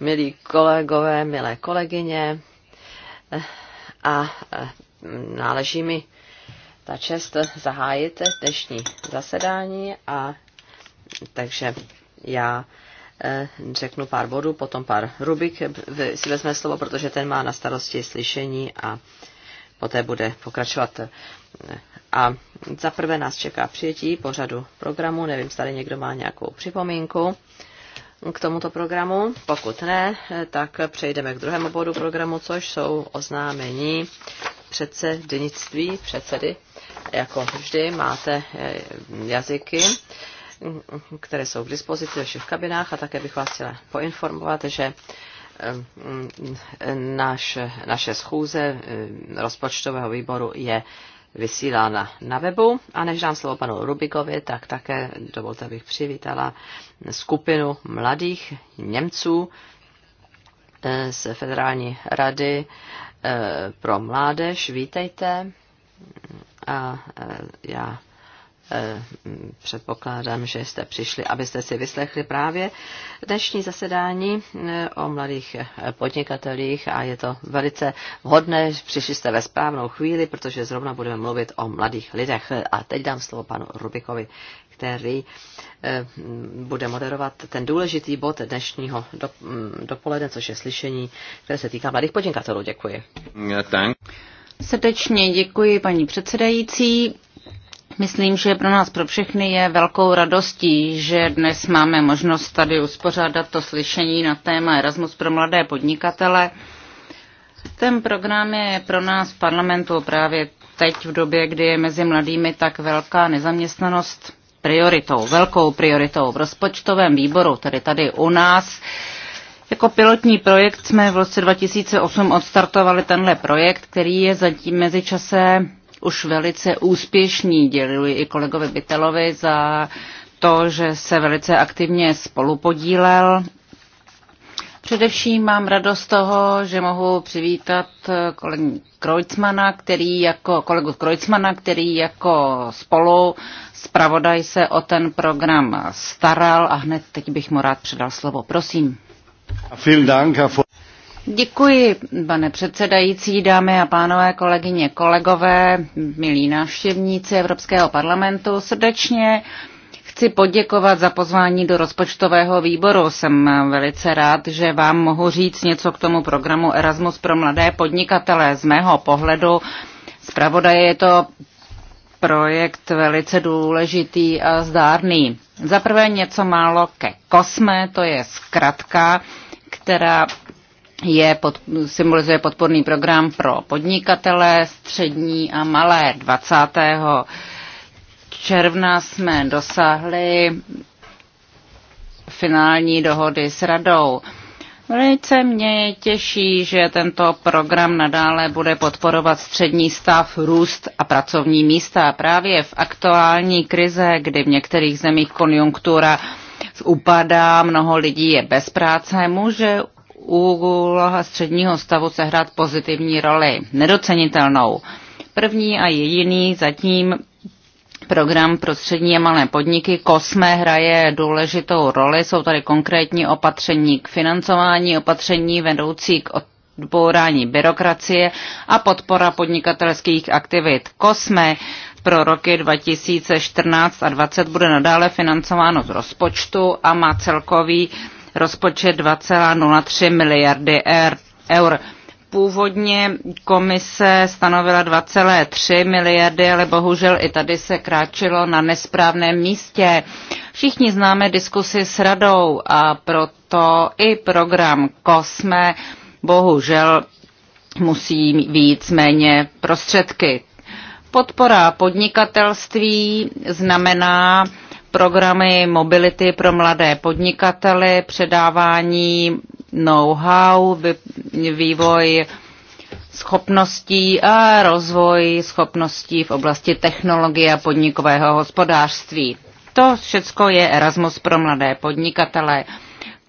Milí kolegové, milé kolegyně, a náleží mi ta čest zahájit dnešní zasedání a takže já e, řeknu pár bodů, potom pár Rubik si vezme slovo, protože ten má na starosti slyšení a poté bude pokračovat. A za prvé nás čeká přijetí pořadu programu, nevím, zda někdo má nějakou připomínku k tomuto programu? Pokud ne, tak přejdeme k druhému bodu programu, což jsou oznámení předsednictví, předsedy. Jako vždy máte eh, jazyky, které jsou k dispozici ve všech kabinách a také bych vás chtěla poinformovat, že eh, naš, naše schůze eh, rozpočtového výboru je vysílána na webu. A než dám slovo panu Rubikovi, tak také dovolte, abych přivítala skupinu mladých Němců eh, z Federální rady eh, pro mládež. Vítejte. A eh, já Eh, předpokládám, že jste přišli, abyste si vyslechli právě dnešní zasedání eh, o mladých eh, podnikatelích a je to velice vhodné, že přišli jste ve správnou chvíli, protože zrovna budeme mluvit o mladých lidech. A teď dám slovo panu Rubikovi, který bude moderovat ten důležitý bod dnešního mm, dopoledne, což je slyšení, které se týká mladých podnikatelů. Děkuji. Srdečně děkuji paní předsedající. Myslím, že pro nás, pro všechny je velkou radostí, že dnes máme možnost tady uspořádat to slyšení na téma Erasmus pro mladé podnikatele. Ten program je pro nás v parlamentu právě teď v době, kdy je mezi mladými tak velká nezaměstnanost prioritou, velkou prioritou v rozpočtovém výboru, tedy tady u nás. Jako pilotní projekt jsme v roce 2008 odstartovali tenhle projekt, který je zatím mezičase už velice úspěšní. Děluji i kolegovi Bytelovi za to, že se velice aktivně spolupodílel. Především mám radost toho, že mohu přivítat kolegu Kreutzmana, který jako, kolegu Kreutzmana, který jako spolu zpravodaj se o ten program staral a hned teď bych mu rád předal slovo. Prosím. Děkuji, pane předsedající, dámy a pánové, kolegyně, kolegové, milí návštěvníci Evropského parlamentu. Srdečně chci poděkovat za pozvání do rozpočtového výboru. Jsem velice rád, že vám mohu říct něco k tomu programu Erasmus pro mladé podnikatele. Z mého pohledu zpravodaje je to projekt velice důležitý a zdárný. Za prvé něco málo ke kosme, to je zkratka, která je pod, symbolizuje podporný program pro podnikatele střední a malé. 20. června jsme dosáhli finální dohody s radou. Velice mě těší, že tento program nadále bude podporovat střední stav, růst a pracovní místa. Právě v aktuální krize, kdy v některých zemích konjunktura upadá, mnoho lidí je bez práce, může úloha středního stavu sehrát pozitivní roli, nedocenitelnou. První a jediný zatím program pro střední a malé podniky. Kosme hraje důležitou roli, jsou tady konkrétní opatření k financování, opatření vedoucí k odbourání byrokracie a podpora podnikatelských aktivit. Kosme pro roky 2014 a 2020 bude nadále financováno z rozpočtu a má celkový rozpočet 2,03 miliardy er, eur. Původně komise stanovila 2,3 miliardy, ale bohužel i tady se kráčilo na nesprávném místě. Všichni známe diskusy s radou a proto i program COSME bohužel musí víc méně prostředky. Podpora podnikatelství znamená programy mobility pro mladé podnikatele, předávání know-how, vývoj schopností a rozvoj schopností v oblasti technologie a podnikového hospodářství. To všecko je Erasmus pro mladé podnikatele.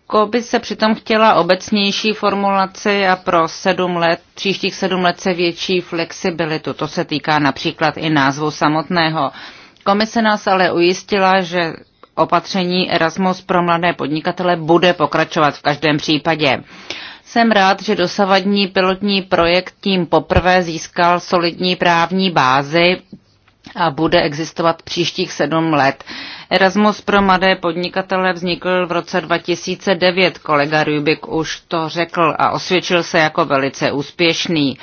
Koby se přitom chtěla obecnější formulaci a pro sedm let, příštích sedm let se větší flexibilitu. To se týká například i názvu samotného. Komise nás ale ujistila, že opatření Erasmus pro mladé podnikatele bude pokračovat v každém případě. Jsem rád, že dosavadní pilotní projekt tím poprvé získal solidní právní bázi a bude existovat příštích sedm let. Erasmus pro mladé podnikatele vznikl v roce 2009, kolega Rubik už to řekl a osvědčil se jako velice úspěšný.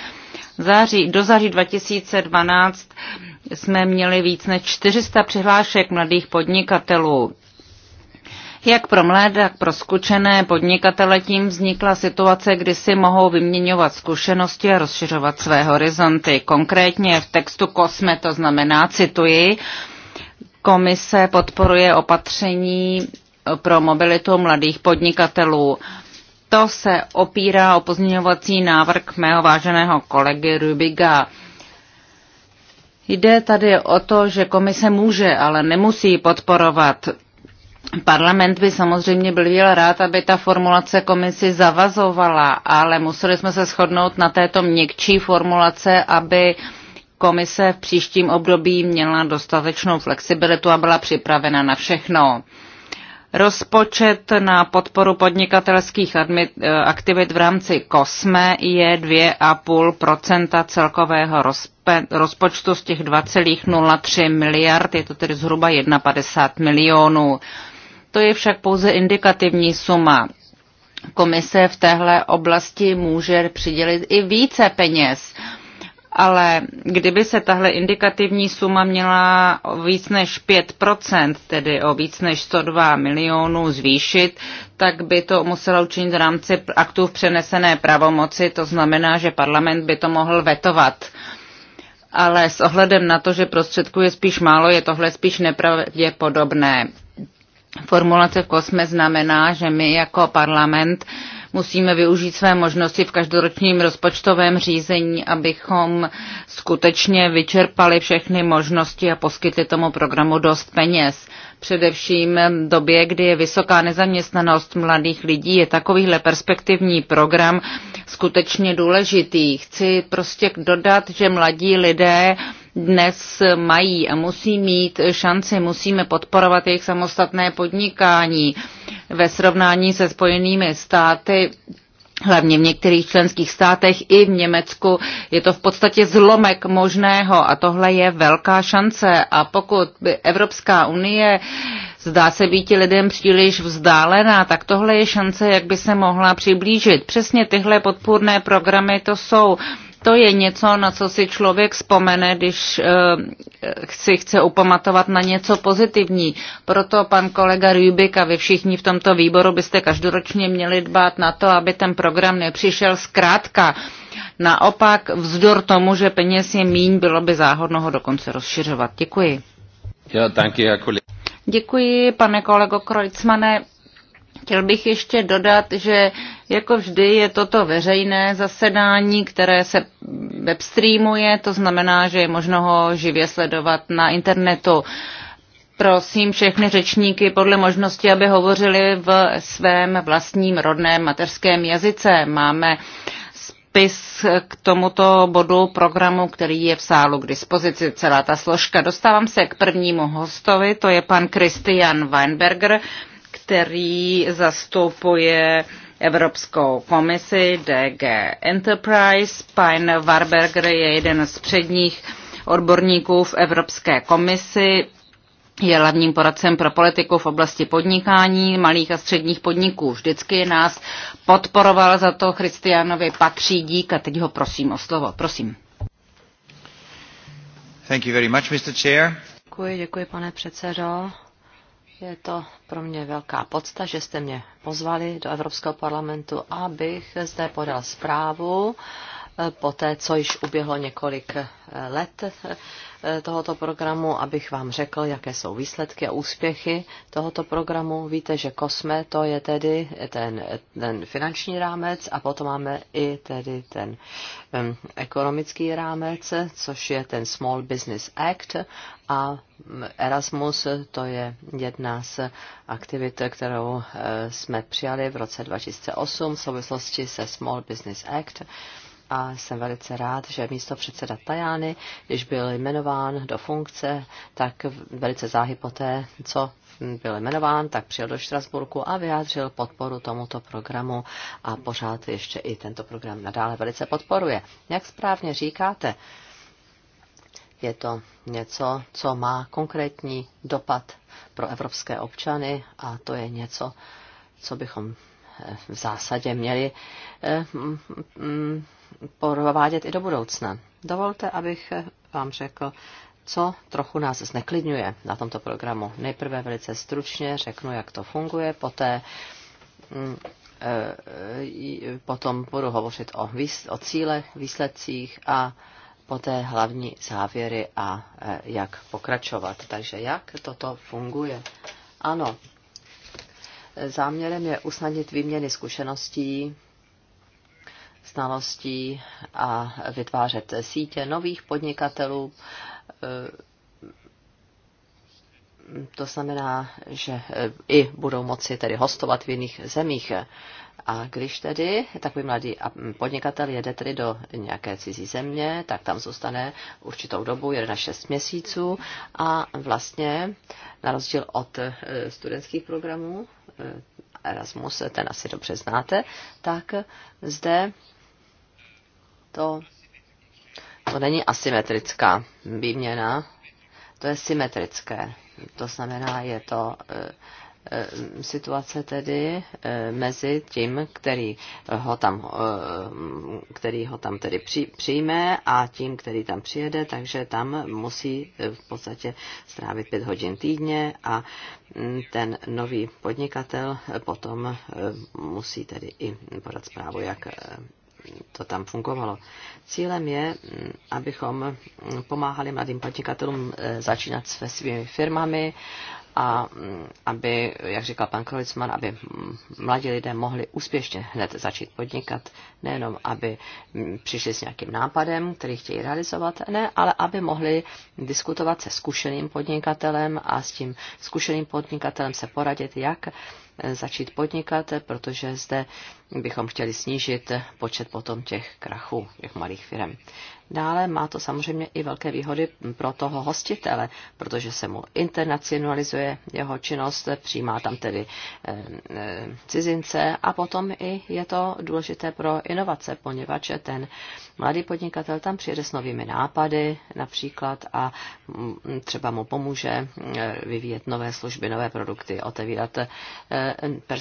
Září, do září 2012 jsme měli víc než 400 přihlášek mladých podnikatelů. Jak pro mladé, tak pro skučené podnikatele tím vznikla situace, kdy si mohou vyměňovat zkušenosti a rozšiřovat své horizonty. Konkrétně v textu Kosme to znamená, cituji, komise podporuje opatření pro mobilitu mladých podnikatelů. To se opírá o pozměňovací návrh mého váženého kolegy Rubiga. Jde tady o to, že komise může, ale nemusí podporovat. Parlament by samozřejmě byl rád, aby ta formulace komisi zavazovala, ale museli jsme se shodnout na této měkčí formulace, aby komise v příštím období měla dostatečnou flexibilitu a byla připravena na všechno. Rozpočet na podporu podnikatelských eh, aktivit v rámci COSME je 2,5 celkového rozpočtu z těch 2,03 miliard, je to tedy zhruba 51 milionů. To je však pouze indikativní suma. Komise v téhle oblasti může přidělit i více peněz ale kdyby se tahle indikativní suma měla o víc než 5%, tedy o víc než 102 milionů zvýšit, tak by to muselo učinit v rámci aktů v přenesené pravomoci, to znamená, že parlament by to mohl vetovat. Ale s ohledem na to, že prostředků je spíš málo, je tohle spíš nepravděpodobné. Formulace v kosme znamená, že my jako parlament uh, musíme využít své možnosti v každoročním rozpočtovém řízení, abychom skutečně vyčerpali všechny možnosti a poskytli tomu programu dost peněz. Především v době, kdy je vysoká nezaměstnanost mladých lidí, je takovýhle perspektivní program skutečně důležitý. Chci prostě dodat, že mladí lidé dnes mají a musí mít šanci, musíme podporovat jejich samostatné podnikání ve srovnání se Spojenými státy hlavně v některých členských státech i v Německu. Je to v podstatě zlomek možného a tohle je velká šance. A pokud by Evropská unie zdá se být lidem příliš vzdálená, tak tohle je šance, jak by se mohla přiblížit. Přesně tyhle podpůrné programy to jsou. To je něco, na co si člověk vzpomene, když eh, si chce upamatovat na něco pozitivní. Proto pan kolega Rubik a vy všichni v tomto výboru byste každoročně měli dbát na to, aby ten program nepřišel zkrátka. Naopak, vzdor tomu, že peněz je míň, bylo by záhodno ho dokonce rozšiřovat. Děkuji. Jako Děkuji, pane kolego Krojcmane. Chtěl bych ještě dodat, že jako vždy je toto veřejné zasedání, které se webstreamuje, to znamená, že je možno ho živě sledovat na internetu. Prosím všechny řečníky podle možnosti, aby hovořili v svém vlastním rodném mateřském jazyce. Máme spis k tomuto bodu programu, který je v sálu k dispozici, celá ta složka. Dostávám se k prvnímu hostovi, to je pan Christian Weinberger, který zastupuje Evropskou komisi DG Enterprise. Pan Warberger je jeden z předních odborníků v Evropské komisi, je hlavním poradcem pro politiku v oblasti podnikání malých a středních podniků. Vždycky nás podporoval za to Christianovi patří dík a teď ho prosím o slovo. Prosím. Thank you very much, Mr. Chair. Děkuji, děkuji pane předsedo. Je to pro mě velká podsta, že jste mě pozvali do Evropského parlamentu, abych zde podal zprávu eh, po té, co již uběhlo několik eh, let Eh, tohoto programu, abych vám řekl, jaké jsou výsledky a úspěchy tohoto programu. Víte, že COSME to je tedy ten, ten finanční rámec a potom máme i tedy ten um, ekonomický rámec, což je ten Small Business Act a mm, Erasmus to je jedna z aktivit, kterou eh, jsme přijali v roce 2008 v souvislosti se Small Business Act a jsem velice rád, že místo předseda Tajány, když byl jmenován do funkce, tak velice záhy poté, co byl jmenován, tak přijel do Štrasburku a vyjádřil podporu tomuto programu a pořád ještě i tento program nadále velice podporuje. Jak správně říkáte, je to něco, co má konkrétní dopad pro evropské občany a to je něco, co bychom v zásadě měli eh, provádět i do budoucna. Dovolte, abych vám řekl, co trochu nás zneklidňuje na tomto programu. Nejprve velice stručně řeknu, jak to funguje, poté mm, eh, potom budu hovořit o, výs- o cílech, výsledcích a poté hlavní závěry a eh, jak pokračovat. Takže jak toto funguje? Ano, záměrem je usnadnit výměny zkušeností znalostí a vytvářet sítě nových podnikatelů. Eh, to znamená, že eh, i budou moci tedy hostovat v jiných zemích. A když tedy takový mladý hm, podnikatel jede tedy do nějaké cizí země, tak tam zůstane určitou dobu, 1 na 6 měsíců a vlastně na rozdíl od eh, studentských programů, Erasmus, ten asi dobře znáte, tak zde to, to není asymetrická výměna, to je symetrické. To znamená, je to e, e, situace tedy e, mezi tím, který ho tam, který ho tam tedy přijme a tím, který tam přijede, takže tam musí v podstatě strávit pět hodin týdně a ten nový podnikatel potom musí tedy i podat zprávu, jak to tam fungovalo. Cílem je, mm, abychom mm, pomáhali mladým podnikatelům eh, začínat se svými firmami a mm, aby, jak říkal pan Krolicman, aby mladí lidé mohli úspěšně hned začít podnikat, nejenom aby přišli s nějakým nápadem, který chtějí realizovat, ne, ale aby mohli diskutovat se zkušeným podnikatelem a s tím zkušeným podnikatelem se poradit, jak začít podnikat, protože zde bychom chtěli snížit počet potom těch krachů, těch malých firm. Dále má to samozřejmě i velké výhody pro toho hostitele, protože se mu internacionalizuje jeho činnost, přijímá tam tedy eh, eh, cizince a potom i je to důležité pro inovace, poněvadž ten mladý podnikatel tam přijede s novými nápady například a mm, třeba mu pomůže eh, vyvíjet nové služby, nové produkty, otevírat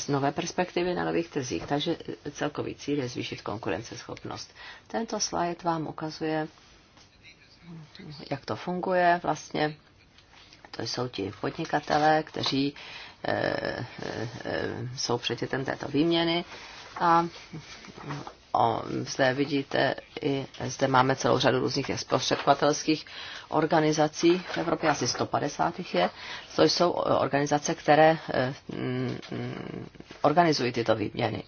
nové perspektivy na nových trzích. Takže celkový cíl je zvýšit konkurenceschopnost. Tento slide vám ukazuje, jak to funguje vlastně. To jsou ti podnikatelé, kteří eh, eh, eh, jsou předmětem této výměny a o, zde vidíte, i zde máme celou řadu různých zprostředkovatelských organizací v Evropě, asi 150 jich je. To jsou organizace, které eh, mm, organizují tyto výměny.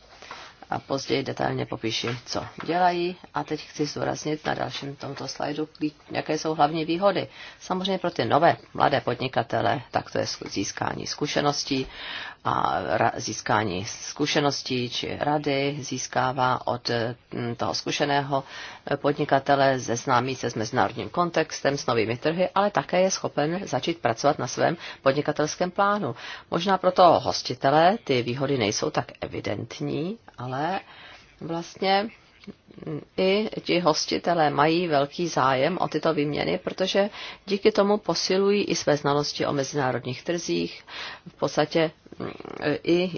A později detailně popíši, co dělají. A teď chci zdůraznit na dalším tomto slajdu, jaké jsou hlavní výhody. Samozřejmě pro ty nové mladé podnikatele, tak to je získání zkušeností a získání zkušeností či rady získává od mm, toho zkušeného podnikatele seznámí se s mezinárodním kontextem, s novými trhy, ale také je schopen začít pracovat na svém podnikatelském plánu. Možná pro toho hostitele ty výhody nejsou tak evidentní, ale vlastně i ti hostitelé mají velký zájem o tyto výměny, protože díky tomu posilují i své znalosti o mezinárodních trzích. V podstatě mm, i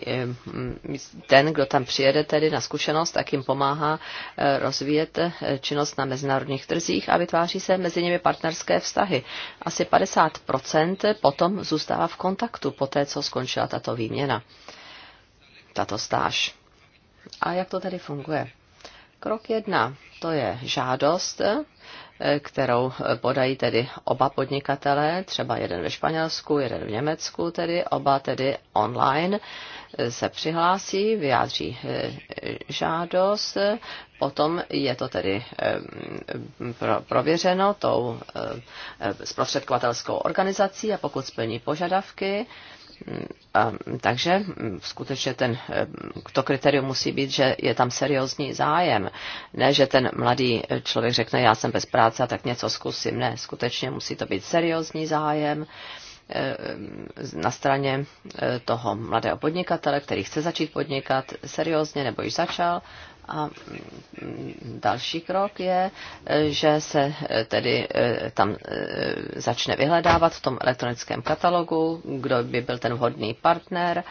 mm, ten, kdo tam přijede tedy na zkušenost, tak jim pomáhá eh, rozvíjet eh, činnost na mezinárodních trzích a vytváří se mezi nimi partnerské vztahy. Asi 50% potom zůstává v kontaktu po té, co skončila tato výměna, tato stáž. A jak to tady funguje? Krok jedna, to je žádost, eh, kterou podají tedy oba podnikatelé, třeba jeden ve Španělsku, jeden v Německu, tedy oba tedy online eh, se přihlásí, vyjádří eh, žádost, potom je to tedy prověřeno tou zprostředkovatelskou organizací a pokud splní požadavky, a, takže mm, skutečně ten, eh, to kritérium musí být, že je tam seriózní zájem. Ne, že ten mladý člověk řekne, já jsem bez práce a tak něco zkusím. Ne, skutečně musí to být seriózní zájem eh, na straně eh, toho mladého podnikatele, který chce začít podnikat seriózně nebo již začal a mm, další krok je, že se eh, tedy eh, tam eh, začne vyhledávat v tom elektronickém katalogu, kdo by byl ten vhodný partner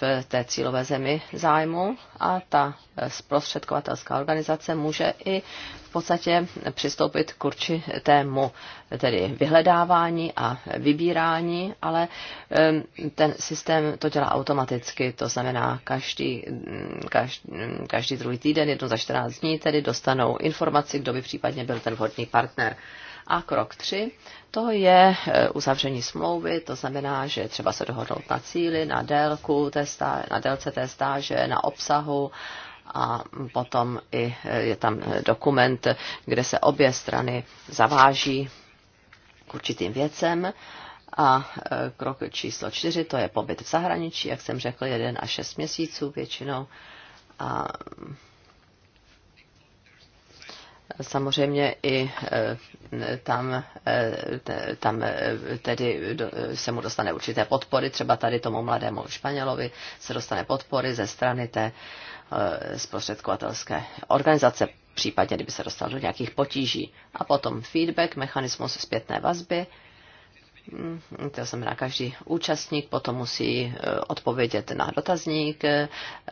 v té cílové zemi zájmu a ta zprostředkovatelská organizace může i v podstatě přistoupit k určitému tedy vyhledávání a vybírání, ale ten systém to dělá automaticky, to znamená každý, každý, každý druhý týden, jedno za 14 dní, tedy dostanou informaci, kdo by případně byl ten vhodný partner. A krok tři, to je e, uzavření smlouvy, to znamená, že třeba se dohodnout na cíli, na délku té stáže, na délce té stáže, na obsahu a potom i e, je tam dokument, kde se obě strany zaváží k určitým věcem. A e, krok číslo čtyři, to je pobyt v zahraničí, jak jsem řekl, jeden až šest měsíců většinou. A samozřejmě i eh, tam, eh, tam eh, tedy se mu dostane určité podpory, třeba tady tomu mladému Španělovi se dostane podpory ze strany té zprostředkovatelské organizace, případně kdyby se dostal do nějakých potíží. A potom feedback, mechanismus zpětné vazby, Mm, to znamená, každý účastník potom musí e, odpovědět na dotazník, e,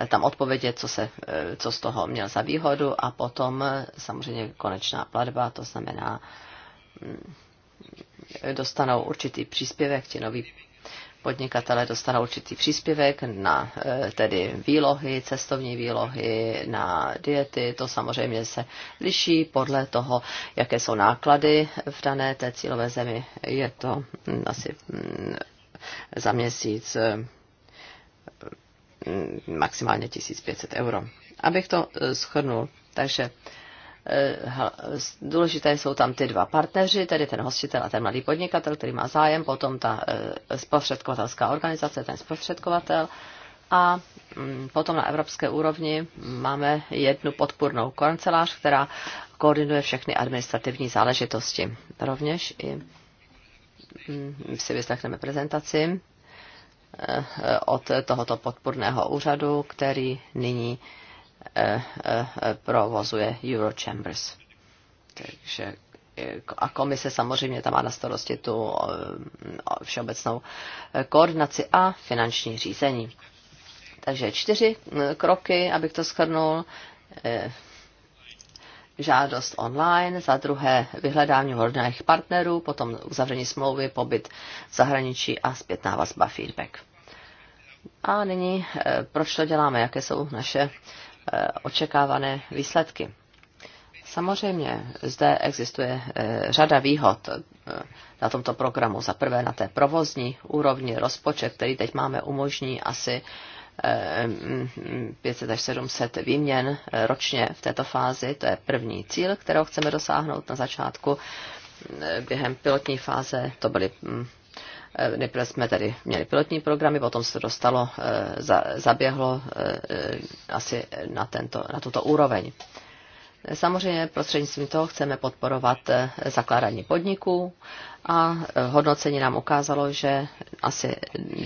tam odpovědět, co, se, e, co z toho měl za výhodu a potom samozřejmě konečná platba, to znamená, mm, dostanou určitý příspěvek ti noví Podnikatelé dostanou určitý příspěvek na e, tedy výlohy, cestovní výlohy, na diety. To samozřejmě se liší podle toho, jaké jsou náklady v dané té cílové zemi. Je to mm, asi mm, za měsíc e, mm, maximálně 1500 euro. Abych to e, shodnul, takže Eh, důležité jsou tam ty dva partneři, tedy ten hostitel a ten mladý podnikatel, který má zájem, potom ta eh, zprostředkovatelská organizace, ten zprostředkovatel. A mm, potom na evropské úrovni máme jednu podpůrnou kancelář, která koordinuje všechny administrativní záležitosti. Rovněž i mm, si vyslechneme prezentaci eh, od tohoto podpůrného úřadu, který nyní Eh, eh, provozuje Eurochambers. Takže eh, a komise samozřejmě tam má na starosti tu všeobecnou koordinaci a finanční řízení. Takže čtyři kroky, abych to shrnul. Žádost online, za druhé vyhledání vhodných partnerů, potom uzavření smlouvy, pobyt v zahraničí a zpětná vazba feedback. A nyní, proč to děláme, jaké jsou naše Eh, očekávané výsledky. Samozřejmě zde existuje eh, řada výhod eh, na tomto programu. Za prvé na té provozní úrovni rozpočet, který teď máme, umožní asi 500 až 700 výměn ročně v této fázi. To je první cíl, kterého chceme dosáhnout na začátku. Během pilotní fáze to byly mm, Eh, nejprve jsme tady měli pilotní programy, potom se dostalo, eh, zaběhlo eh, asi na, tento, na tuto úroveň. Samozřejmě prostřednictvím toho chceme podporovat eh, zakládání podniků a eh, hodnocení nám ukázalo, že, asi,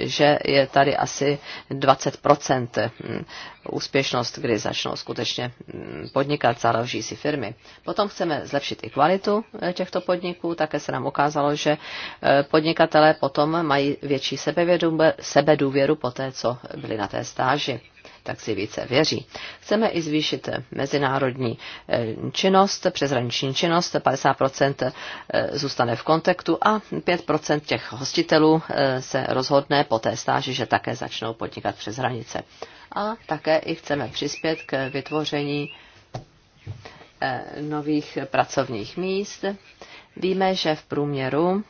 že je tady asi 20% eh, hm, úspěšnost, kdy začnou skutečně hm, podnikat, založí si firmy. Potom chceme zlepšit i kvalitu těchto podniků, také se nám ukázalo, že podnikatelé potom mají větší sebedůvěru po té, co byli na té stáži tak si více věří. Chceme i zvýšit mezinárodní eh, činnost, přeshraniční činnost, 50% eh, zůstane v kontaktu a 5% těch hostitelů eh, se rozhodne po té stáži, že také začnou podnikat přes hranice. A také i chceme přispět k vytvoření nových pracovních míst. Víme, že v průměru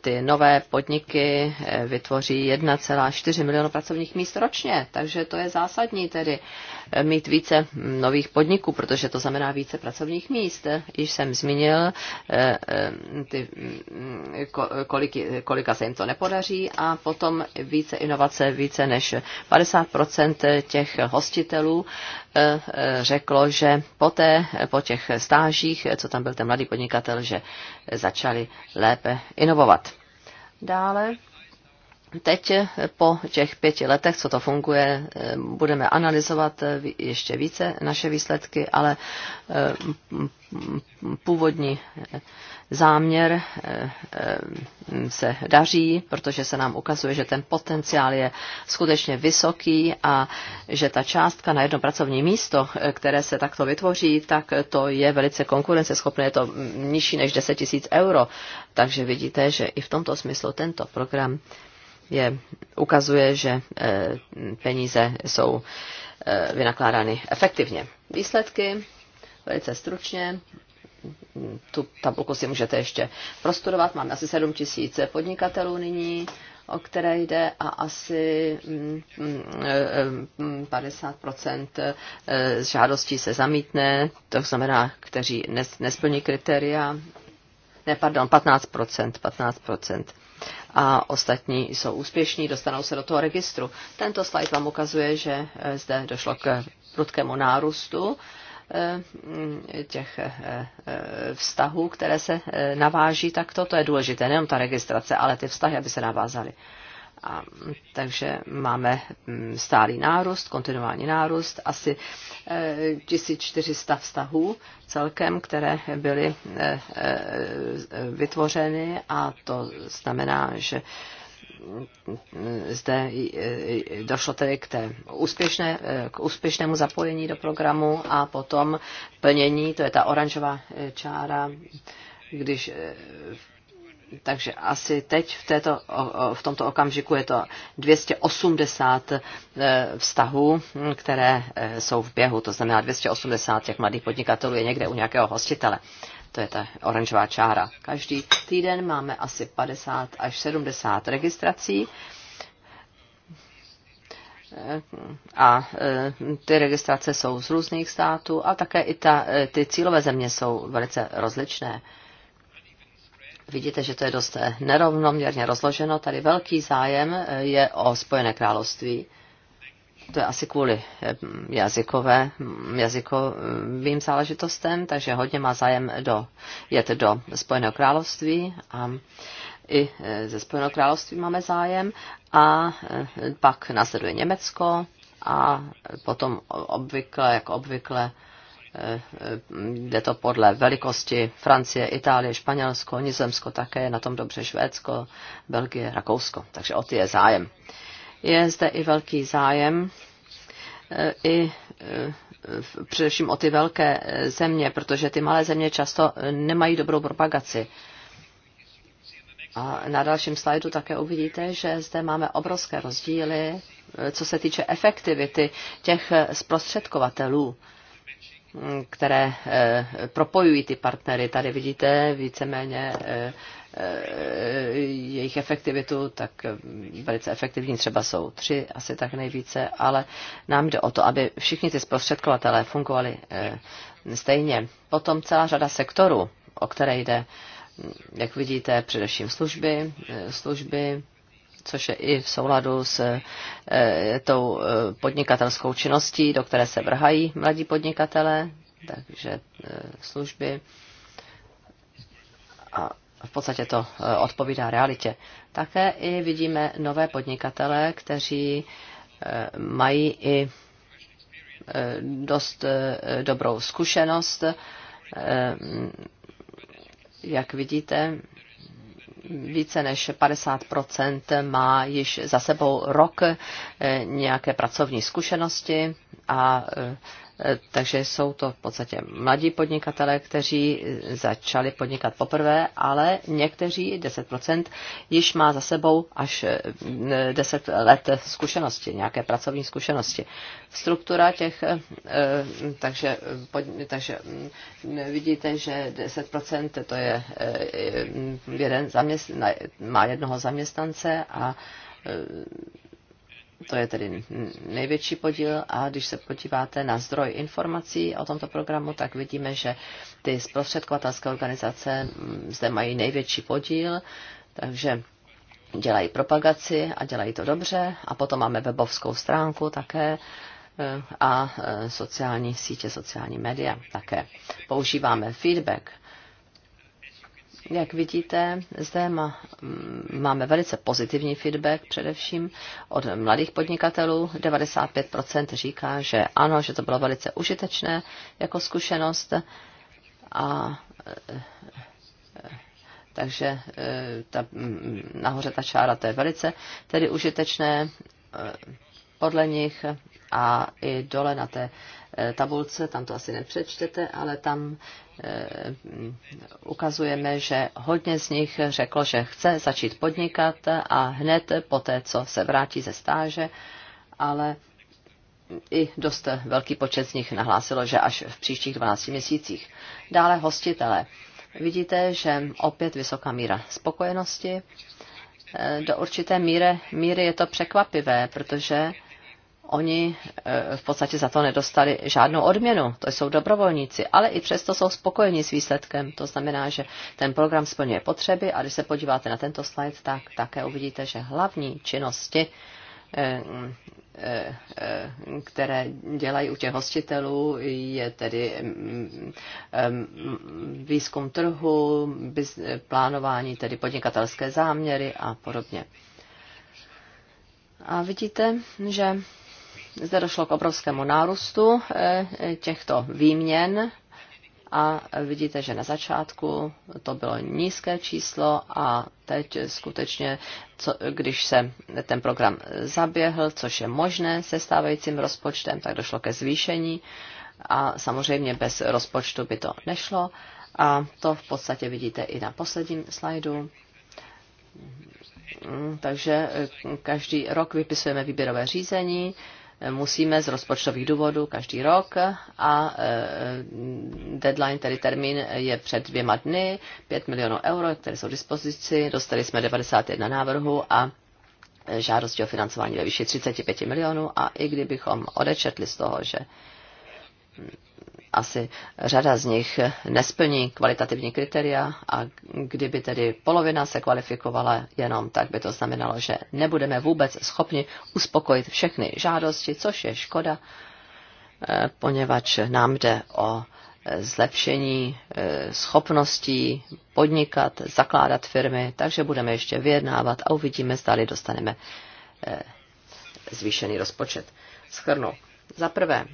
ty nové podniky eh, vytvoří 1,4 milionu pracovních míst ročně, takže to je zásadní tedy mít více nových podniků, protože to znamená více pracovních míst. Již jsem zmínil, eh, eh, ty, mm, kolik, kolika se jim to nepodaří a potom více inovace, více než 50% těch hostitelů eh, řeklo, že poté, po těch stážích, co tam byl ten mladý podnikatel, že začali lépe inovovat. Dále Teď eh, po těch pěti letech, co to funguje, eh, budeme analyzovat eh, ještě více naše výsledky, ale původní záměr se daří, protože se nám ukazuje, že ten potenciál je skutečně vysoký a že ta částka na jedno pracovní místo, které se takto vytvoří, tak to je velice konkurenceschopné, je to mm, nižší než 10 000 euro. Takže vidíte, že i v tomto smyslu tento program je, ukazuje, že eh, peníze jsou eh, vynakládány efektivně. Výsledky velice stručně. Tu tabulku si můžete ještě prostudovat. Máme asi 7 tisíc podnikatelů nyní, o které jde, a asi 50 mm, mm, mm, eh, žádostí se zamítne, to znamená, kteří nesplní kritéria. Ne, pardon, 15 15 a ostatní jsou úspěšní, dostanou se do toho registru. Tento slide vám ukazuje, že eh, zde došlo k prudkému nárůstu eh, těch eh, vztahů, které se naváží takto. To je důležité, nejenom ta registrace, ale ty vztahy, aby se navázaly. A, takže máme mm, stálý nárůst, kontinuální nárůst, asi 1400 e, vztahů celkem, které byly e, e, vytvořeny a to znamená, že mm, zde došlo tedy k, té úspěšné, k úspěšnému zapojení do programu a potom plnění, to je ta oranžová čára, když takže asi teď v, této, v tomto okamžiku je to 280 e, vztahů, hm, které e, jsou v běhu. To znamená 280 těch mladých podnikatelů je někde u nějakého hostitele. To je ta oranžová čára. Každý týden máme asi 50 až 70 registrací. E, a ty registrace jsou z různých států a také i ta, ty cílové země jsou velice rozličné. Vidíte, že to je dost eh, nerovnoměrně rozloženo. Tady velký zájem eh, je o Spojené království. To je asi kvůli eh, jazykové, mm, jazykovým záležitostem, takže hodně má zájem do, jet do Spojeného království a i ze Spojeného království máme zájem a pak následuje Německo a potom obvykle, jako obvykle, Eh, eh, jde to podle velikosti Francie, Itálie, Španělsko, Nizemsko také, na tom dobře Švédsko, Belgie, Rakousko. Takže o ty je zájem. Je zde i velký zájem eh, i především o ty velké země, protože ty malé země často nemají dobrou propagaci. A na dalším slajdu také uvidíte, že zde máme obrovské rozdíly, co se týče efektivity těch zprostředkovatelů které eh, propojují ty partnery. Tady vidíte víceméně eh, eh, jejich efektivitu, tak velice efektivní třeba jsou tři, asi tak nejvíce, ale nám jde o to, aby všichni ty zprostředkovatelé fungovali stejně. Potom celá řada sektorů, o které jde, jak vidíte, především služby, služby, což je i v souladu s eh, tou eh, podnikatelskou činností, do které se vrhají mladí podnikatelé, takže eh, služby. A v podstatě to odpovídá realitě. Také i vidíme nové podnikatele, kteří mají i dost dobrou zkušenost. Jak vidíte, více než 50% má již za sebou rok eh, nějaké pracovní zkušenosti a eh, Eh, takže jsou to v podstatě mladí podnikatelé, kteří eh, začali podnikat poprvé, ale někteří 10% již má za sebou až 10 eh, let zkušenosti, nějaké pracovní zkušenosti. Struktura těch, takže, takže mm, vidíte, že 10% to je jeden zaměst, má jednoho zaměstnance a to je tedy největší podíl a když se podíváte na zdroj informací o tomto programu, tak vidíme, že ty zprostředkovatelské organizace mm, zde mají největší podíl, takže dělají propagaci a dělají to dobře. A potom máme webovskou stránku také e, a e, sociální sítě, sociální média také. Používáme feedback jak vidíte, zde má, mm, máme velice pozitivní feedback, především od mladých podnikatelů. 95% říká, že ano, že to bylo velice užitečné jako zkušenost. A eh, takže eh, ta, mm, nahoře ta čára, to je velice tedy užitečné eh, podle nich a i dole na té tabulce, tam to asi nepřečtete, ale tam Eh, ukazujeme, že hodně z nich řeklo, že chce začít podnikat a hned po té, co se vrátí ze stáže, ale i dost velký počet z nich nahlásilo, že až v příštích 12 měsících. Dále hostitele. Vidíte, že opět vysoká míra spokojenosti. Eh, do určité míry, míry je to překvapivé, protože oni eh, v podstatě za to nedostali žádnou odměnu, to jsou dobrovolníci, ale i přesto jsou spokojeni s výsledkem. To znamená, že ten program splňuje potřeby a když se podíváte na tento slide, tak také uvidíte, že hlavní činnosti, eh, eh, které dělají u těch hostitelů, je tedy mm, mm, mm, výzkum trhu, plánování, tedy podnikatelské záměry a podobně. A vidíte, že zde došlo k obrovskému nárůstu eh, těchto výměn a vidíte, že na začátku to bylo nízké číslo a teď skutečně, co, když se ten program zaběhl, což je možné se stávajícím rozpočtem, tak došlo ke zvýšení a samozřejmě bez rozpočtu by to nešlo. A to v podstatě vidíte i na posledním slajdu. Mm, takže eh, každý rok vypisujeme výběrové řízení Eh, musíme z rozpočtových důvodů každý rok eh, a eh, deadline, tedy termín, je před dvěma dny, 5 milionů euro, které jsou k dispozici, dostali jsme 91 návrhu a žádosti o financování ve výši 35 milionů a i kdybychom odečetli z toho, že hm, asi řada z nich nesplní kvalitativní kritéria a kdyby tedy polovina se kvalifikovala jenom, tak by to znamenalo, že nebudeme vůbec schopni uspokojit všechny žádosti, což je škoda, eh, poněvadž nám jde o zlepšení eh, schopností podnikat, zakládat firmy, takže budeme ještě vyjednávat a uvidíme, zda dostaneme eh, zvýšený rozpočet. Schrnu. Za prvé,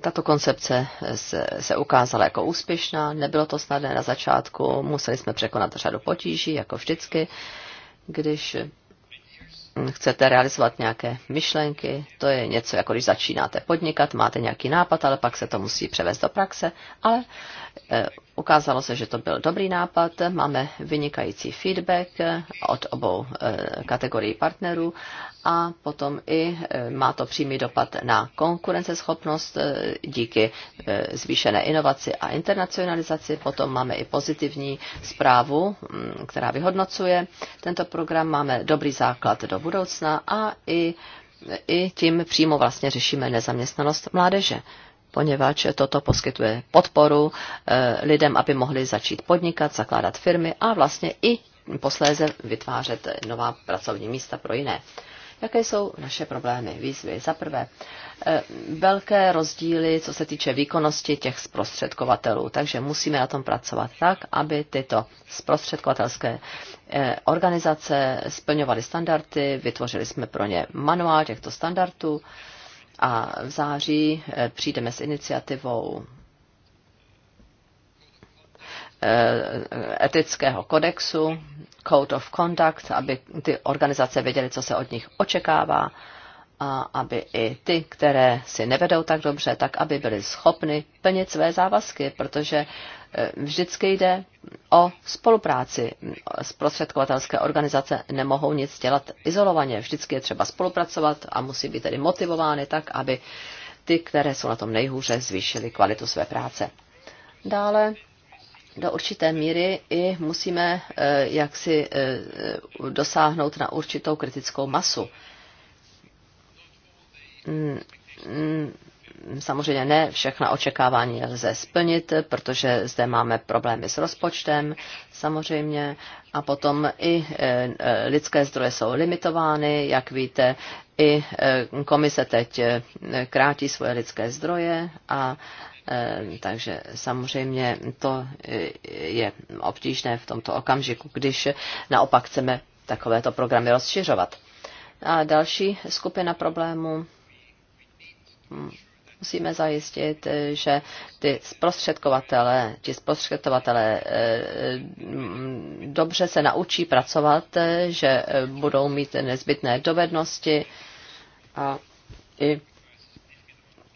tato koncepce se, se ukázala jako úspěšná, nebylo to snadné na začátku, museli jsme překonat řadu potíží, jako vždycky, když chcete realizovat nějaké myšlenky, to je něco, jako když začínáte podnikat, máte nějaký nápad, ale pak se to musí převést do praxe, ale eh, Ukázalo se, že to byl dobrý nápad, máme vynikající feedback od obou eh, kategorií partnerů a potom i eh, má to přímý dopad na konkurenceschopnost eh, díky zvýšené inovaci a internacionalizaci. Potom máme i pozitivní zprávu, hm, která vyhodnocuje tento program. Máme dobrý základ do budoucna a i, i tím přímo vlastně řešíme nezaměstnanost mládeže poněvadž toto poskytuje podporu eh, lidem, aby mohli začít podnikat, zakládat firmy a vlastně i posléze vytvářet nová pracovní místa pro jiné. Jaké jsou naše problémy, výzvy? Za prvé, eh, velké rozdíly, co se týče výkonnosti těch zprostředkovatelů, takže musíme na tom pracovat tak, aby tyto zprostředkovatelské eh, organizace splňovaly standardy, vytvořili jsme pro ně manuál těchto standardů a v září eh, přijdeme s iniciativou eh, etického kodexu, Code of Conduct, aby ty organizace věděly, co se od nich očekává a aby i ty, které si nevedou tak dobře, tak aby byly schopny plnit své závazky, protože vždycky jde o spolupráci. Zprostředkovatelské organizace nemohou nic dělat izolovaně. Vždycky je třeba spolupracovat a musí být tedy motivovány tak, aby ty, které jsou na tom nejhůře, zvýšily kvalitu své práce. Dále do určité míry i musíme eh, jaksi eh, dosáhnout na určitou kritickou masu mm, mm, samozřejmě ne všechna očekávání lze splnit, protože zde máme problémy s rozpočtem samozřejmě a potom i e, e, lidské zdroje jsou limitovány, jak víte, i e, komise teď krátí svoje lidské zdroje a takže samozřejmě to je obtížné v tomto okamžiku, když naopak chceme takovéto programy rozšiřovat. A další skupina problémů musíme zajistit, eh, že ty zprostředkovatele, ti zprostředkovatele eh, mm, dobře se naučí pracovat, eh, že budou mít nezbytné dovednosti a i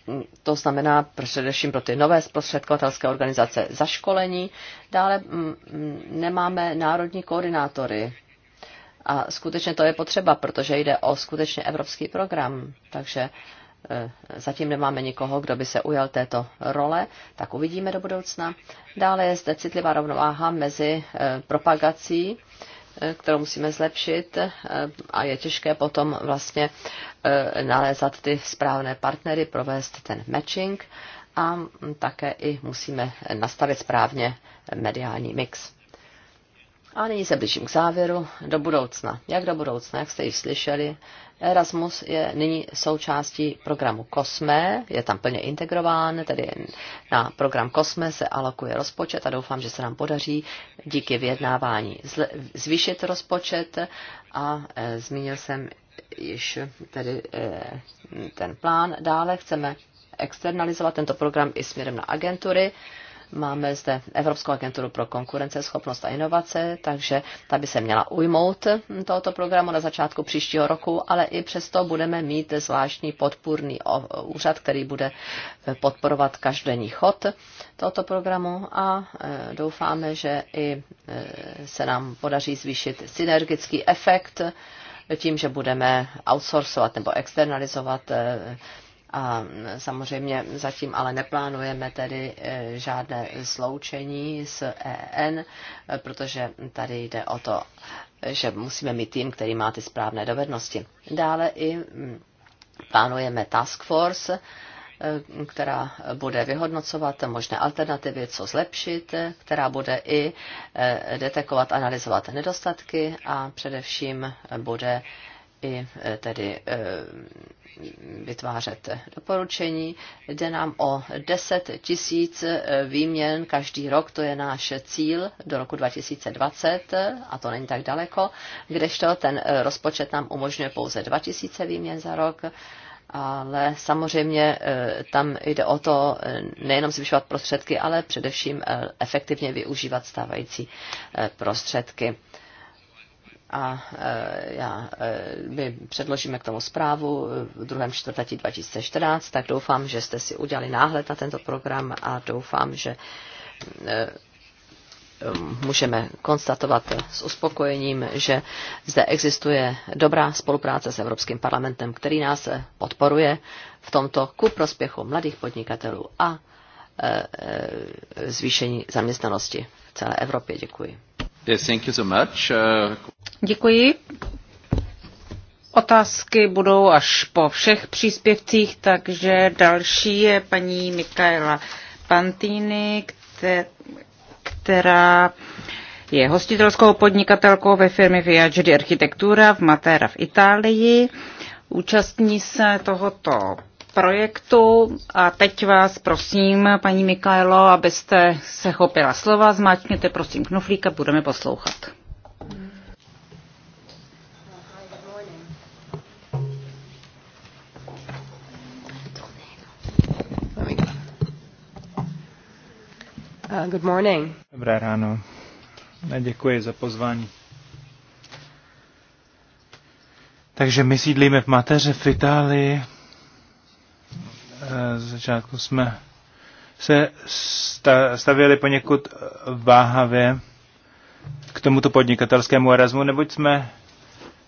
mm, to znamená především pro ty nové zprostředkovatelské organizace zaškolení. Dále mm, nemáme národní koordinátory a skutečně to je potřeba, protože jde o skutečně evropský program. Takže Eh, zatím nemáme nikoho, kdo by se ujal této role, tak uvidíme do budoucna. Dále je zde citlivá rovnováha mezi eh, propagací, eh, kterou musíme zlepšit a je těžké potom vlastně nalézat ty správné partnery, provést ten matching a také i musíme nastavit správně mediální mix. A nyní se blížím k závěru. Do budoucna. Jak do budoucna, jak jste již slyšeli, Erasmus je nyní součástí programu COSME, je tam plně integrován, tedy na program COSME se alokuje rozpočet a doufám, že se nám podaří díky vyjednávání zvýšit rozpočet a e, zmínil jsem již tedy e, ten plán. Dále chceme externalizovat tento program i směrem na agentury. E, Máme zde Evropskou agenturu pro konkurenceschopnost a inovace, takže ta by se měla ujmout tohoto programu na začátku příštího roku, ale i přesto budeme mít zvláštní podpůrný úřad, který bude podporovat každodenní chod tohoto programu a e, doufáme, že i e, se nám podaří zvýšit synergický efekt tím, že budeme outsourcovat nebo externalizovat e, a samozřejmě zatím ale neplánujeme tedy e, žádné sloučení s EN, protože tady jde o to, že musíme mít tým, který má ty správné dovednosti. Dále i plánujeme task force, e, která bude vyhodnocovat možné alternativy, co zlepšit, která bude i e, detekovat, analyzovat nedostatky a především bude i e, tedy e, vytvářet doporučení. Jde nám o 10 tisíc e, výměn každý rok, to je náš cíl do roku 2020 a to není tak daleko, kdežto ten rozpočet nám umožňuje pouze 2 tisíce výměn za rok ale samozřejmě tam jde o to nejenom zvyšovat prostředky, ale především efektivně využívat stávající prostředky a eh, já, eh, my předložíme k tomu zprávu v druhém čtvrtletí 2014, tak doufám, že jste si udělali náhled na tento program a doufám, že eh, můžeme konstatovat s uspokojením, že zde existuje dobrá spolupráce s Evropským parlamentem, který nás podporuje v tomto ku prospěchu mladých podnikatelů a zvýšení zaměstnanosti v celé Evropě. Děkuji. Uh, Děkuji. Otázky budou až po všech příspěvcích, takže další je paní Mikaela Pantini, která je hostitelskou podnikatelkou ve firmě Viaggi Architektura v Matera v Itálii. Účastní se tohoto projektu a teď vás prosím, paní Mikaelo, abyste se chopila slova, zmáčkněte prosím knoflík a budeme poslouchat. Uh, good morning. Dobré ráno. Děkuji za pozvání. Takže my sídlíme v Mateře v Itálii, Eh, začátku jsme se stavěli poněkud váhavě k tomuto podnikatelskému Erasmu, neboť jsme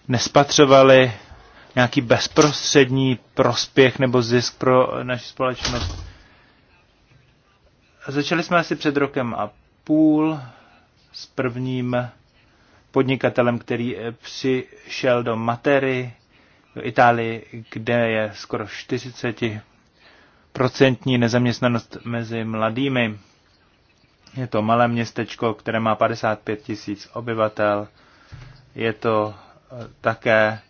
nespatřovali nějaký bezprostřední prospěch nebo zisk pro naši společnost. Začali jsme asi před rokem a půl s prvním podnikatelem, který eh, přišel do Materi, do Itálii, kde je skoro 40 procentní nezaměstnanost mezi mladými. Je to malé městečko, které má 55 tisíc obyvatel. Je to eh, také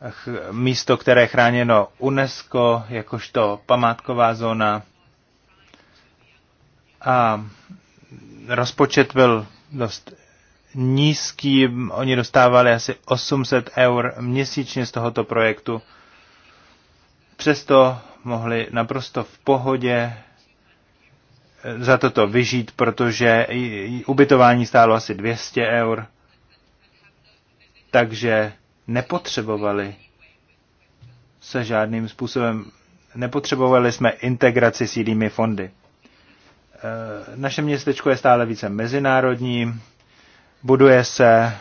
eh, místo, které je chráněno UNESCO jakožto památková zóna. A rozpočet byl dost nízký. Oni dostávali asi 800 eur měsíčně z tohoto projektu. Přesto mohli naprosto v pohodě eh, za toto vyžít, protože ubytování stálo asi 200 eur, takže nepotřebovali se žádným způsobem, nepotřebovali jsme integraci s jinými fondy. Eh, naše městečko je stále více mezinárodní, buduje se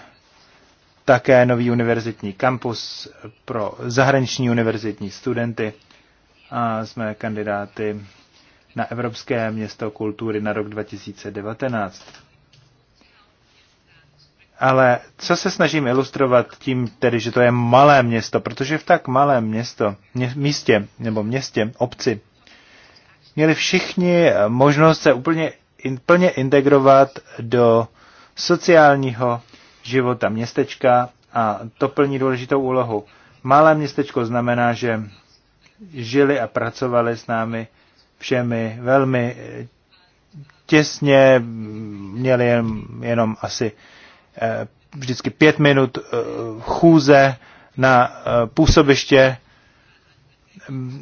také nový univerzitní kampus pro zahraniční univerzitní studenty a jsme kandidáty na Evropské město kultury na rok 2019. Ale co se snažím ilustrovat tím tedy, že to je malé město, protože v tak malém město, mě, místě nebo městě, obci, měli všichni možnost se úplně, in, plně integrovat do sociálního života městečka a to plní důležitou úlohu. Malé městečko znamená, že žili a pracovali s námi všemi velmi těsně, měli jen, jenom asi eh, vždycky pět minut eh, chůze na eh, působiště.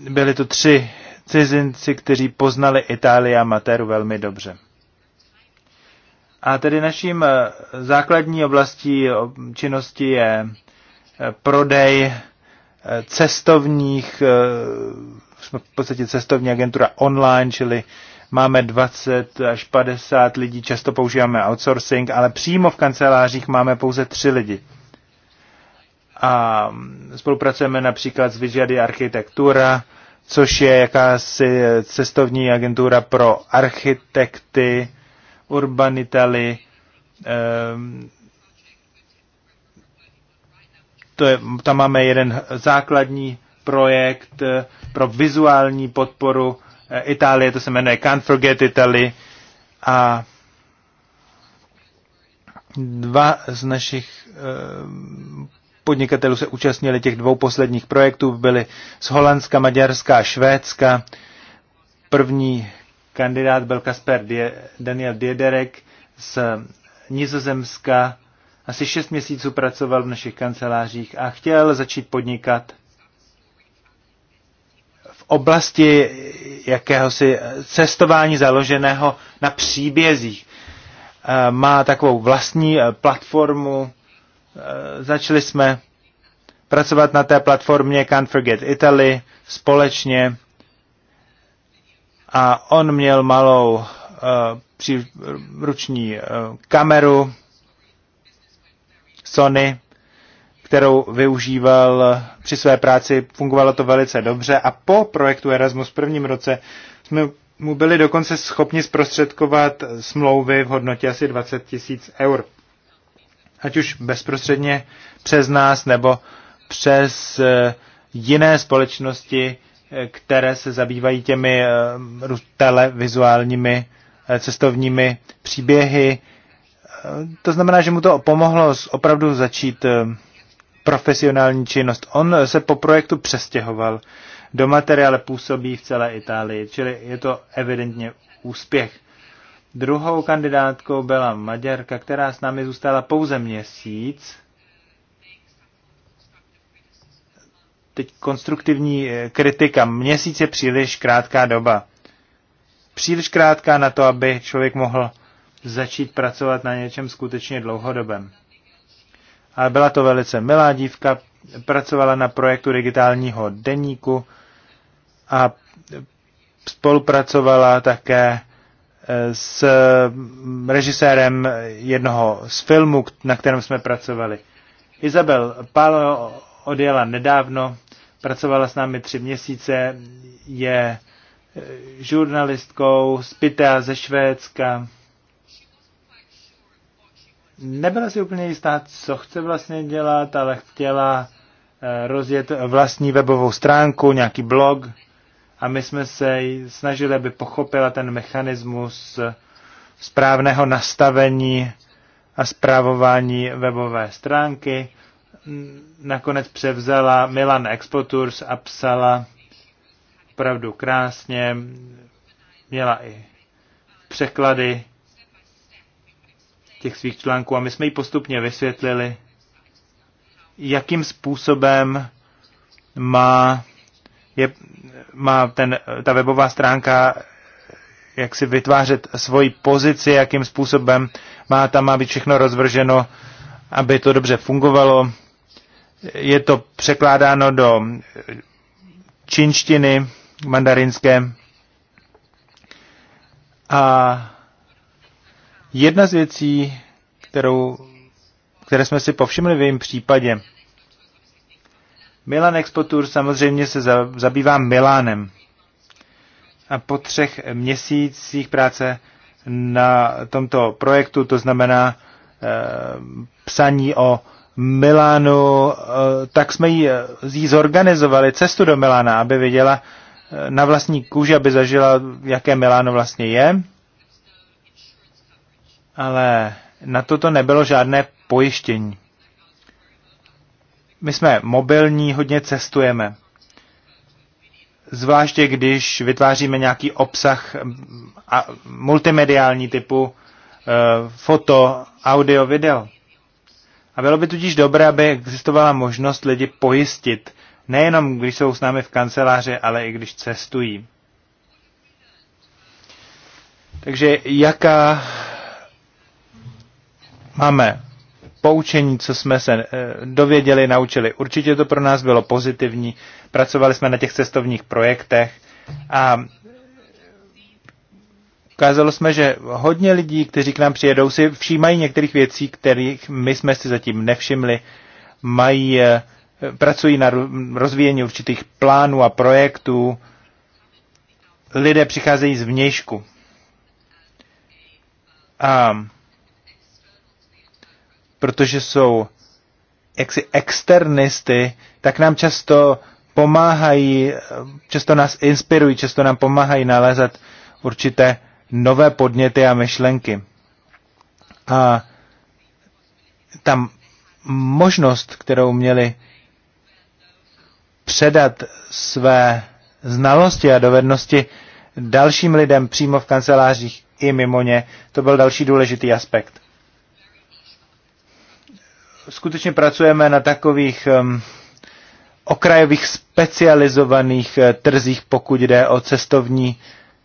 Byli to tři cizinci, kteří poznali Itálii a Materu velmi dobře. A tedy naším základní oblastí činnosti je prodej cestovních, eh, jsme v podstatě cestovní agentura online, čili máme 20 až 50 lidí, často používáme outsourcing, ale přímo v kancelářích máme pouze 3 lidi. A spolupracujeme například s Vyžady Architektura, což je jakási cestovní agentura pro architekty, urbanitely, ehm, to je, tam máme jeden základní projekt eh, pro vizuální podporu eh, Itálie, to se jmenuje Can't Forget Italy a dva z našich eh, podnikatelů se účastnili těch dvou posledních projektů, byli z Holandska, Maďarska a Švédska. První kandidát byl Kasper Daniel Diederek z Nizozemska, asi šest měsíců pracoval v našich kancelářích a chtěl začít podnikat v oblasti jakéhosi cestování založeného na příbězích. Eh, má takovou vlastní eh, platformu. Eh, začali jsme pracovat na té platformě Can't Forget Italy společně a on měl malou uh, při, ruční uh, kameru, Sony, kterou využíval při své práci, fungovalo to velice dobře a po projektu Erasmus v prvním roce jsme mu byli dokonce schopni zprostředkovat smlouvy v hodnotě asi 20 tisíc eur. Ať už bezprostředně přes nás nebo přes eh, jiné společnosti, eh, které se zabývají těmi eh, televizuálními cestovními příběhy, to znamená, že mu to pomohlo opravdu začít eh, profesionální činnost. On se po projektu přestěhoval do materiále působí v celé Itálii, čili je to evidentně úspěch. Druhou kandidátkou byla Maďarka, která s námi zůstala pouze měsíc. Teď konstruktivní eh, kritika. Měsíc je příliš krátká doba. Příliš krátká na to, aby člověk mohl začít pracovat na něčem skutečně dlouhodobém. Ale byla to velice milá dívka, pracovala na projektu digitálního deníku a spolupracovala také eh, s režisérem jednoho z filmů, na kterém jsme pracovali. Izabel Palo odjela nedávno, pracovala s námi tři měsíce, je eh, žurnalistkou z Pitea ze Švédska, nebyla si úplně jistá, co chce vlastně dělat, ale chtěla eh, rozjet vlastní webovou stránku, nějaký blog a my jsme se snažili, aby pochopila ten mechanismus eh, správného nastavení a zprávování webové stránky. Nakonec převzala Milan Expotours a psala opravdu krásně, měla i překlady těch svých článků a my jsme jí postupně vysvětlili, jakým způsobem má, je, má ten, ta webová stránka jak si vytvářet svoji pozici, jakým způsobem má tam má být všechno rozvrženo, aby to dobře fungovalo. Je to překládáno do čínštiny mandarinské a Jedna z věcí, kterou, které jsme si povšimli v jejím případě, Milan Expo Tour samozřejmě se za, zabývá Milánem. A po třech měsících práce na tomto projektu, to znamená e, psaní o Milánu, e, tak jsme jí, eh, jí zorganizovali cestu do Milána, aby viděla e, na vlastní kůži, aby zažila, jaké Miláno vlastně je ale na toto nebylo žádné pojištění. My jsme mobilní, hodně cestujeme. Zvláště když vytváříme nějaký obsah a multimediální typu e, foto, audio, video. A bylo by tudíž dobré, aby existovala možnost lidi pojistit, nejenom když jsou s námi v kanceláři, ale i když cestují. Takže jaká Máme poučení, co jsme se eh, dověděli, naučili. Určitě to pro nás bylo pozitivní. Pracovali jsme na těch cestovních projektech a ukázalo jsme, že hodně lidí, kteří k nám přijedou, si všímají některých věcí, kterých my jsme si zatím nevšimli. Mají, eh, pracují na rozvíjení určitých plánů a projektů. Lidé přicházejí z vnějšku. A protože jsou jaksi externisty, tak nám často pomáhají, často nás inspirují, často nám pomáhají nalézat určité nové podněty a myšlenky. A tam možnost, kterou měli předat své znalosti a dovednosti dalším lidem přímo v kancelářích i mimo ně, to byl další důležitý aspekt skutečně pracujeme na takových okrajových specializovaných eh, trzích, pokud jde o cestovní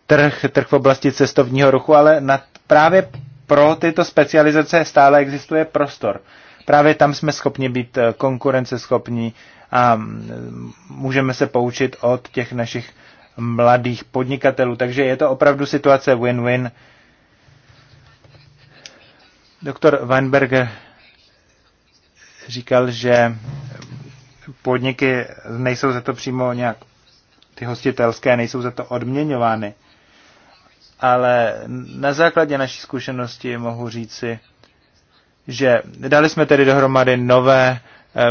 trh, trh v oblasti cestovního ruchu, ale na, právě pro tyto specializace stále existuje prostor. Právě tam jsme schopni být eh, konkurenceschopní a mm, můžeme se poučit od těch našich mladých podnikatelů. Takže je to opravdu situace win-win. Doktor Weinberger říkal, že podniky nejsou za to přímo nějak, ty hostitelské nejsou za to odměňovány. Ale na základě naší zkušenosti mohu říci, že dali jsme tedy dohromady nové eh,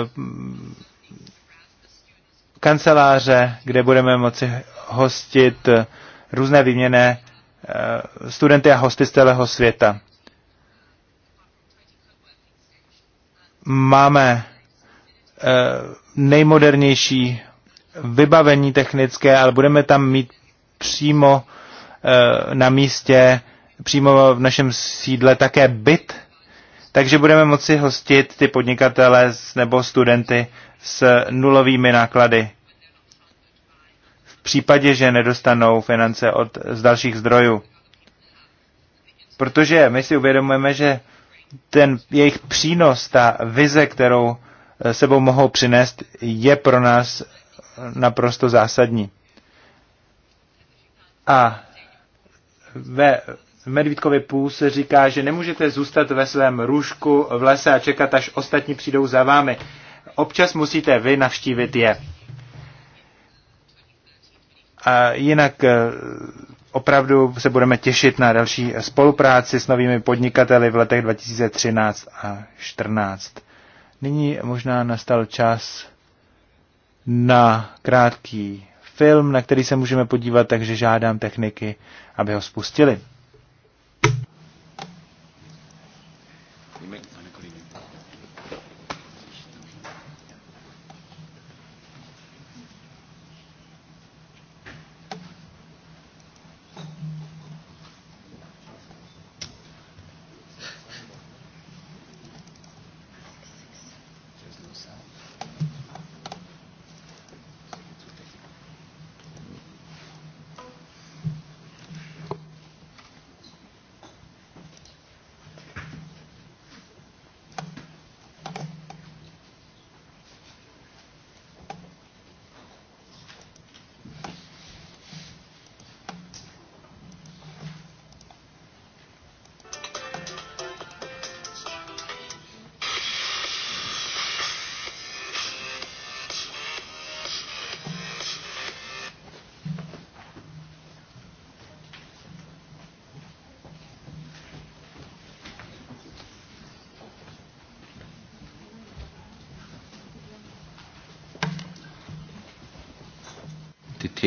kanceláře, kde budeme moci hostit různé výměné eh, studenty a celého světa. máme eh, nejmodernější vybavení technické, ale budeme tam mít přímo eh, na místě, přímo v našem sídle také byt, takže budeme moci hostit ty podnikatele nebo studenty s nulovými náklady. V případě, že nedostanou finance od, z dalších zdrojů. Protože my si uvědomujeme, že ten jejich přínos, ta vize, kterou eh, sebou mohou přinést, je pro nás eh, naprosto zásadní. A ve Medvídkově půl se říká, že nemůžete zůstat ve svém růžku v lese a čekat, až ostatní přijdou za vámi. Občas musíte vy navštívit je. A jinak eh, opravdu se budeme těšit na další spolupráci s novými podnikateli v letech 2013 a 2014. Nyní možná nastal čas na krátký film, na který se můžeme podívat, takže žádám techniky, aby ho spustili.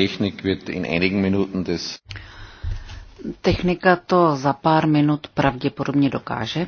Technik wird in einigen Minuten das. Technika to za pár minut pravděpodobně dokáže.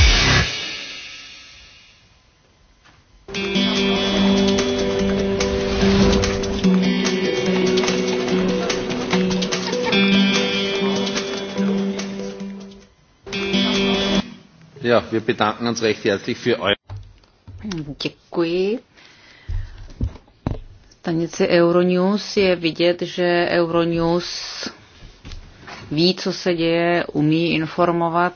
Ja, wir bedanken uns recht herzlich für Děkuji. Stanici Euronews je vidět, že Euronews ví, co se děje, umí informovat.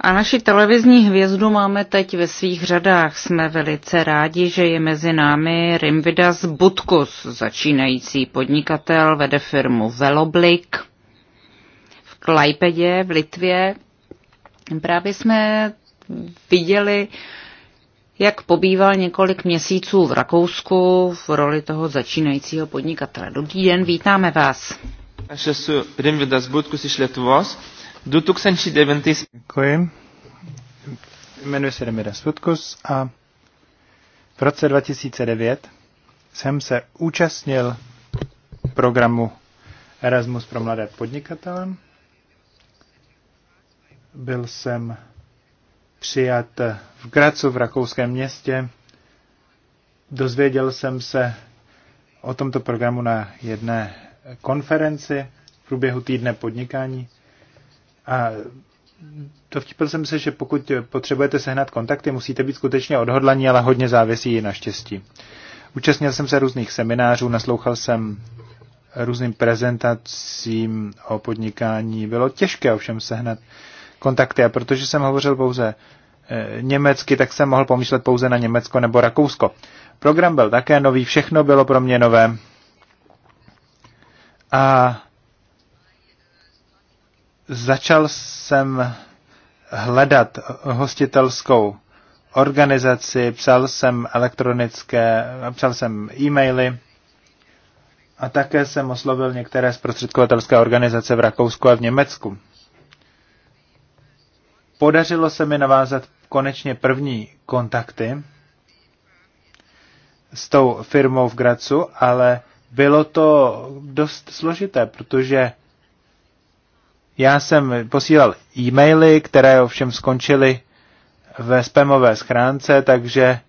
A naši televizní hvězdu máme teď ve svých řadách. Jsme velice rádi, že je mezi námi Rimvidas Butkus, začínající podnikatel, vede firmu Veloblik v Klajpedě v Litvě. Právě jsme viděli, jak pobýval několik měsíců v Rakousku v roli toho začínajícího podnikatele. Dobrý den, vítáme vás. Aš esu Rimvidas Butkus iš Lietuvos. 2009. Děkuji. Jmenuji se Rimvidas Butkus a v roce 2009 jsem se účastnil programu Erasmus pro mladé podnikatele byl jsem přijat v Gracu, v rakouském městě. Dozvěděl jsem se o tomto programu na jedné konferenci v průběhu týdne podnikání. A dovtipil jsem se, že pokud potřebujete sehnat kontakty, musíte být skutečně odhodlaní, ale hodně závisí i na štěstí. Účastnil jsem se různých seminářů, naslouchal jsem různým prezentacím o podnikání. Bylo těžké ovšem sehnat kontakty. A protože jsem hovořil pouze eh, německy, tak jsem mohl pomýšlet pouze na Německo nebo Rakousko. Program byl také nový, všechno bylo pro mě nové. A začal jsem hledat hostitelskou organizaci, psal jsem elektronické, psal jsem e-maily a také jsem oslovil některé zprostředkovatelské organizace v Rakousku a v Německu. Podařilo se mi navázat konečně první kontakty s tou firmou v Gracu, ale bylo to dost složité, protože já jsem posílal e-maily, které ovšem skončily ve spamové schránce, takže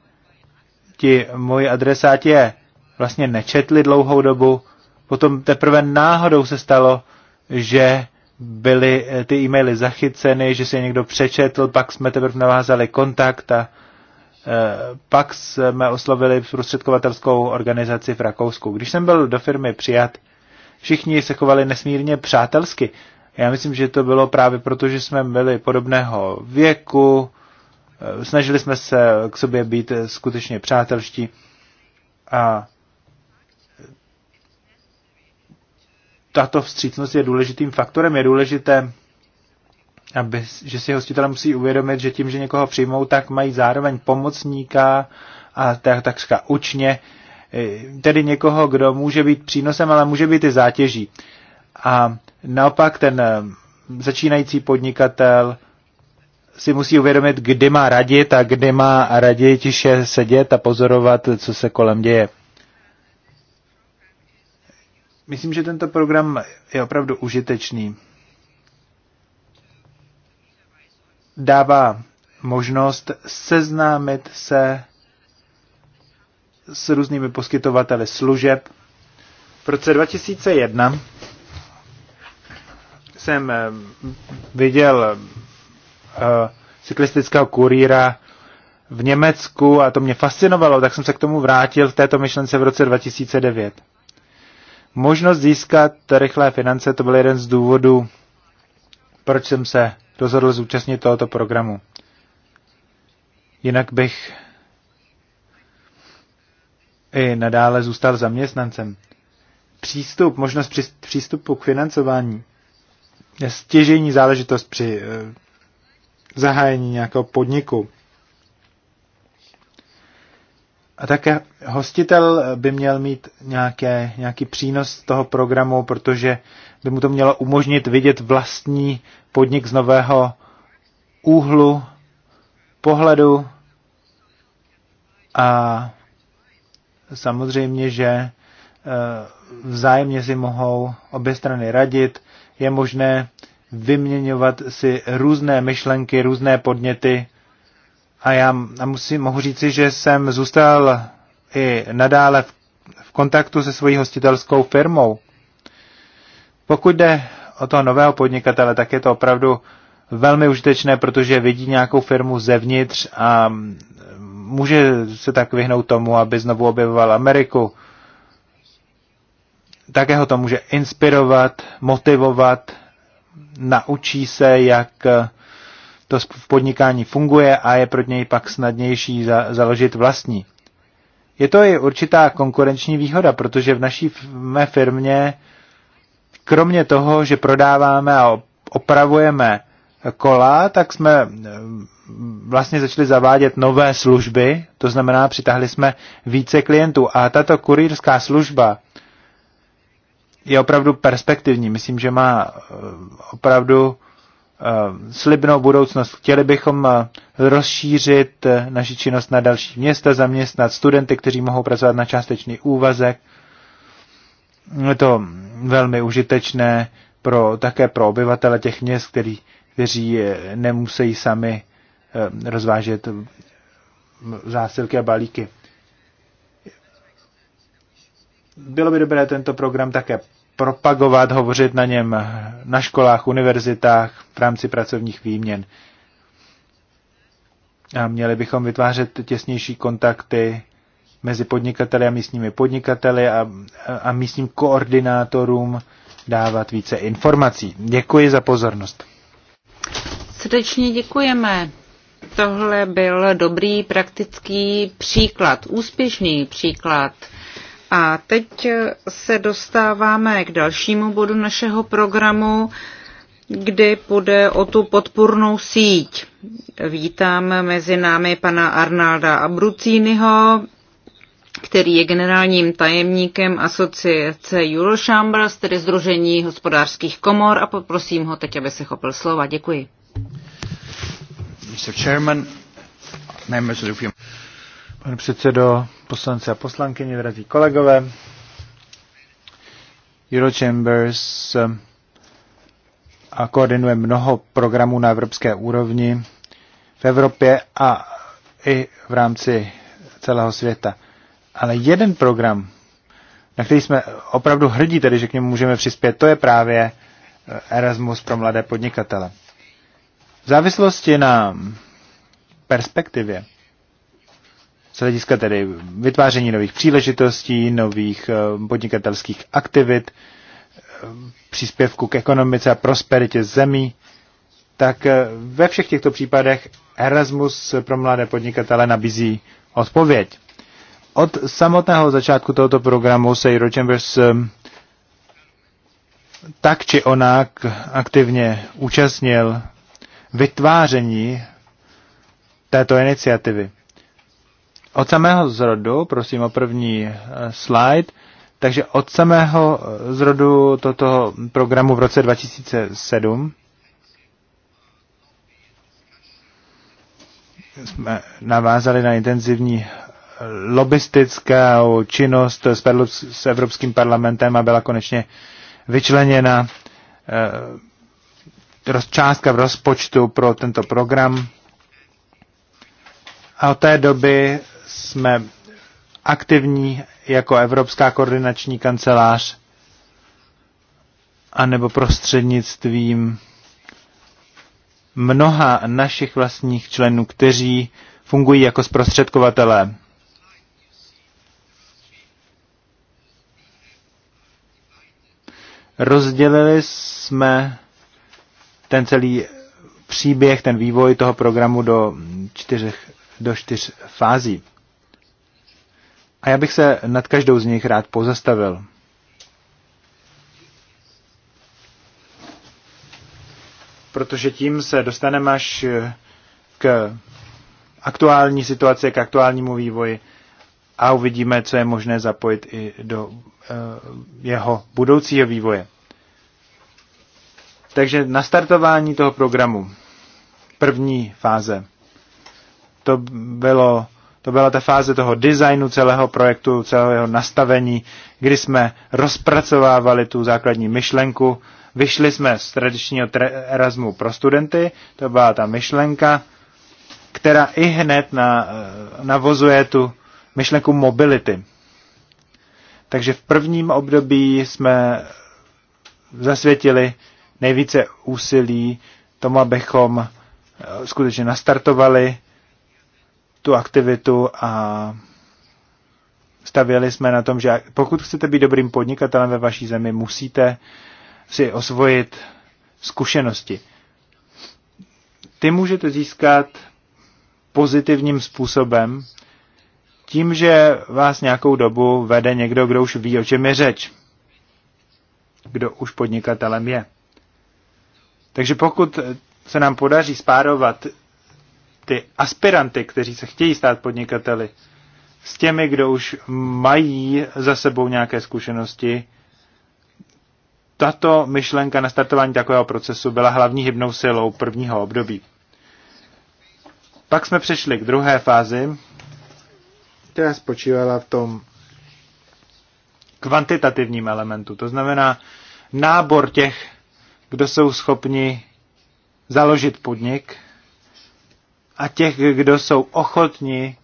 ti moji adresáti je vlastně nečetli dlouhou dobu. Potom teprve náhodou se stalo, že byly eh, ty e-maily zachyceny, že si někdo přečetl, pak jsme teprve navázali kontakt a eh, pak jsme oslovili prostředkovatelskou organizaci v Rakousku. Když jsem byl do firmy přijat, všichni se chovali nesmírně přátelsky. Já myslím, že to bylo právě proto, že jsme byli podobného věku, eh, snažili jsme se k sobě být skutečně přátelští a tato vstřícnost je důležitým faktorem. Je důležité, aby, že si hostitelé musí uvědomit, že tím, že někoho přijmou, tak mají zároveň pomocníka a tak, takřka učně, e, tedy někoho, kdo může být přínosem, ale může být i zátěží. A naopak ten e, začínající podnikatel si musí uvědomit, kdy má radit a kdy má raději tiše sedět a pozorovat, co se kolem děje. Myslím, že tento program je opravdu užitečný. Dává možnost seznámit se s různými poskytovateli služeb. V roce 2001 jsem eh, viděl uh, cyklistického kurýra v Německu a to mě fascinovalo, tak jsem se k tomu vrátil v této myšlence v roce 2009. Možnost získat rychlé finance, to byl jeden z důvodů, proč jsem se rozhodl zúčastnit tohoto programu. Jinak bych i nadále zůstal zaměstnancem. Přístup, možnost při, přístupu k financování je stěžejní záležitost při e, zahájení nějakého podniku. A také hostitel by měl mít nějaké, nějaký přínos z toho programu, protože by mu to mělo umožnit vidět vlastní podnik z nového úhlu pohledu a samozřejmě, že eh, vzájemně si mohou obě strany radit, je možné vyměňovat si různé myšlenky, různé podněty a já musím, mohu říci, že jsem zůstal i nadále v, v kontaktu se svojí hostitelskou firmou. Pokud jde o toho nového podnikatele, tak je to opravdu velmi užitečné, protože vidí nějakou firmu zevnitř a může se tak vyhnout tomu, aby znovu objevoval Ameriku. Také ho to může inspirovat, motivovat, naučí se, jak to v podnikání funguje a je pro něj pak snadnější za, založit vlastní. Je to i určitá konkurenční výhoda, protože v naší mé firmě, kromě toho, že prodáváme a opravujeme kola, tak jsme eh, vlastně začali zavádět nové služby, to znamená, přitahli jsme více klientů a tato kurýrská služba je opravdu perspektivní. Myslím, že má eh, opravdu Eh, slibnou budoucnost. Chtěli bychom eh, rozšířit eh, naši činnost na další města, zaměstnat studenty, kteří mohou pracovat na částečný úvazek. Je to velmi užitečné pro, také pro obyvatele těch měst, který, kteří nemusí sami rozvážet zásilky a balíky. Bylo by dobré tento program také propagovat, hovořit na něm na školách, univerzitách, v rámci pracovních výměn. A měli bychom vytvářet těsnější kontakty mezi podnikateli a místními podnikateli a, a místním koordinátorům dávat více informací. Děkuji za pozornost. Srdečně děkujeme. Tohle byl dobrý praktický příklad, úspěšný příklad a teď se dostáváme k dalšímu bodu našeho programu, kdy půjde o tu podpůrnou síť. Vítám mezi námi pana Arnalda Abrucínyho, který je generálním tajemníkem asociace Eurochambers, tedy Združení hospodářských komor a poprosím ho teď, aby se chopil slova. Děkuji. Mr. Chairman, members of the Pane předsedo, poslanci a poslankyně, drazí kolegové, Eurochambers eh, a koordinuje mnoho programů na evropské úrovni v Evropě a i v rámci celého světa. Ale jeden program, na který jsme opravdu hrdí, tedy že k němu můžeme přispět, to je právě eh, Erasmus pro mladé podnikatele. V závislosti na perspektivě z hlediska tedy vytváření nových příležitostí, nových eh, podnikatelských aktivit, eh, příspěvku k ekonomice a prosperitě zemí, tak eh, ve všech těchto případech Erasmus pro mladé podnikatele nabízí odpověď. Od samotného začátku tohoto programu se Euro Chambers tak či onak aktivně účastnil vytváření této iniciativy. Od samého zrodu, prosím o první eh, slide, takže od samého eh, zrodu toto programu v roce 2007 jsme navázali na intenzivní eh, lobistickou činnost s Evropským parlamentem a byla konečně vyčleněna částka v rozpočtu pro tento program. A od té doby jsme aktivní jako Evropská koordinační kancelář anebo prostřednictvím mnoha našich vlastních členů, kteří fungují jako zprostředkovatelé. Rozdělili jsme ten celý příběh, ten vývoj toho programu do čtyřech, do čtyř fází. A já bych se nad každou z nich rád pozastavil. Protože tím se dostaneme až eh, k aktuální situaci, k aktuálnímu vývoji a uvidíme, co je možné zapojit i do eh, jeho budoucího vývoje. Takže nastartování toho programu, první fáze, to bylo to byla ta fáze toho designu celého projektu, celého jeho nastavení, kdy jsme rozpracovávali tu základní myšlenku. Vyšli jsme z tradičního Erasmu pro studenty, to byla ta myšlenka, která i hned na, eh, navozuje tu myšlenku mobility. Takže v prvním období jsme zasvětili nejvíce úsilí tomu, abychom eh, skutečně nastartovali tu aktivitu a stavěli jsme na tom, že pokud chcete být dobrým podnikatelem ve vaší zemi, musíte si osvojit zkušenosti. Ty můžete získat pozitivním způsobem, tím, že vás nějakou dobu vede někdo, kdo už ví, o čem je řeč, kdo už podnikatelem je. Takže pokud se nám podaří spárovat ty aspiranty, kteří se chtějí stát podnikateli, s těmi, kdo už mají za sebou nějaké zkušenosti, tato myšlenka na startování takového procesu byla hlavní hybnou silou prvního období. Pak jsme přešli k druhé fázi, která spočívala v tom kvantitativním elementu, to znamená nábor těch, kdo jsou schopni založit podnik a těch, kdo jsou ochotní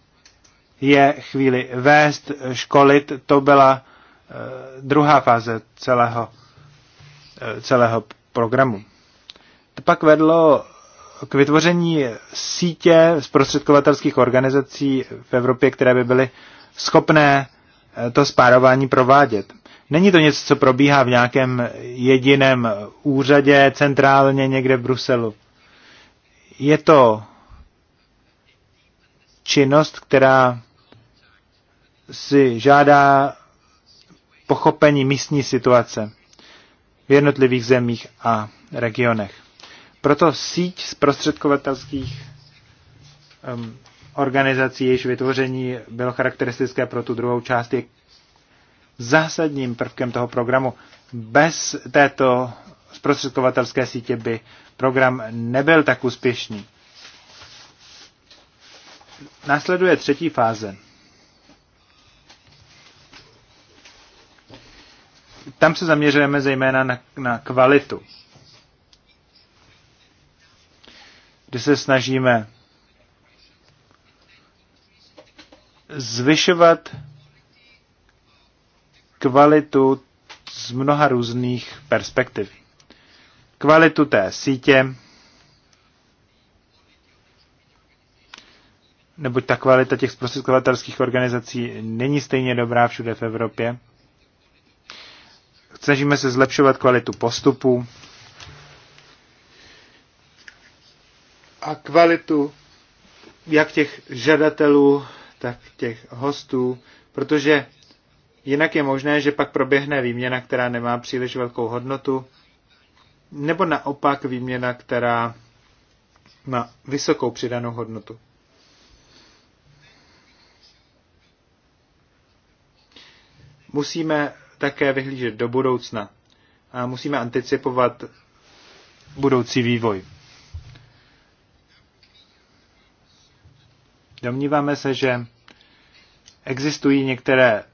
je chvíli vést, školit, to byla eh, druhá fáze celého, eh, celého programu. To pak vedlo k vytvoření sítě zprostředkovatelských organizací v Evropě, které by byly schopné eh, to spárování provádět. Není to něco, co probíhá v nějakém jediném úřadě, centrálně někde v Bruselu. Je to činnost, která si žádá pochopení místní situace v jednotlivých zemích a regionech. Proto síť zprostředkovatelských um, organizací, jejichž vytvoření bylo charakteristické pro tu druhou část, je zásadním prvkem toho programu. Bez této zprostředkovatelské sítě by program nebyl tak úspěšný následuje třetí fáze. Tam se zaměřujeme zejména na, na kvalitu, kdy se snažíme zvyšovat kvalitu z mnoha různých perspektiv. Kvalitu té sítě, neboť ta kvalita těch zprostředkovatelských organizací není stejně dobrá všude v Evropě. Snažíme se zlepšovat kvalitu postupu a kvalitu jak těch žadatelů, tak těch hostů, protože jinak je možné, že pak proběhne výměna, která nemá příliš velkou hodnotu, nebo naopak výměna, která má vysokou přidanou hodnotu. Musíme také vyhlížet do budoucna a musíme anticipovat budoucí vývoj. Domníváme se, že existují některé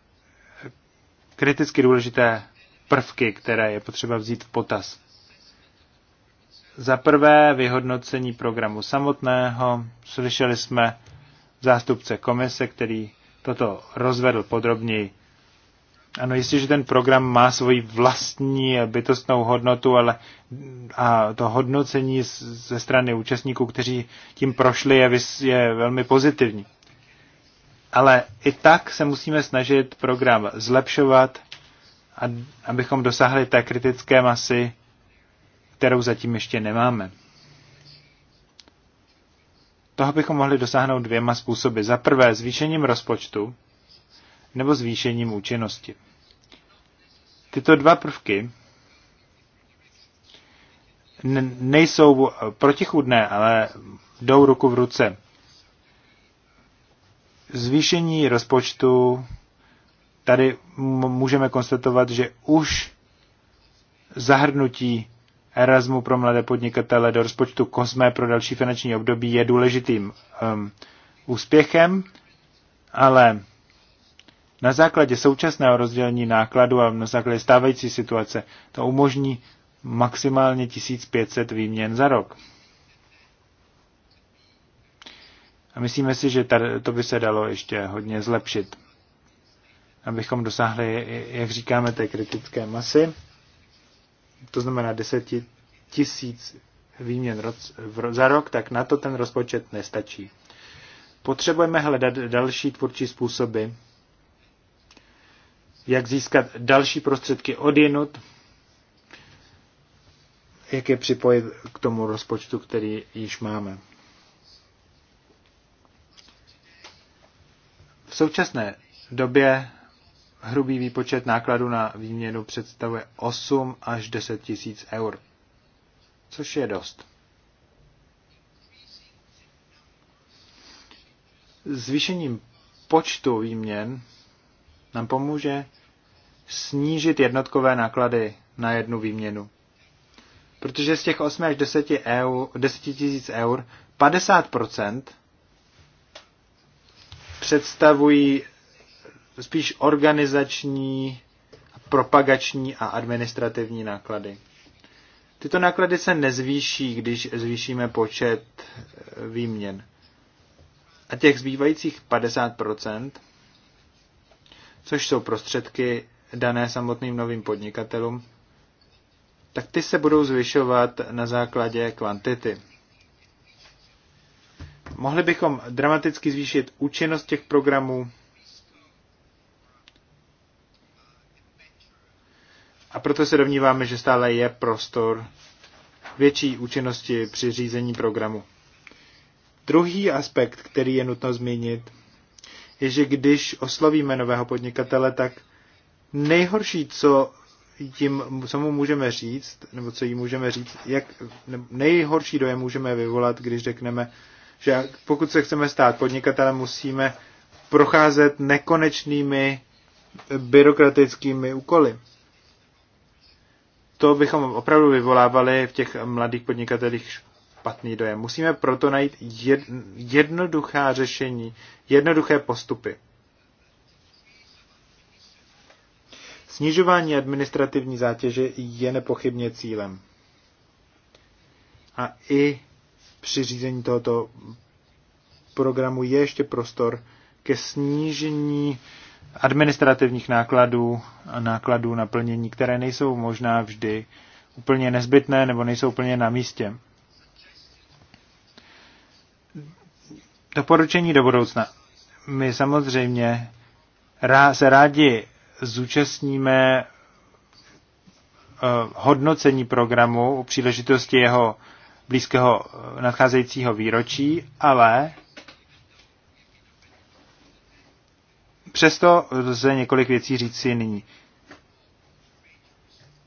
kriticky důležité prvky, které je potřeba vzít v potaz. Za prvé vyhodnocení programu samotného. Slyšeli jsme zástupce komise, který toto rozvedl podrobněji. Ano, jistě, že ten program má svoji vlastní bytostnou hodnotu, ale a to hodnocení ze strany účastníků, kteří tím prošli, je, je velmi pozitivní. Ale i tak se musíme snažit program zlepšovat, a, abychom dosáhli té kritické masy, kterou zatím ještě nemáme. Toho bychom mohli dosáhnout dvěma způsoby. Za prvé zvýšením rozpočtu nebo zvýšením účinnosti. Tyto dva prvky nejsou protichudné, ale jdou ruku v ruce. Zvýšení rozpočtu, tady můžeme konstatovat, že už zahrnutí Erasmu pro mladé podnikatele do rozpočtu Kosme pro další finanční období je důležitým um, úspěchem, ale na základě současného rozdělení nákladu a na základě stávající situace to umožní maximálně 1500 výměn za rok. A myslíme si, že to by se dalo ještě hodně zlepšit, abychom dosáhli, jak říkáme, té kritické masy, to znamená 10 tisíc výměn roc, v, za rok, tak na to ten rozpočet nestačí. Potřebujeme hledat další tvůrčí způsoby, jak získat další prostředky odjenut, jak je připojit k tomu rozpočtu, který již máme. V současné době hrubý výpočet nákladu na výměnu představuje 8 až 10 tisíc eur, což je dost. Zvýšením počtu výměn nám pomůže snížit jednotkové náklady na jednu výměnu. Protože z těch 8 až 10 eur, tisíc eur 50% představují spíš organizační, propagační a administrativní náklady. Tyto náklady se nezvýší, když zvýšíme počet eh, výměn. A těch zbývajících 50%, což jsou prostředky dané samotným novým podnikatelům, tak ty se budou zvyšovat na základě kvantity. Mohli bychom dramaticky zvýšit účinnost těch programů a proto se domníváme, že stále je prostor větší účinnosti při řízení programu. Druhý aspekt, který je nutno zmínit, je, že když oslovíme nového podnikatele, tak nejhorší, co tím, co mu můžeme říct, nebo co jí můžeme říct, jak nejhorší dojem můžeme vyvolat, když řekneme, že pokud se chceme stát podnikatelem, musíme procházet nekonečnými byrokratickými úkoly. To bychom opravdu vyvolávali v těch mladých podnikatelích špatný dojem. Musíme proto najít jednoduchá řešení, jednoduché postupy. Snižování administrativní zátěže je nepochybně cílem. A i při řízení tohoto programu je ještě prostor ke snížení administrativních nákladů a nákladů na plnění, které nejsou možná vždy úplně nezbytné nebo nejsou úplně na místě. Doporučení do budoucna. My samozřejmě se rádi zúčastníme eh, hodnocení programu u příležitosti jeho blízkého eh, nadcházejícího výročí, ale přesto lze několik věcí si nyní.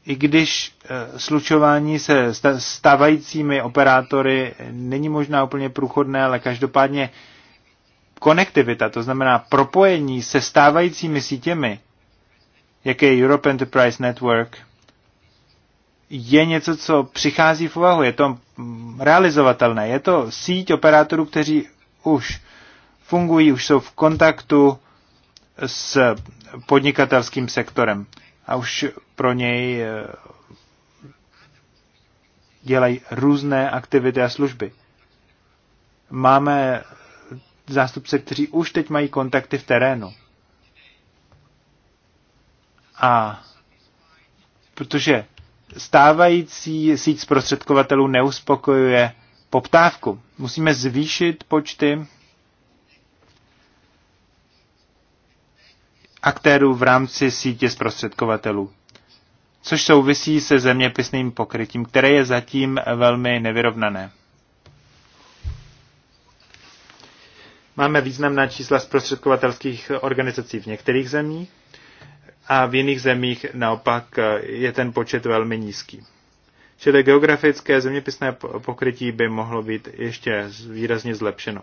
I když eh, slučování se stávajícími operátory není možná úplně průchodné, ale každopádně konektivita, to znamená propojení se stávajícími sítěmi, Jaký je Europe Enterprise Network, je něco, co přichází v úvahu, je to realizovatelné. Je to síť operátorů, kteří už fungují, už jsou v kontaktu s podnikatelským sektorem a už pro něj eh, dělají různé aktivity a služby. Máme zástupce, kteří už teď mají kontakty v terénu. A protože stávající síť zprostředkovatelů neuspokojuje poptávku. Musíme zvýšit počty aktérů v rámci sítě zprostředkovatelů, což souvisí se zeměpisným pokrytím, které je zatím velmi nevyrovnané. Máme významná čísla zprostředkovatelských organizací v některých zemích, a v jiných zemích naopak eh, je ten počet velmi nízký. Čili geografické zeměpisné pokrytí by mohlo být ještě výrazně zlepšeno.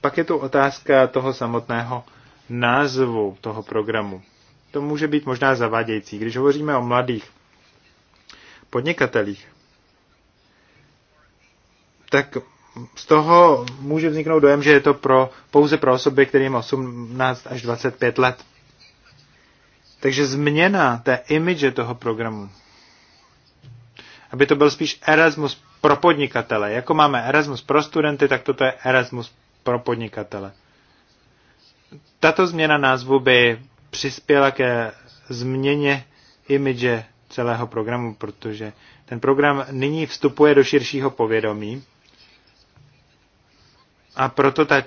Pak je tu otázka toho samotného názvu toho programu. To může být možná zavádějící. Když hovoříme o mladých podnikatelích, tak z toho může vzniknout dojem, že je to pro, pouze pro osoby, kterým 18 až 25 let. Takže změna té image toho programu, aby to byl spíš Erasmus pro podnikatele. Jako máme Erasmus pro studenty, tak toto je Erasmus pro podnikatele. Tato změna názvu by přispěla ke změně image celého programu, protože ten program nyní vstupuje do širšího povědomí a proto ta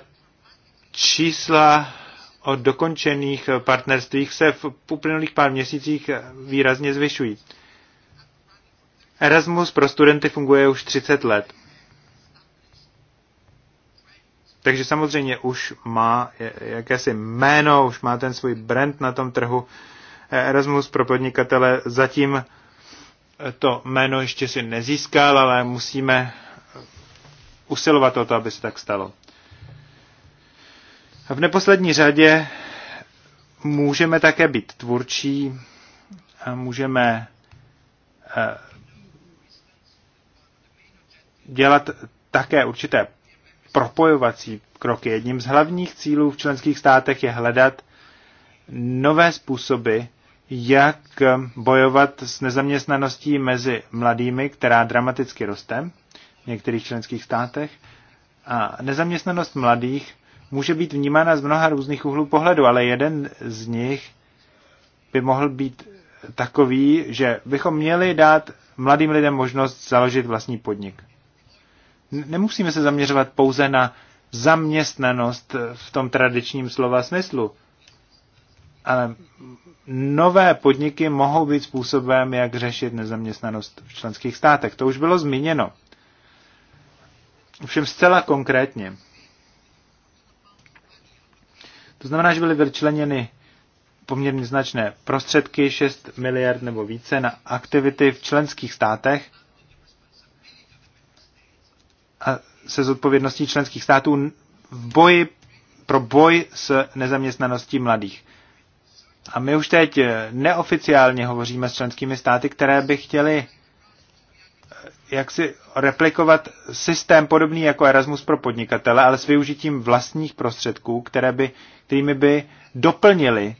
čísla o dokončených partnerstvích se v uplynulých pár měsících výrazně zvyšují. Erasmus pro studenty funguje už 30 let. Takže samozřejmě už má jakési jméno, už má ten svůj brand na tom trhu. Erasmus pro podnikatele zatím to jméno ještě si nezískal, ale musíme usilovat o to, aby se tak stalo. A v neposlední řadě můžeme také být tvůrčí a můžeme eh, dělat také určité propojovací kroky. Jedním z hlavních cílů v členských státech je hledat nové způsoby, jak bojovat s nezaměstnaností mezi mladými, která dramaticky roste, některých členských státech. A nezaměstnanost mladých může být vnímána z mnoha různých úhlů pohledu, ale jeden z nich by mohl být takový, že bychom měli dát mladým lidem možnost založit vlastní podnik. Nemusíme se zaměřovat pouze na zaměstnanost v tom tradičním slova smyslu, ale nové podniky mohou být způsobem, jak řešit nezaměstnanost v členských státech. To už bylo zmíněno. Ovšem zcela konkrétně. To znamená, že byly vyčleněny poměrně značné prostředky, 6 miliard nebo více, na aktivity v členských státech a se zodpovědností členských států v boji pro boj s nezaměstnaností mladých. A my už teď neoficiálně hovoříme s členskými státy, které by chtěly jak si replikovat systém podobný jako Erasmus pro podnikatele, ale s využitím vlastních prostředků, které by, kterými by doplnili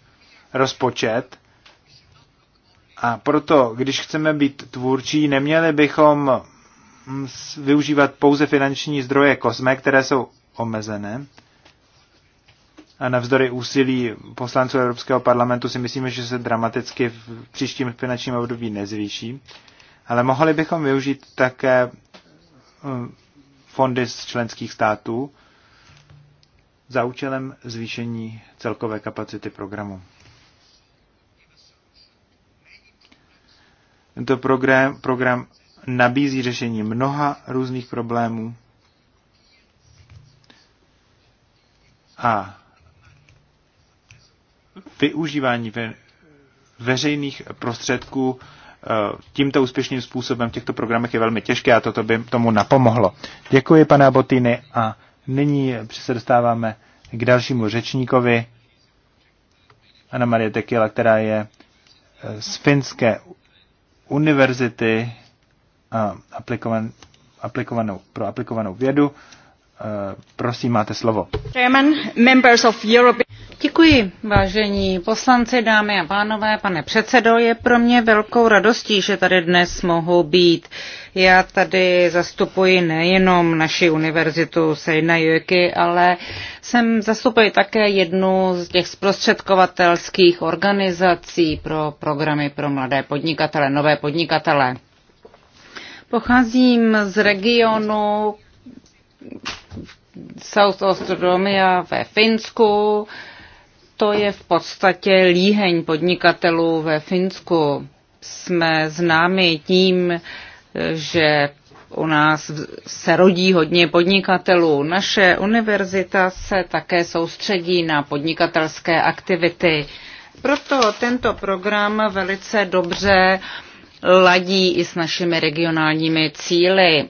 rozpočet. A proto, když chceme být tvůrčí, neměli bychom využívat pouze finanční zdroje kosme, které jsou omezené. A navzdory úsilí poslanců Evropského parlamentu si myslíme, že se dramaticky v příštím finančním období nezvýší. Ale mohli bychom využít také eh, fondy z členských států za účelem zvýšení celkové kapacity programu. Tento program, program nabízí řešení mnoha různých problémů a využívání ve, veřejných prostředků Eh, tímto úspěšným způsobem v těchto programech je velmi těžké a toto by tomu napomohlo. Děkuji, pane Abotýny, a nyní se dostáváme k dalšímu řečníkovi, Anna Marie Tekila, která je eh, z Finské univerzity a aplikovan, aplikovanou, pro aplikovanou vědu. Eh, prosím, máte slovo. Chairman, members of Děkuji, vážení poslanci, dámy a pánové, pane předsedo. Je pro mě velkou radostí, že tady dnes mohu být. Já tady zastupuji nejenom naši univerzitu Sejna Jöky, ale jsem zastupuji také jednu z těch zprostředkovatelských organizací pro programy pro mladé podnikatele, nové podnikatele. Pocházím z regionu South Ostrodomia ve Finsku, to je v podstatě líheň podnikatelů ve Finsku. Jsme známi tím, že u nás se rodí hodně podnikatelů. Naše univerzita se také soustředí na podnikatelské aktivity. Proto tento program velice dobře ladí i s našimi regionálními cíly.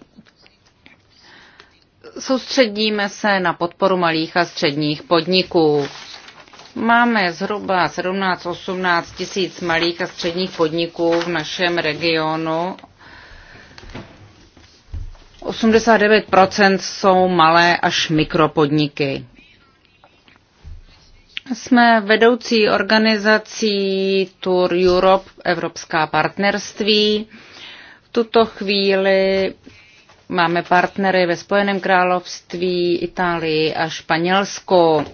Soustředíme se na podporu malých a středních podniků. Máme zhruba 17-18 tisíc malých a středních podniků v našem regionu. 89% jsou malé až mikropodniky. Jsme vedoucí organizací Tour Europe, Evropská partnerství. V tuto chvíli máme partnery ve Spojeném království, Itálii a Španělsku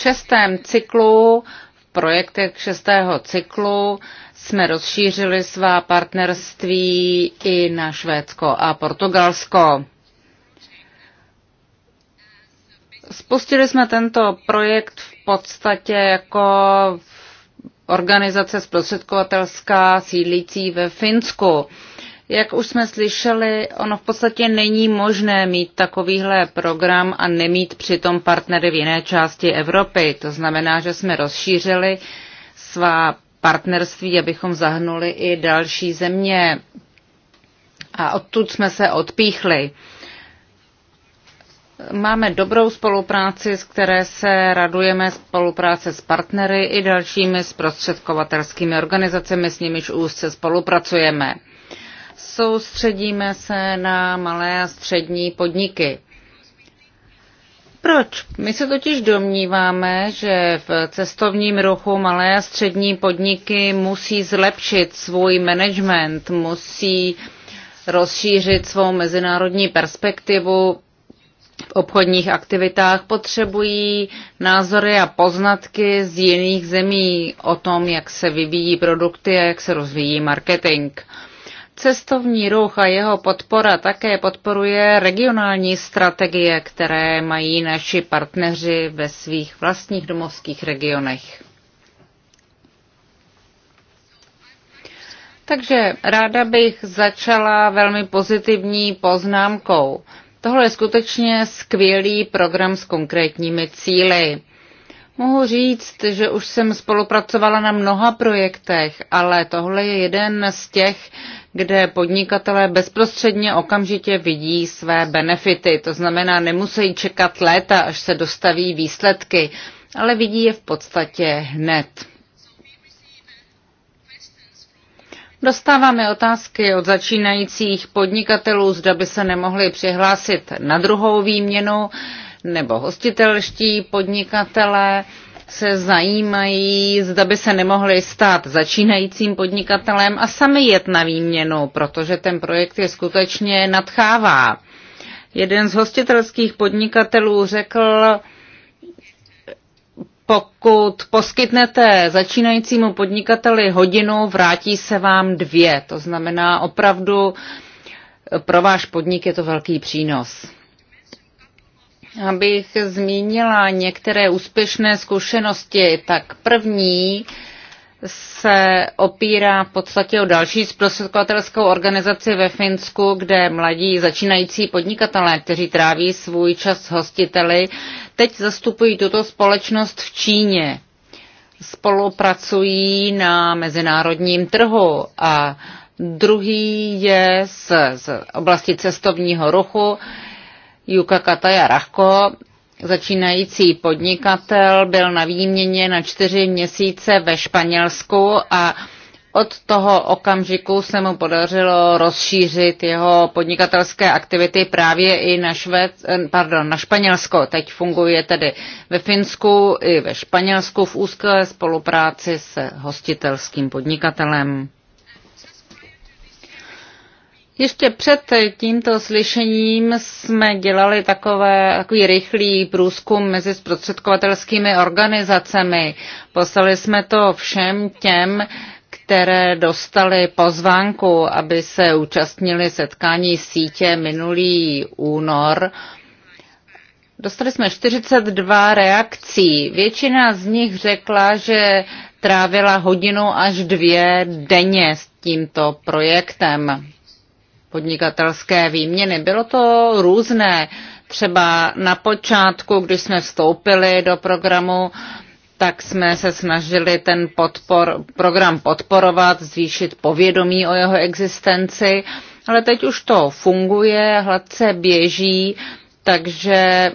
šestém cyklu, v projektech šestého cyklu, jsme rozšířili svá partnerství i na Švédsko a Portugalsko. Spustili jsme tento projekt v podstatě jako organizace zprostředkovatelská sídlící ve Finsku. Jak už jsme slyšeli, ono v podstatě není možné mít takovýhle program a nemít přitom partnery v jiné části Evropy. To znamená, že jsme rozšířili svá partnerství, abychom zahnuli i další země. A odtud jsme se odpíchli. Máme dobrou spolupráci, z které se radujeme spolupráce s partnery i dalšími zprostředkovatelskými organizacemi, s nimiž úzce spolupracujeme soustředíme se na malé a střední podniky. Proč? My se totiž domníváme, že v cestovním ruchu malé a střední podniky musí zlepšit svůj management, musí rozšířit svou mezinárodní perspektivu v obchodních aktivitách, potřebují názory a poznatky z jiných zemí o tom, jak se vyvíjí produkty a jak se rozvíjí marketing. Cestovní ruch a jeho podpora také podporuje regionální strategie, které mají naši partneři ve svých vlastních domovských regionech. Takže ráda bych začala velmi pozitivní poznámkou. Tohle je skutečně skvělý program s konkrétními cíly. Mohu říct, že už jsem spolupracovala na mnoha projektech, ale tohle je jeden z těch, kde podnikatelé bezprostředně okamžitě vidí své benefity. To znamená, nemusí čekat léta, až se dostaví výsledky, ale vidí je v podstatě hned. Dostáváme otázky od začínajících podnikatelů, zda by se nemohli přihlásit na druhou výměnu, nebo hostitelští podnikatelé se zajímají, zda by se nemohli stát začínajícím podnikatelem a sami jet na výměnu, protože ten projekt je skutečně nadchává. Jeden z hostitelských podnikatelů řekl, pokud poskytnete začínajícímu podnikateli hodinu, vrátí se vám dvě. To znamená opravdu pro váš podnik je to velký přínos abych zmínila některé úspěšné zkušenosti, tak první se opírá v podstatě o další zprostředkovatelskou organizaci ve Finsku, kde mladí začínající podnikatelé, kteří tráví svůj čas hostiteli, teď zastupují tuto společnost v Číně. Spolupracují na mezinárodním trhu a druhý je z, z oblasti cestovního ruchu, Juka Kataja Rachko, začínající podnikatel, byl na výměně na čtyři měsíce ve Španělsku a od toho okamžiku se mu podařilo rozšířit jeho podnikatelské aktivity právě i na, Švéd, pardon, na Španělsko. Teď funguje tedy ve Finsku i ve Španělsku v úzké spolupráci s hostitelským podnikatelem. Ještě před tímto slyšením jsme dělali takové, takový rychlý průzkum mezi zprostředkovatelskými organizacemi. Poslali jsme to všem těm, které dostali pozvánku, aby se účastnili setkání sítě minulý únor. Dostali jsme 42 reakcí. Většina z nich řekla, že trávila hodinu až dvě denně s tímto projektem podnikatelské výměny. Bylo to různé. Třeba na počátku, když jsme vstoupili do programu, tak jsme se snažili ten podpor, program podporovat, zvýšit povědomí o jeho existenci, ale teď už to funguje, hladce běží, takže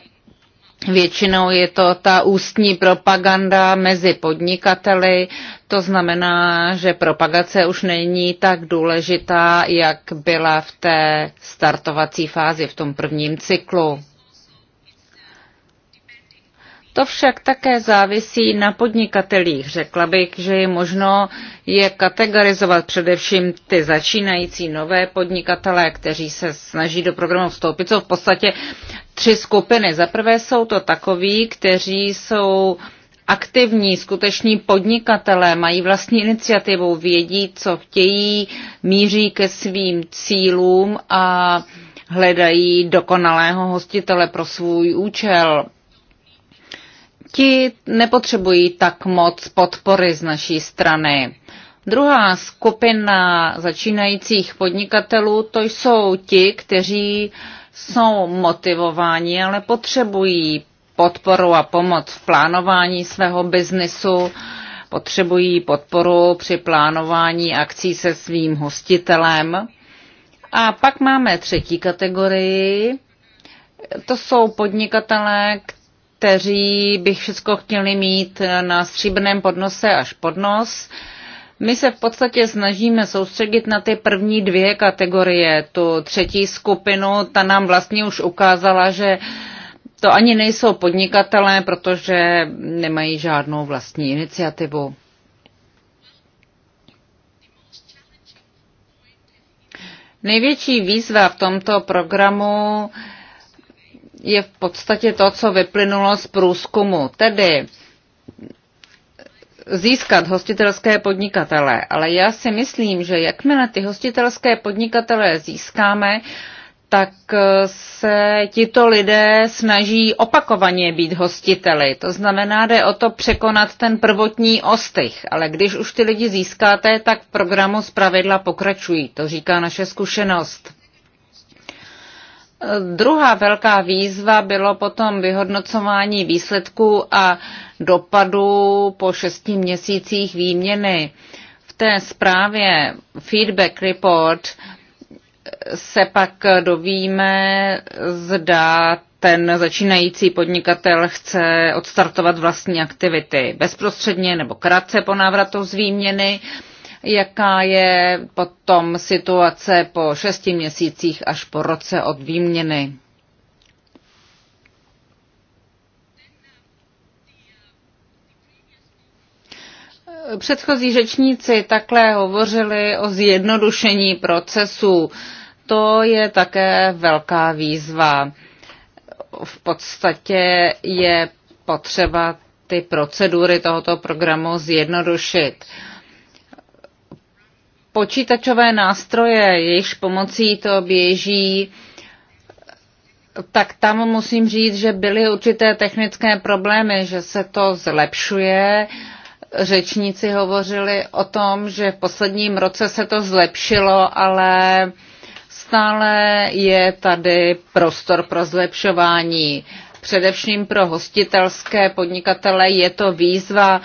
Většinou je to ta ústní propaganda mezi podnikateli, to znamená, že propagace už není tak důležitá, jak byla v té startovací fázi, v tom prvním cyklu. To však také závisí na podnikatelích. Řekla bych, že je možno je kategorizovat především ty začínající nové podnikatele, kteří se snaží do programu vstoupit, Co v podstatě tři skupiny. Za prvé jsou to takoví, kteří jsou aktivní, skuteční podnikatelé, mají vlastní iniciativu, vědí, co chtějí, míří ke svým cílům a hledají dokonalého hostitele pro svůj účel. Ti nepotřebují tak moc podpory z naší strany. Druhá skupina začínajících podnikatelů to jsou ti, kteří uh, jsou motivováni, ale potřebují podporu a pomoc v plánování svého biznisu, potřebují podporu při plánování akcí se svým hostitelem. A pak máme třetí kategorii. To jsou podnikatelé, kteří by všechno chtěli mít na stříbrném podnose až pod nos. My se v podstatě snažíme soustředit na ty první dvě kategorie. Tu třetí skupinu, ta nám vlastně už ukázala, že to ani nejsou podnikatelé, protože nemají žádnou vlastní iniciativu. Největší výzva v tomto programu je v podstatě to, co vyplynulo z průzkumu. Tedy získat hostitelské podnikatele, ale já si myslím, že jakmile ty hostitelské podnikatele získáme, tak eh, se tito lidé snaží opakovaně být hostiteli. To znamená, jde o to překonat ten prvotní ostych. Ale když už ty lidi získáte, tak v programu zpravidla pokračují. To říká naše zkušenost. Druhá velká výzva bylo potom vyhodnocování výsledků a dopadu po šesti měsících výměny. V té zprávě feedback report se pak dovíme, zda ten začínající podnikatel chce odstartovat vlastní aktivity bezprostředně nebo krátce po návratu z výměny. Uh, jaká je potom situace po šesti měsících až po roce od výměny. Předchozí řečníci takhle hovořili o zjednodušení procesu. To je také velká výzva. V podstatě je potřeba ty procedury tohoto programu zjednodušit. Uh, počítačové nástroje, jejichž pomocí to běží, tak tam musím říct, že byly určité technické problémy, že se to zlepšuje. Řečníci hovořili o tom, že v posledním roce se to zlepšilo, ale stále je tady prostor pro zlepšování. Především pro hostitelské podnikatele je to výzva.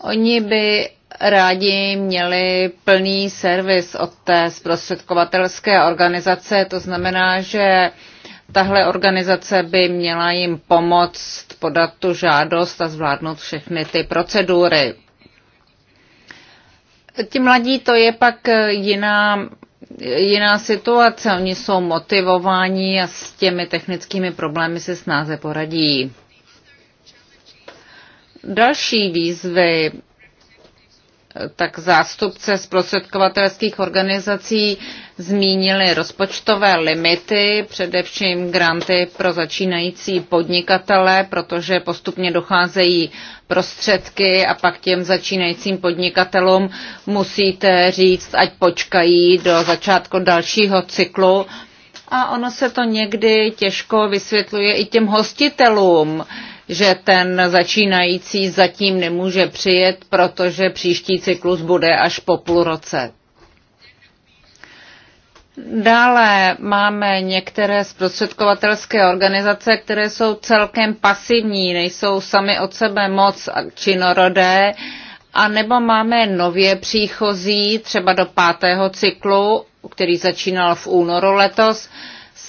Oni by rádi měli plný servis od té zprostředkovatelské organizace, to znamená, že tahle organizace by měla jim pomoct podat tu žádost a zvládnout všechny ty procedury. Ti mladí to je pak jiná, jiná situace. Oni jsou motivováni a s těmi technickými problémy se snáze poradí. Další výzvy tak zástupce zprostředkovatelských organizací zmínili rozpočtové limity, především granty pro začínající podnikatele, protože postupně docházejí prostředky a pak těm začínajícím podnikatelům musíte říct, ať počkají do začátku dalšího cyklu. A ono se to někdy těžko vysvětluje i těm hostitelům že ten začínající zatím nemůže přijet, protože příští cyklus bude až po půl roce. Dále máme některé zprostředkovatelské organizace, které jsou celkem pasivní, nejsou sami od sebe moc činorodé, a nebo máme nově příchozí, třeba do pátého cyklu, který začínal v únoru letos,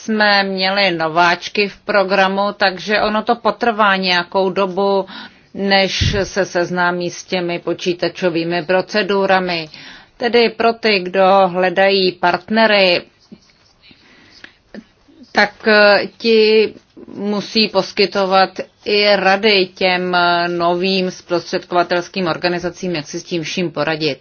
jsme měli nováčky v programu, takže ono to potrvá nějakou dobu, než se seznámí s těmi počítačovými procedurami. Tedy pro ty, kdo hledají partnery, tak eh, ti musí poskytovat i rady těm novým zprostředkovatelským organizacím, jak si s tím vším poradit.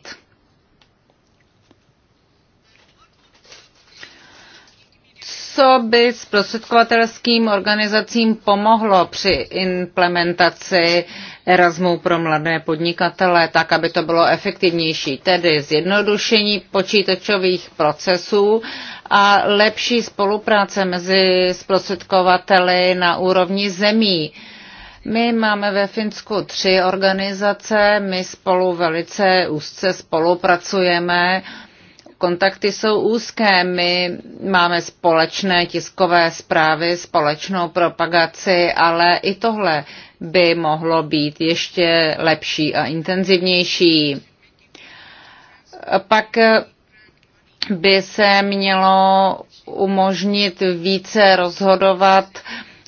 co by zprostředkovatelským organizacím pomohlo při implementaci Erasmu pro mladé podnikatele, tak aby to bylo efektivnější, tedy zjednodušení počítačových procesů a lepší spolupráce mezi zprostředkovateli na úrovni zemí. My máme ve Finsku tři organizace, my spolu velice úzce spolupracujeme kontakty jsou úzké. My máme společné tiskové zprávy, společnou propagaci, ale i tohle by mohlo být ještě lepší a intenzivnější. Pak by se mělo umožnit více rozhodovat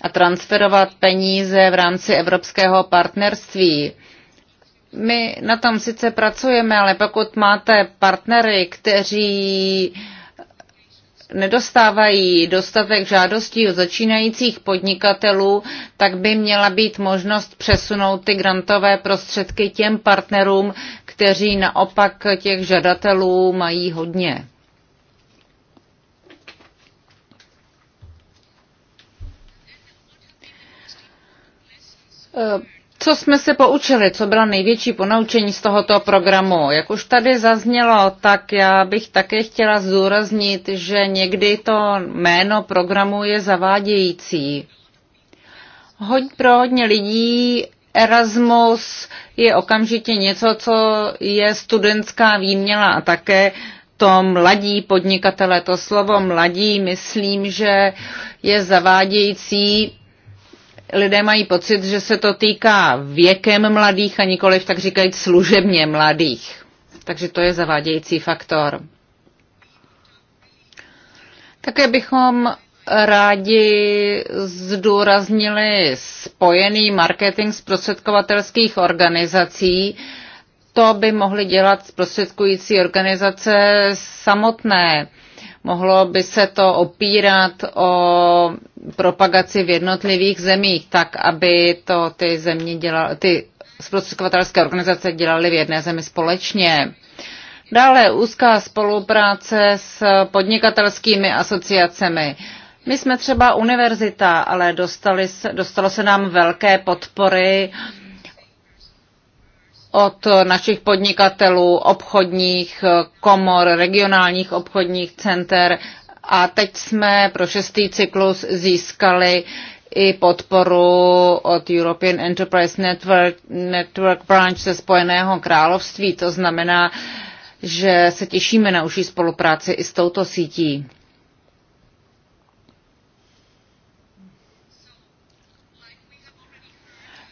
a transferovat peníze v rámci evropského partnerství my na tom sice pracujeme, ale pokud máte partnery, kteří nedostávají dostatek žádostí od začínajících podnikatelů, tak by měla být možnost přesunout ty grantové prostředky těm partnerům, kteří naopak těch žadatelů mají hodně. Uh, co jsme se poučili, co byla největší ponaučení z tohoto programu? Jak už tady zaznělo, tak já bych také chtěla zdůraznit, že někdy to jméno programu je zavádějící. Hoď pro hodně lidí Erasmus je okamžitě něco, co je studentská výměna a také to mladí podnikatele, to slovo mladí, myslím, že je zavádějící lidé mají pocit, že se to týká věkem mladých a nikoliv tak říkají služebně mladých. Takže to je zavádějící faktor. Také bychom rádi zdůraznili spojený marketing zprostředkovatelských organizací. To by mohly dělat zprostředkující organizace samotné. Mohlo by se to opírat o propagaci v jednotlivých zemích, tak aby to ty země dělal, ty zprostředkovatelské organizace dělaly v jedné zemi společně. Dále úzká spolupráce s podnikatelskými asociacemi. My jsme třeba univerzita, ale dostali, dostalo se nám velké podpory uh, od našich podnikatelů, obchodních eh, komor, regionálních obchodních center a teď jsme pro šestý cyklus získali i podporu od European Enterprise Network, Network Branch ze Spojeného království. To znamená, že se těšíme na užší spolupráci i s touto sítí.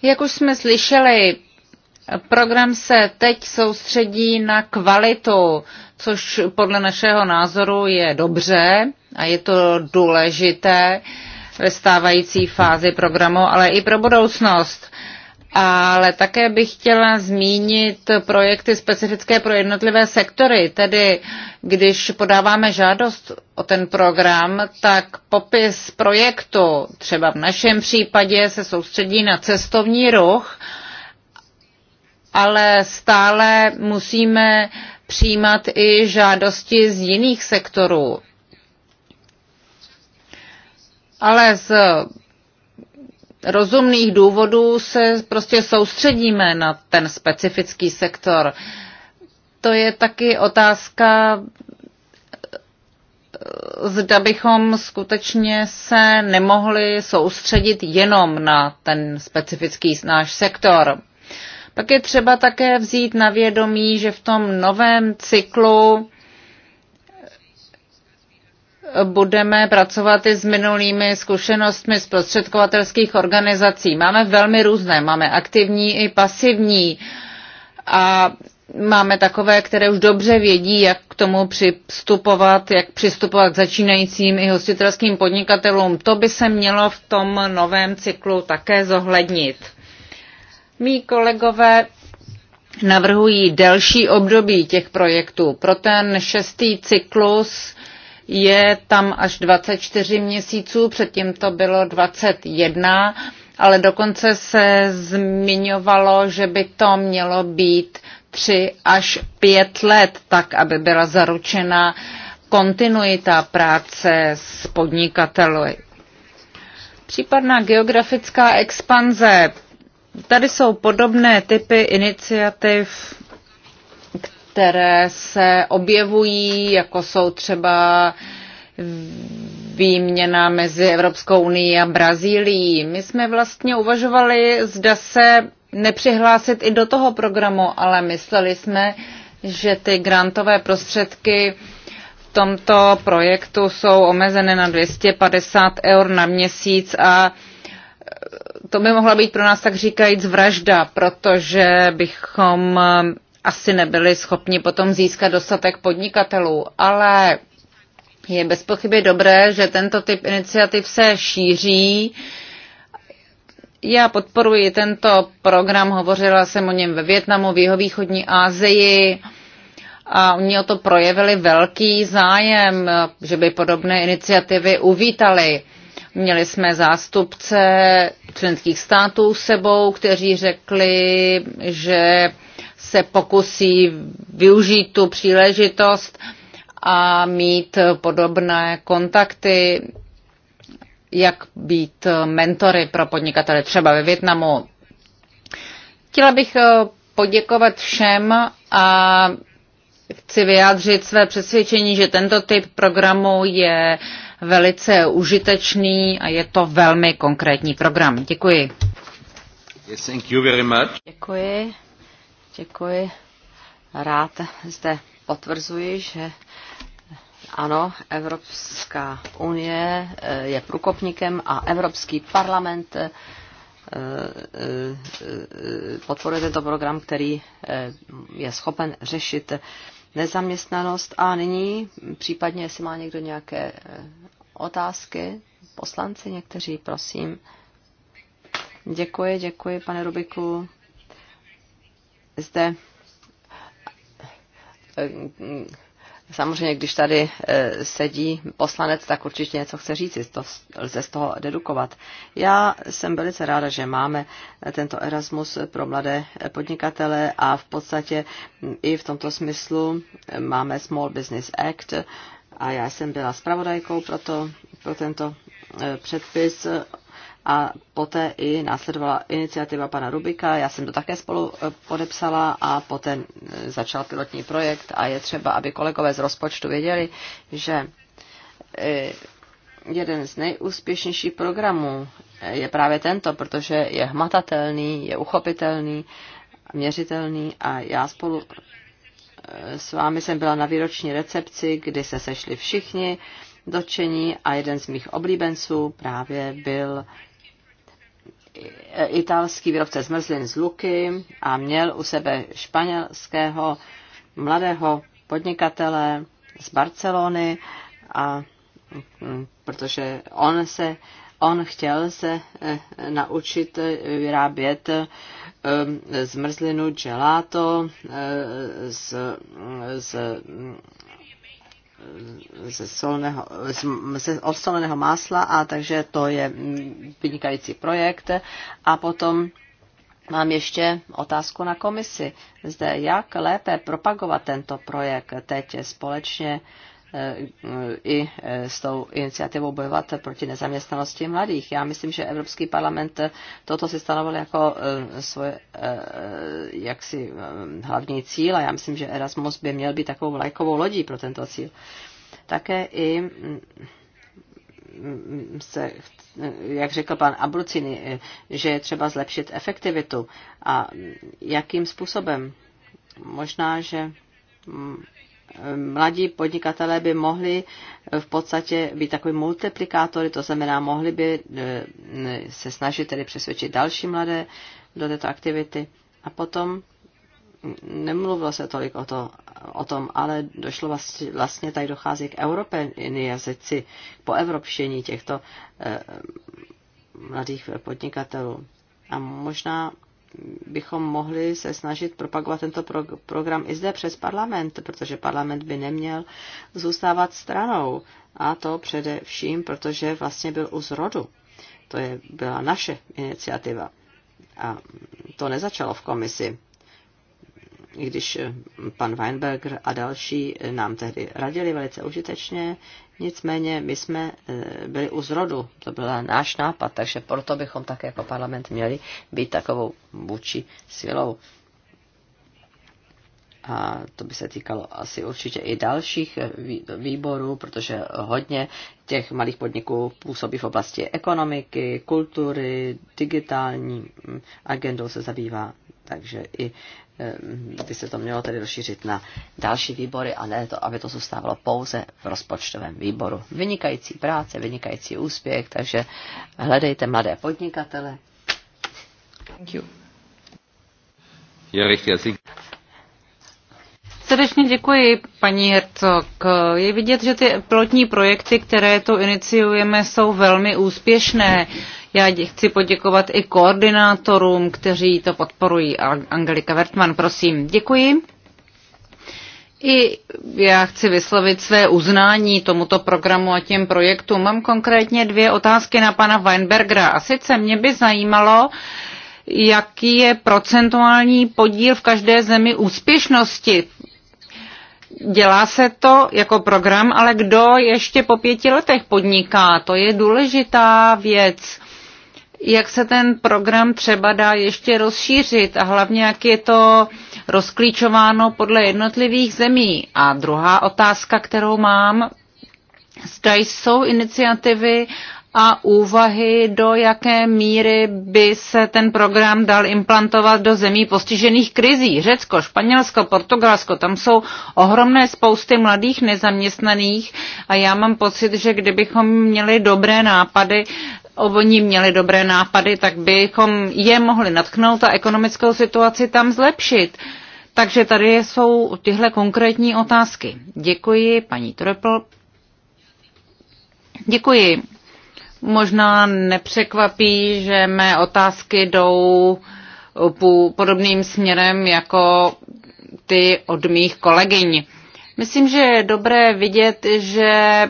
Jak už jsme slyšeli, Program se teď soustředí na kvalitu, což podle našeho názoru je dobře a je to důležité ve stávající fázi programu, ale i pro budoucnost. Ale také bych chtěla zmínit projekty specifické pro jednotlivé sektory. Tedy, když podáváme žádost o ten program, tak popis projektu třeba v našem případě se soustředí na cestovní ruch, ale stále musíme přijímat i žádosti z jiných sektorů. Ale z rozumných důvodů se prostě soustředíme na ten specifický sektor. To je taky otázka, zda bychom skutečně se nemohli soustředit jenom na ten specifický náš sektor. Pak je třeba také vzít na vědomí, že v tom novém cyklu budeme pracovat i s minulými zkušenostmi zprostředkovatelských organizací. Máme velmi různé, máme aktivní i pasivní a máme takové, které už dobře vědí, jak k tomu přistupovat, jak přistupovat k začínajícím i hostitelským podnikatelům. To by se mělo v tom novém cyklu také zohlednit. Mí kolegové navrhují delší období těch projektů. Pro ten šestý cyklus je tam až 24 měsíců, předtím to bylo 21, ale dokonce se zmiňovalo, že by to mělo být 3 až 5 let, tak aby byla zaručena kontinuita práce s podnikateli. Případná geografická expanze Tady jsou podobné typy iniciativ, které se objevují, jako jsou třeba výměna mezi Evropskou unii a Brazílií. My jsme vlastně uvažovali, zda se nepřihlásit i do toho programu, ale mysleli jsme, že ty grantové prostředky v tomto projektu jsou omezené na 250 eur na měsíc a to by mohla být pro nás tak říkajíc vražda, protože bychom eh, asi nebyli schopni potom získat dostatek podnikatelů, ale je bez pochyby dobré, že tento typ iniciativ se šíří. Já podporuji tento program, hovořila jsem o něm ve Větnamu, v jihovýchodní Asii a oni o to projevili velký zájem, že by podobné iniciativy uvítali. Měli jsme zástupce členských států sebou, kteří řekli, že se pokusí využít tu příležitost a mít podobné kontakty, jak být mentory pro podnikatele třeba ve Větnamu. Chtěla bych eh, poděkovat všem a chci vyjádřit své přesvědčení, že tento typ programu je uh, velice užitečný a je to velmi konkrétní program. Děkuji. Yes, thank you very much. Děkuji. Děkuji. Rád zde potvrzuji, že ano, Evropská unie eh, je průkopníkem a Evropský parlament eh, eh, podporuje tento program, který je schopen řešit nezaměstnanost. A nyní, případně, jestli má někdo nějaké eh, otázky, poslanci někteří, prosím. Děkuji, děkuji, pane Rubiku. Zde eh, Samozřejmě, když tady e, sedí poslanec, tak určitě něco chce říct, to lze z toho dedukovat. Já jsem velice ráda, že máme e, tento Erasmus pro mladé e, podnikatele a v podstatě i v tomto smyslu máme Small Business Act a já jsem byla spravodajkou pro, to, pro tento předpis a poté i následovala iniciativa pana Rubika, já jsem to také spolu e, podepsala a poté e, začal pilotní projekt a je třeba, aby kolegové z rozpočtu věděli, že e, jeden z nejúspěšnějších programů je právě tento, protože je hmatatelný, je uchopitelný, měřitelný a já spolu s vámi jsem byla na výroční recepci, kdy se sešli všichni dotčení a jeden z mých oblíbenců právě byl italský výrobce zmrzlin z Luky a měl u sebe španělského mladého podnikatele z Barcelony a mm, protože on se on chtěl se eh, naučit vyrábět ehm, zmrzlinu gelato eh, z, z ze solného, z, od solného másla a takže to je vynikající projekt. A potom mám ještě otázku na komisi. Zde jak lépe propagovat tento projekt teď společně uh, Eh, i eh, s tou iniciativou bojovat proti nezaměstnanosti mladých. Já myslím, že Evropský parlament toto si stanovil jako eh, svoje jaksi hlavní cíl a já myslím, že Erasmus by měl být takovou lajkovou lodí pro tento cíl. Také i mm, se, jak řekl pan Abrucini, že je třeba zlepšit efektivitu a mm, jakým způsobem. Možná, že mm, mladí podnikatelé by mohli v podstatě být takový multiplikátory, to znamená, mohli by e, e, se snažit tedy přesvědčit další mladé do této aktivity. A potom nemluvilo se tolik o, to, o tom, ale došlo vlastně, vlastně tady dochází k jazyci, po evropštění těchto e, mladých podnikatelů. A možná bychom mohli se snažit propagovat tento pro- program i zde přes parlament, protože parlament by neměl zůstávat stranou. A to především, protože vlastně byl u zrodu. To je, byla naše iniciativa. A to nezačalo v komisi když eh, pan Weinberger a další eh, nám tehdy radili velice užitečně, nicméně my jsme eh, byli u zrodu, to byl náš nápad, takže proto bychom také jako parlament měli být takovou vůči silou. A to by se týkalo asi určitě i dalších výborů, protože hodně těch malých podniků působí v oblasti ekonomiky, kultury, digitální mm, agendou se zabývá. Takže i Ehm, by se to mělo tedy rozšířit na další výbory a ne to, aby to zůstávalo pouze v rozpočtovém výboru. Vynikající práce, vynikající úspěch, takže hledejte mladé podnikatele. Thank you. Srdečně děkuji, paní Hercog. Je vidět, že ty pilotní projekty, které tu iniciujeme, jsou velmi úspěšné. Já chci poděkovat i koordinátorům, kteří to podporují. Angelika Vertman, prosím. Děkuji. I já chci vyslovit své uznání tomuto programu a těm projektům. Mám konkrétně dvě otázky na pana Weinbergera. A sice mě by zajímalo, jaký je procentuální podíl v každé zemi úspěšnosti. Dělá se to jako program, ale kdo ještě po pěti letech podniká? To je důležitá věc jak se ten program třeba dá ještě rozšířit a hlavně, jak je to rozklíčováno podle jednotlivých zemí. A druhá otázka, kterou mám, zda jsou iniciativy a úvahy, do jaké míry by se ten program dal implantovat do zemí postižených krizí. Řecko, Španělsko, Portugalsko, tam jsou ohromné spousty mladých nezaměstnaných a já mám pocit, že kdybychom měli dobré nápady, oni měli dobré nápady, tak bychom je mohli natknout a ekonomickou situaci tam zlepšit. Takže tady jsou tyhle konkrétní otázky. Děkuji, paní Trepl. Děkuji. Možná nepřekvapí, že mé otázky jdou podobným směrem jako ty od mých kolegyň. Myslím, že je dobré vidět, že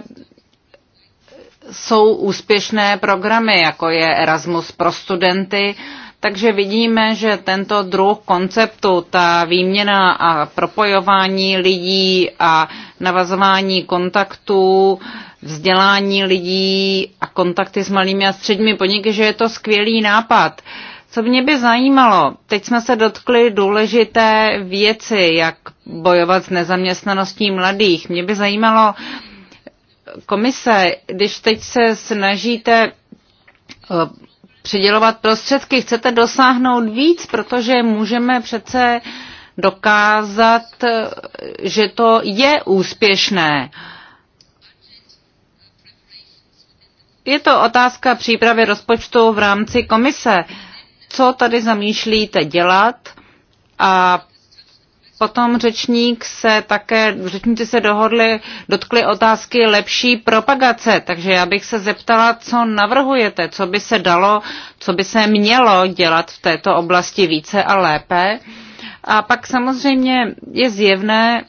jsou úspěšné programy, jako je Erasmus pro studenty, takže vidíme, že tento druh konceptu, ta výměna a propojování lidí a navazování kontaktů, vzdělání lidí a kontakty s malými a středními podniky, že je to skvělý nápad. Co mě by zajímalo, teď jsme se dotkli důležité věci, jak bojovat s nezaměstnaností mladých. Mě by zajímalo, komise, když teď se snažíte eh, přidělovat prostředky, chcete dosáhnout víc, protože můžeme přece dokázat, eh, že to je úspěšné. Je to otázka přípravy rozpočtu v rámci komise. Co tady zamýšlíte dělat a Potom řečník se také, řečníci se dohodli, dotkli otázky lepší propagace, takže já bych se zeptala, co navrhujete, co by se dalo, co by se mělo dělat v této oblasti více a lépe. A pak samozřejmě je zjevné,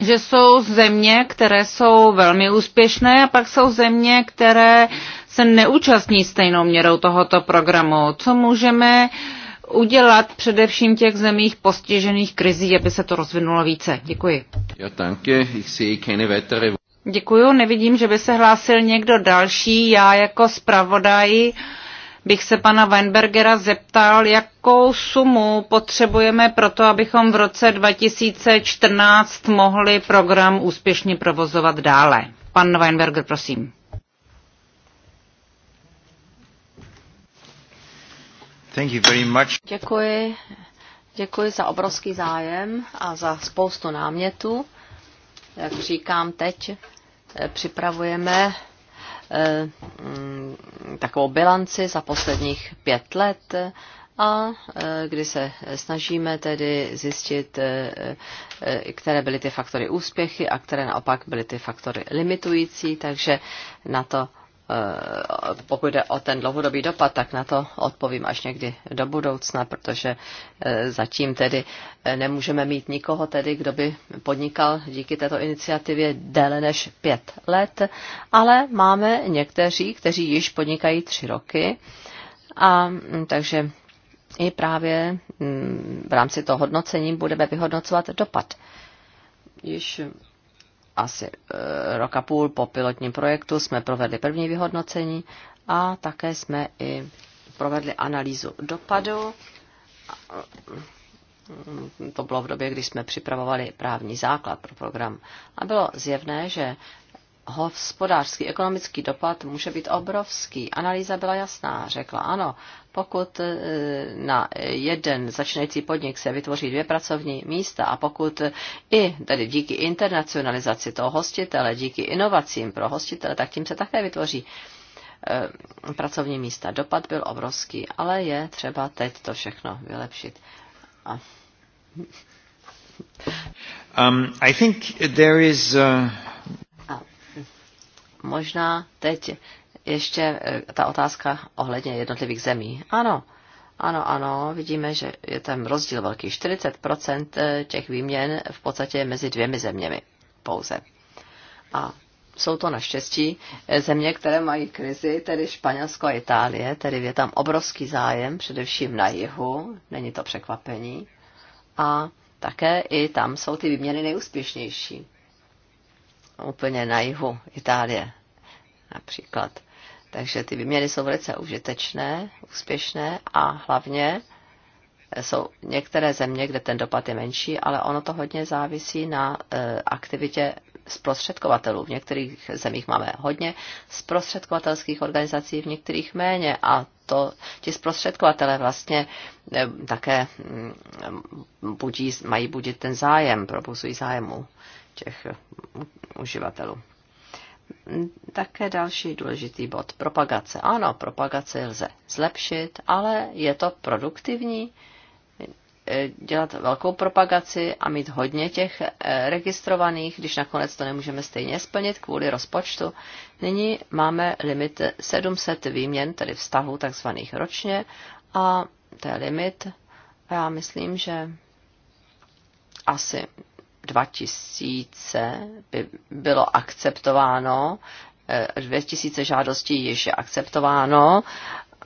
že jsou země, které jsou velmi úspěšné a pak jsou země, které se neúčastní stejnou měrou tohoto programu. Co můžeme uh, udělat především těch zemích postižených krizí, aby se to rozvinulo více? Děkuji. Ja, danke. Ich sehe keine weitere... Děkuji, nevidím, že by se hlásil někdo další. Já jako zpravodaj bych se pana Weinbergera zeptal, jakou sumu potřebujeme pro to, abychom v roce 2014 mohli program úspěšně provozovat dále. Pan Weinberger, prosím. Thank you very much. Děkuji. Děkuji za obrovský zájem a za spoustu námětů. Jak říkám, teď eh, připravujeme eh, mm, takovou bilanci za posledních pět let a eh, kdy se snažíme tedy zjistit, které byly ty faktory úspěchy a které naopak byly ty faktory limitující, takže na to Eh, pokud jde o ten dlouhodobý dopad, tak na to odpovím až někdy do budoucna, protože eh, zatím tedy eh, nemůžeme mít nikoho tedy, kdo by podnikal díky této iniciativě déle než pět let, ale máme někteří, kteří již podnikají tři roky a mm, takže i právě mm, v rámci toho hodnocení budeme vyhodnocovat dopad. Již asi e, roka půl po pilotním projektu jsme provedli první vyhodnocení a také jsme i provedli analýzu dopadu. Mm, to bylo v době, kdy jsme připravovali právní základ pro program. A bylo zjevné, že hospodářský, ekonomický dopad může být obrovský. Analýza byla jasná, řekla ano, pokud e, na jeden začínající podnik se vytvoří dvě pracovní místa a pokud e, i tedy díky internacionalizaci toho hostitele, díky inovacím pro hostitele, tak tím se také vytvoří e, pracovní místa. Dopad byl obrovský, ale je třeba teď to všechno vylepšit. A... Um, I think there is, uh možná teď ještě e, ta otázka ohledně jednotlivých zemí. Ano, ano, ano, vidíme, že je tam rozdíl velký. 40% e, těch výměn v podstatě je mezi dvěmi zeměmi pouze. A jsou to naštěstí e, země, které mají krizi, tedy Španělsko a Itálie, tedy je tam obrovský zájem, především na jihu, není to překvapení. A také i tam jsou ty výměny nejúspěšnější úplně na jihu Itálie například. Takže ty výměny jsou velice užitečné, úspěšné a hlavně jsou některé země, kde ten dopad je menší, ale ono to hodně závisí na e, aktivitě zprostředkovatelů. V některých zemích máme hodně zprostředkovatelských organizací, v některých méně a to ti zprostředkovatele vlastně e, také mm, budí, mají budit ten zájem, probuzují zájemu těch uživatelů. Také další důležitý bod. Propagace. Ano, propagace lze zlepšit, ale je to produktivní eh, dělat velkou propagaci a mít hodně těch eh, registrovaných, když nakonec to nemůžeme stejně splnit kvůli rozpočtu. Nyní máme limit 700 výměn, tedy vztahů takzvaných ročně a to je limit. Já myslím, že asi 2000 by bylo akceptováno, 2000 eh, žádostí již je akceptováno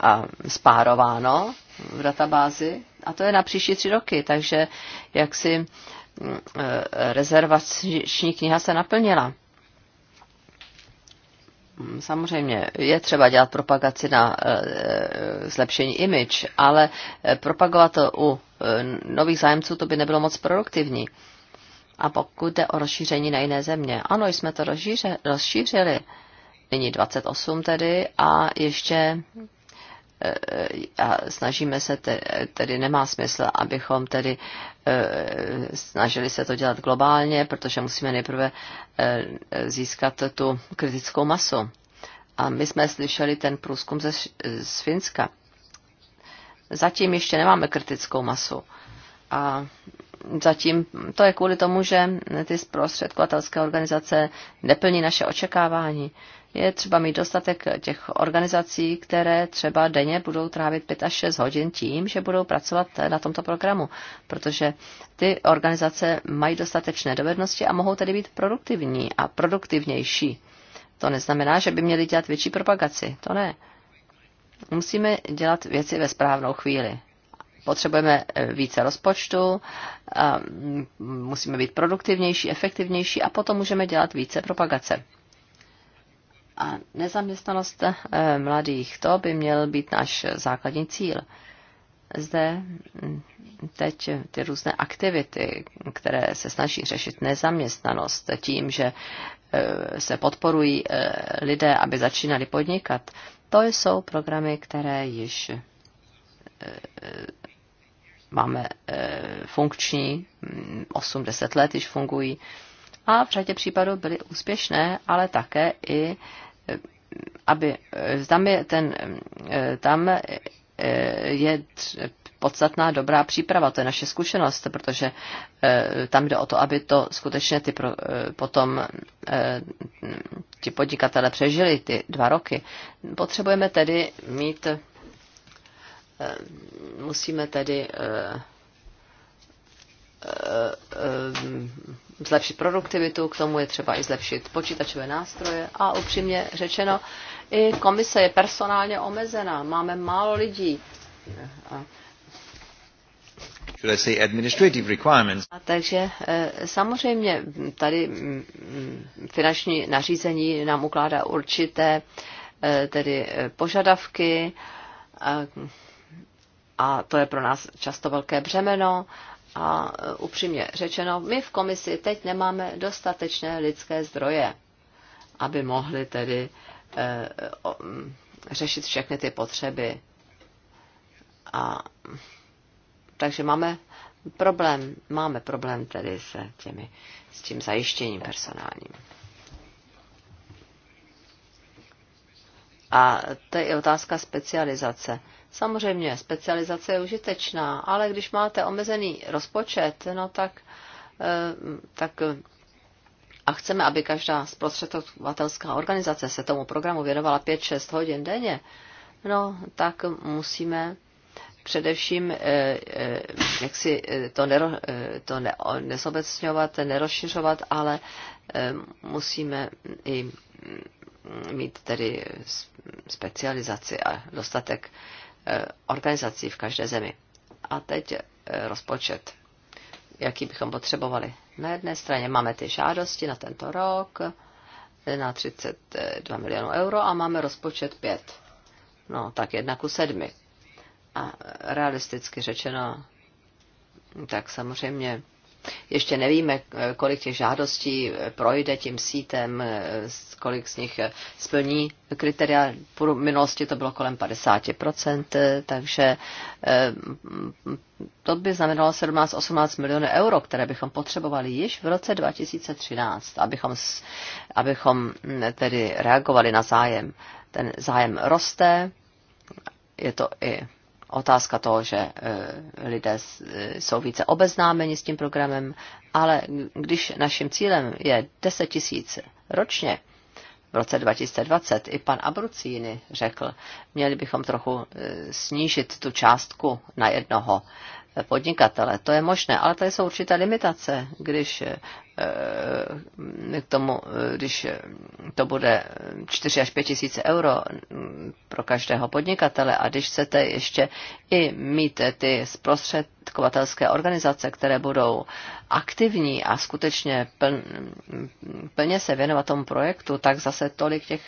a spárováno v databázi a to je na příští tři roky, takže jak si mm, eh, rezervační kniha se naplnila. Mm, samozřejmě je třeba dělat propagaci na eh, zlepšení image, ale propagovat to u nových zájemců to by nebylo moc produktivní. A pokud jde o rozšíření na jiné země, ano, jsme to rozšíře, rozšířili, nyní 28 tedy, a ještě e, e, a snažíme se, tedy nemá smysl, abychom tedy e, snažili se to dělat globálně, protože musíme nejprve získat tu kritickou masu. A my jsme slyšeli ten průzkum ze, z Finska. Zatím ještě nemáme kritickou masu. A zatím to je kvůli tomu, že ty zprostředkovatelské organizace neplní naše očekávání. Je třeba mít dostatek těch organizací, které třeba denně budou trávit 5 až 6 hodin tím, že budou pracovat na tomto programu, protože ty organizace mají dostatečné dovednosti a mohou tedy být produktivní a produktivnější. To neznamená, že by měli dělat větší propagaci, to ne. Musíme dělat věci ve správnou chvíli potřebujeme eh, více rozpočtu, eh, musíme být produktivnější, efektivnější a potom můžeme dělat více propagace. A nezaměstnanost eh, mladých, to by měl být náš základní cíl. Zde hm, teď ty různé aktivity, které se snaží řešit nezaměstnanost tím, že se podporují lidé, aby začínali podnikat, to jsou programy, které již máme e, funkční, 8-10 mm, let již fungují a v řadě případů byly úspěšné, ale také i e, aby e, tam je, ten, tam je podstatná dobrá příprava, to je naše zkušenost, protože tam jde o to, aby to skutečně ty pro, potom ti podnikatele přežili ty dva roky. Potřebujeme tedy mít Eh, musíme tedy eh, eh, zlepšit produktivitu, k tomu je třeba i zlepšit počítačové nástroje a upřímně řečeno, i komise je personálně omezená, máme málo lidí. A takže samozřejmě tady mm, mm, finanční nařízení nám ukládá určité tedy požadavky, a to je pro nás často velké břemeno. A e, upřímně řečeno, my v komisi teď nemáme dostatečné lidské zdroje, aby mohli tedy eh, o, řešit všechny ty potřeby. A, takže máme problém, máme problém tedy se těmi, s tím zajištěním personálním. A to je otázka specializace. Samozřejmě, specializace je užitečná, ale když máte omezený rozpočet, no tak, eh, tak a chceme, aby každá zprostředkovatelská organizace se tomu programu věnovala 5-6 hodin denně, no tak musíme především eh, eh, jak si to, nero, to ne, nesobecňovat, nerozšiřovat, ale musíme i mm, mít tedy specializaci a dostatek Eh, organizací v každé zemi. A teď eh, rozpočet, jaký bychom potřebovali. Na jedné straně máme ty žádosti na tento rok eh, na 32 milionů euro a máme rozpočet 5. No, tak jedna ku sedmi. A realisticky řečeno, tak samozřejmě ještě nevíme, kolik těch žádostí projde tím sítem, kolik z nich splní kritéria. V minulosti to bylo kolem 50%, takže eh, to by znamenalo 17-18 milionů euro, které bychom potřebovali již v roce 2013, abychom, abychom hm, tedy reagovali na zájem. Ten zájem roste, je to i otázka toho, že e, lidé e, jsou více obeznámeni s tím programem, ale když naším cílem je 10 tisíc ročně, v roce 2020 i pan Abrucíny řekl, měli bychom trochu e, snížit tu částku na jednoho podnikatele. To je možné, ale tady jsou určité limitace, když Eh, k tomu, eh, když to bude 4 až 5 tisíc euro mm, pro každého podnikatele a když chcete ještě i mít ty zprostředkovatelské organizace, které budou aktivní a skutečně plně se věnovat tomu projektu, tak zase tolik těch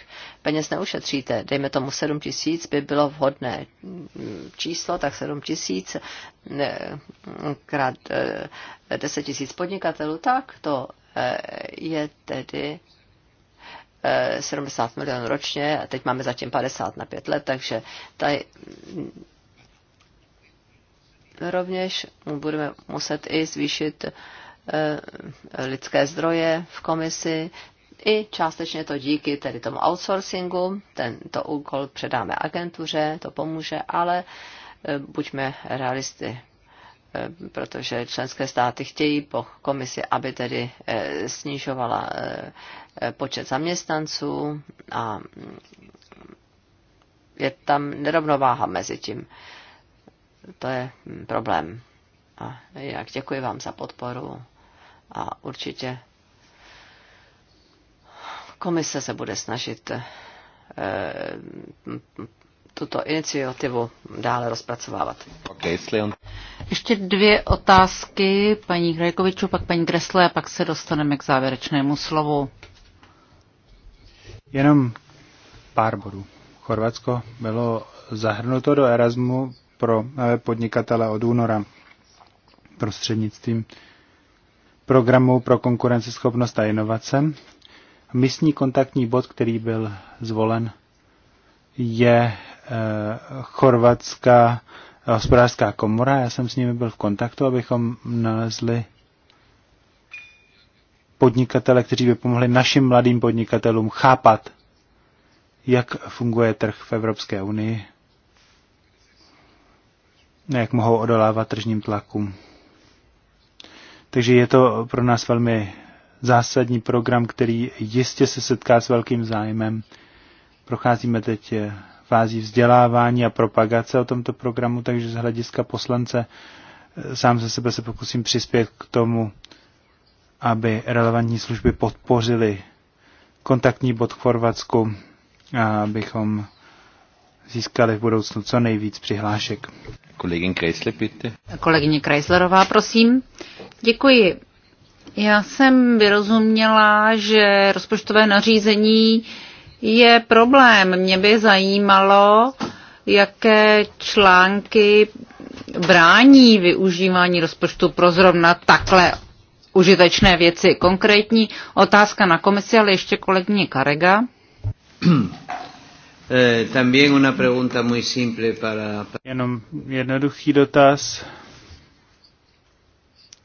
peněz neušetříte. Dejme tomu 7 tisíc by bylo vhodné mm, číslo, tak 7 tisíc eh, krát 10 tisíc podnikatelů, tak to eh, je tedy 70 eh, milionů ročně a teď máme zatím 50 na 5 let, takže tady mm, rovněž budeme muset i zvýšit eh, lidské zdroje v komisi, i částečně to díky tedy tomu outsourcingu, tento úkol předáme agentuře, to pomůže, ale buďme realisty, Eh, protože členské státy chtějí po komisi, aby tedy eh, snižovala eh, počet zaměstnanců a mm, je tam nerovnováha mezi tím. To je mm, problém. A jak děkuji vám za podporu a určitě komise se bude snažit mm, tuto iniciativu dále rozpracovávat. Okay, ještě dvě otázky paní Grajkoviču, pak paní Gresle a pak se dostaneme k závěrečnému slovu. Jenom pár bodů. Chorvatsko bylo zahrnuto do Erasmu pro eh, podnikatele od února prostřednictvím programu pro konkurenceschopnost a inovace. Místní kontaktní bod, který byl zvolen, je eh, chorvatská hospodářská komora. Já jsem s nimi byl v kontaktu, abychom nalezli podnikatele, kteří by pomohli našim mladým podnikatelům chápat, jak funguje trh v Evropské unii jak mohou odolávat tržním tlakům. Takže je to pro nás velmi zásadní program, který jistě se setká s velkým zájmem. Procházíme teď fází vzdělávání a propagace o tomto programu, takže z hlediska poslance eh, sám ze sebe se pokusím přispět k tomu, aby relevantní služby podpořily kontaktní bod k Chorvatsku, a abychom získali v budoucnu co nejvíc přihlášek. Kolegyně Kreisler, bitte. Kolegyně Kreislerová, prosím. Děkuji. Já jsem vyrozuměla, že rozpočtové nařízení je problém. Mě by zajímalo, jaké články brání využívání rozpočtu pro zrovna takhle užitečné věci. Konkrétní otázka na komisi, ale ještě kolegyně Karega. Eh, Jenom jednoduchý dotaz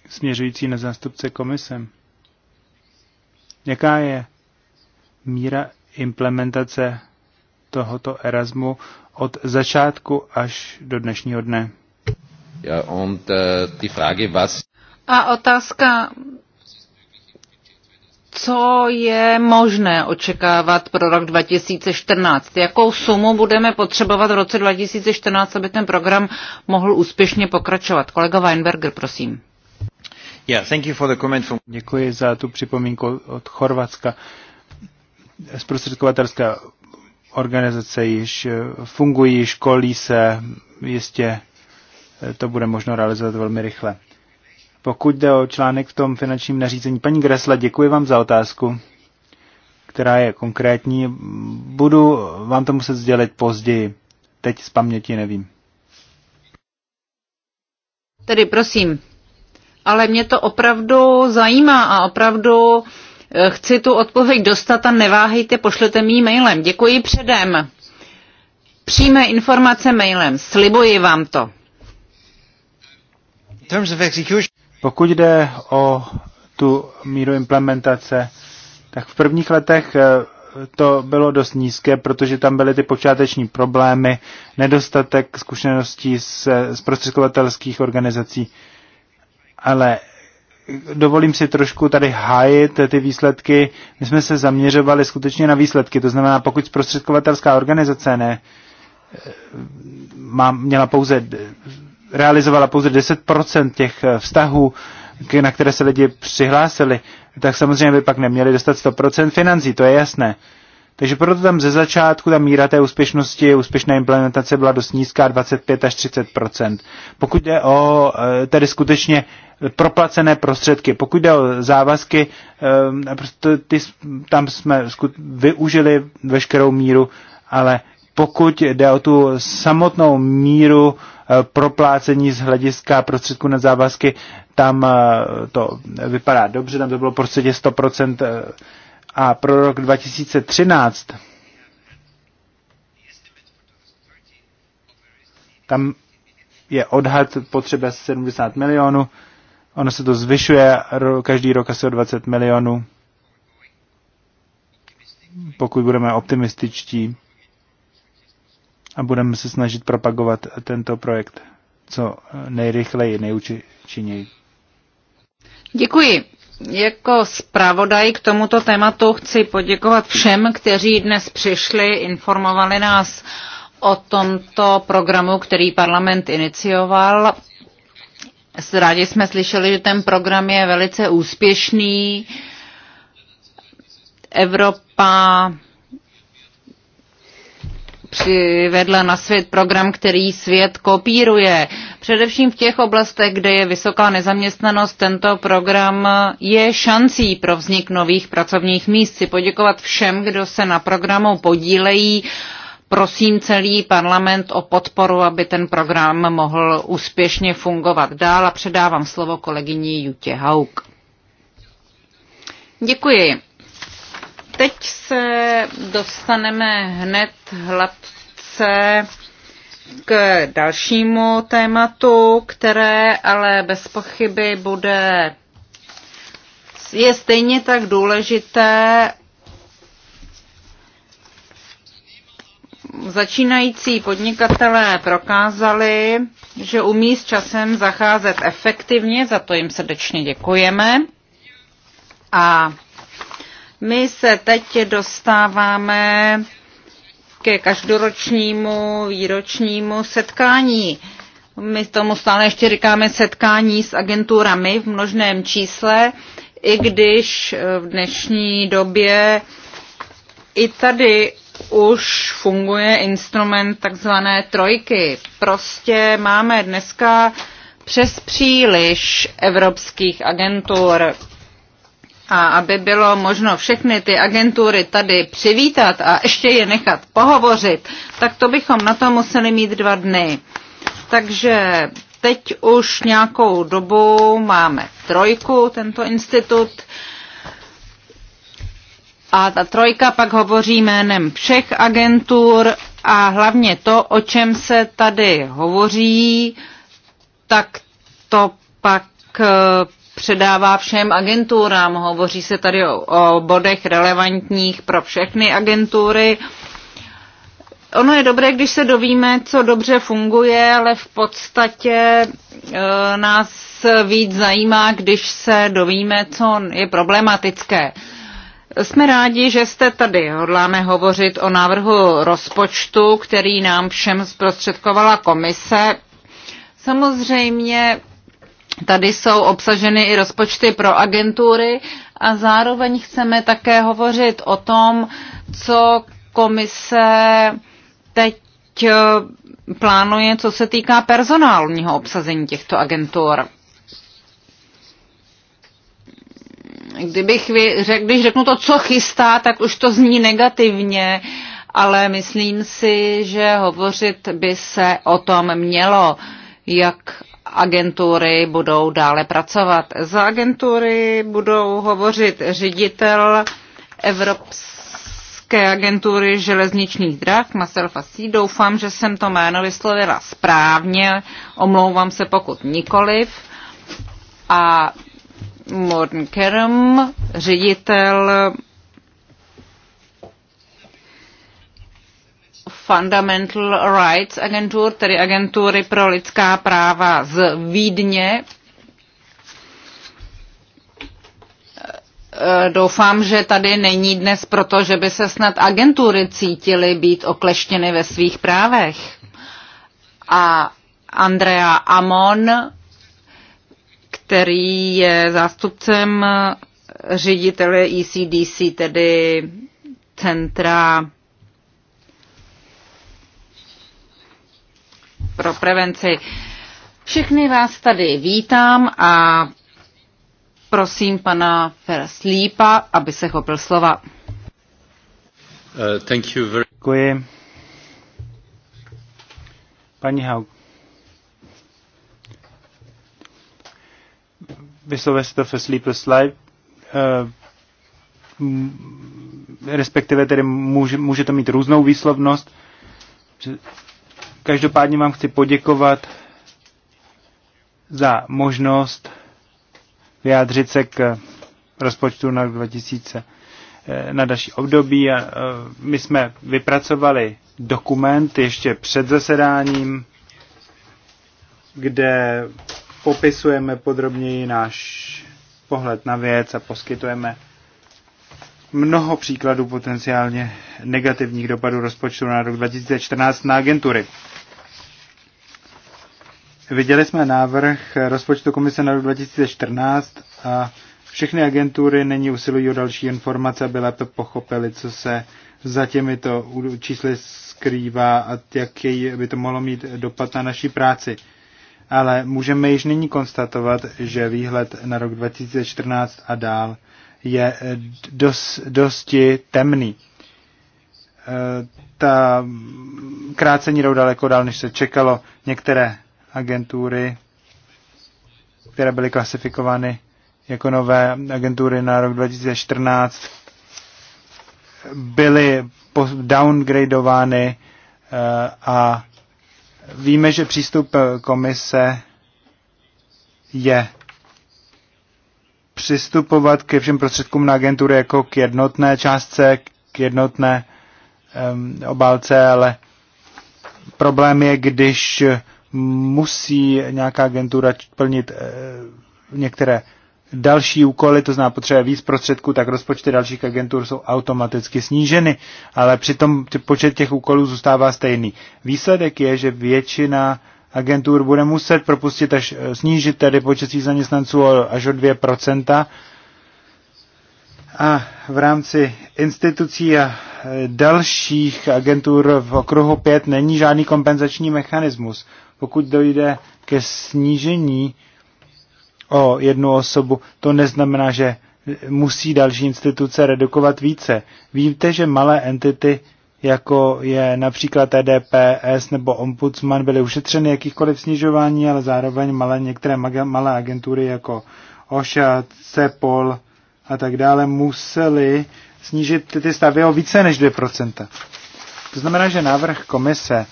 směřující na zástupce komise. Jaká je míra implementace tohoto Erasmu od začátku až do dnešního dne. Ja, und, uh, die Frage, was... A otázka, co je možné očekávat pro rok 2014? Jakou sumu budeme potřebovat v roce 2014, aby ten program mohl úspěšně pokračovat? Kolega Weinberger, prosím. Yeah, thank you for the comment from... Děkuji za tu připomínku od Chorvatska. Uh, zprostředkovatelská organizace již eh, fungují, školí se, jistě eh, to bude možno realizovat velmi rychle. Pokud jde o článek v tom finančním nařízení, paní Gresla, děkuji vám za otázku, která je konkrétní. Budu vám to muset sdělit později. Teď z paměti nevím. Tedy prosím, ale mě to opravdu zajímá a opravdu Chci tu odpověď dostat a neváhejte, pošlete mi mailem. Děkuji předem. Přijme informace mailem, slibuji vám to. Pokud jde o tu míru implementace, tak v prvních letech eh, to bylo dost nízké, protože tam byly ty počáteční problémy, nedostatek zkušeností z prostředkovatelských organizací. Ale dovolím si trošku tady hájit ty výsledky. My jsme se zaměřovali skutečně na výsledky, to znamená, pokud zprostředkovatelská organizace ne, má, měla pouze, realizovala pouze 10% těch eh, vztahů, na které se lidi přihlásili, tak samozřejmě by pak neměli dostat 100% financí, to je jasné. Takže proto tam ze začátku ta míra té úspěšnosti, úspěšné implementace byla dost nízká, 25 až 30 Pokud jde o eh, tedy skutečně proplacené prostředky, pokud jde o závazky, eh, prostě ty, tam jsme využili veškerou míru, ale pokud jde o tu samotnou míru eh, proplácení z hlediska prostředků na závazky, tam to vypadá dobře, tam to bylo prostě 100% a pro rok 2013 tam je odhad potřeba 70 milionů, ono se to zvyšuje každý rok asi o 20 milionů, pokud budeme optimističtí a budeme se snažit propagovat tento projekt co nejrychleji, nejúčinněji. Děkuji. Jako zpravodaj k tomuto tématu chci poděkovat všem, kteří dnes přišli, informovali nás o tomto programu, který parlament inicioval. Rádi jsme slyšeli, že ten program je velice úspěšný. Evropa přivedla na svět program, který svět kopíruje. Především v těch oblastech, kde je vysoká nezaměstnanost, tento program je šancí pro vznik nových pracovních míst. Chci poděkovat všem, kdo se na programu podílejí. Prosím celý parlament o podporu, aby ten program mohl úspěšně fungovat dál a předávám slovo kolegyni Jutě Hauk. Děkuji. Teď se dostaneme hned hladce k dalšímu tématu, které ale bez pochyby bude je stejně tak důležité začínající podnikatelé prokázali, že umí s časem zacházet efektivně, za to jim srdečně děkujeme. A my se teď dostáváme ke každoročnímu výročnímu setkání. My tomu stále ještě říkáme setkání s agenturami v množném čísle, i když v dnešní době i tady už funguje instrument takzvané trojky. Prostě máme dneska přes příliš evropských agentur a aby bylo možno všechny ty agentury tady přivítat a ještě je nechat pohovořit, tak to bychom na to museli mít dva dny. Takže teď už nějakou dobu máme trojku, tento institut. A ta trojka pak hovoří jménem všech agentur a hlavně to, o čem se tady hovoří, tak to pak eh, předává všem agenturám. Hovoří se tady o, o bodech relevantních pro všechny agentury. Ono je dobré, když se dovíme, co dobře funguje, ale v podstatě e, nás víc zajímá, když se dovíme, co je problematické. Jsme rádi, že jste tady. Hodláme hovořit o návrhu rozpočtu, který nám všem zprostředkovala komise. Samozřejmě Tady jsou obsaženy i rozpočty pro agentury a zároveň chceme také hovořit o tom, co komise teď eh, plánuje, co se týká personálního obsazení těchto agentur. Kdybych řekl, když řeknu to, co chystá, tak už to zní negativně, ale myslím si, že hovořit by se o tom mělo, jak agentury budou dále pracovat. Za agentury budou hovořit ředitel Evropské agentury železničních drah Marcel Fasí. Doufám, že jsem to jméno vyslovila správně. Omlouvám se, pokud nikoliv. A Morten Kerem, ředitel Fundamental Rights agentur, tedy agentury pro lidská práva z Vídně. E, doufám, že tady není dnes proto, že by se snad agentury cítily být okleštěny ve svých právech. A Andrea Amon, který je zástupcem ředitele ECDC, tedy Centra pro prevenci. Všechny vás tady vítám a prosím pana Ferslípa, aby se chopil slova. Uh, thank you very... Děkuji. Paní Haug. Vyslovuje se to slide. Uh, respektive tedy může, může to mít různou výslovnost. Každopádně vám chci poděkovat za možnost vyjádřit se k rozpočtu na 2000 eh, na další období. Eh, my jsme vypracovali dokument ještě před zasedáním, kde popisujeme podrobněji náš pohled na věc a poskytujeme mnoho příkladů potenciálně negativních dopadů rozpočtu na rok 2014 na agentury. Viděli jsme návrh rozpočtu komise na rok 2014 a všechny agentury nyní usilují o další informace, aby lépe pochopili, co se za těmito čísly skrývá a jaký by to mohlo mít dopad na naší práci. Ale můžeme již nyní konstatovat, že výhled na rok 2014 a dál je dos, dosti temný. E, ta krácení jdou daleko dál, než se čekalo. Některé agentury, které byly klasifikovány jako nové agentury na rok 2014, byly downgradovány eh, a víme, že přístup eh, komise je přistupovat ke všem prostředkům na agentury jako k jednotné částce, k jednotné um, obálce, ale problém je, když musí nějaká agentura plnit eh, některé další úkoly, to zná potřeba víc prostředků, tak rozpočty dalších agentur jsou automaticky sníženy, ale přitom počet těch úkolů zůstává stejný. Výsledek je, že většina agentur bude muset propustit až eh, snížit tedy počet svých zaměstnanců až o 2%. A v rámci institucí a eh, dalších agentur v okruhu 5 není žádný kompenzační mechanismus pokud dojde ke snížení o jednu osobu, to neznamená, že musí další instituce redukovat více. Víte, že malé entity, jako je například EDPS nebo Ombudsman, byly ušetřeny jakýchkoliv snižování, ale zároveň malé, některé malé agentury jako OSHA, CEPOL a tak dále musely snížit ty stavy o více než 2%. To znamená, že návrh komise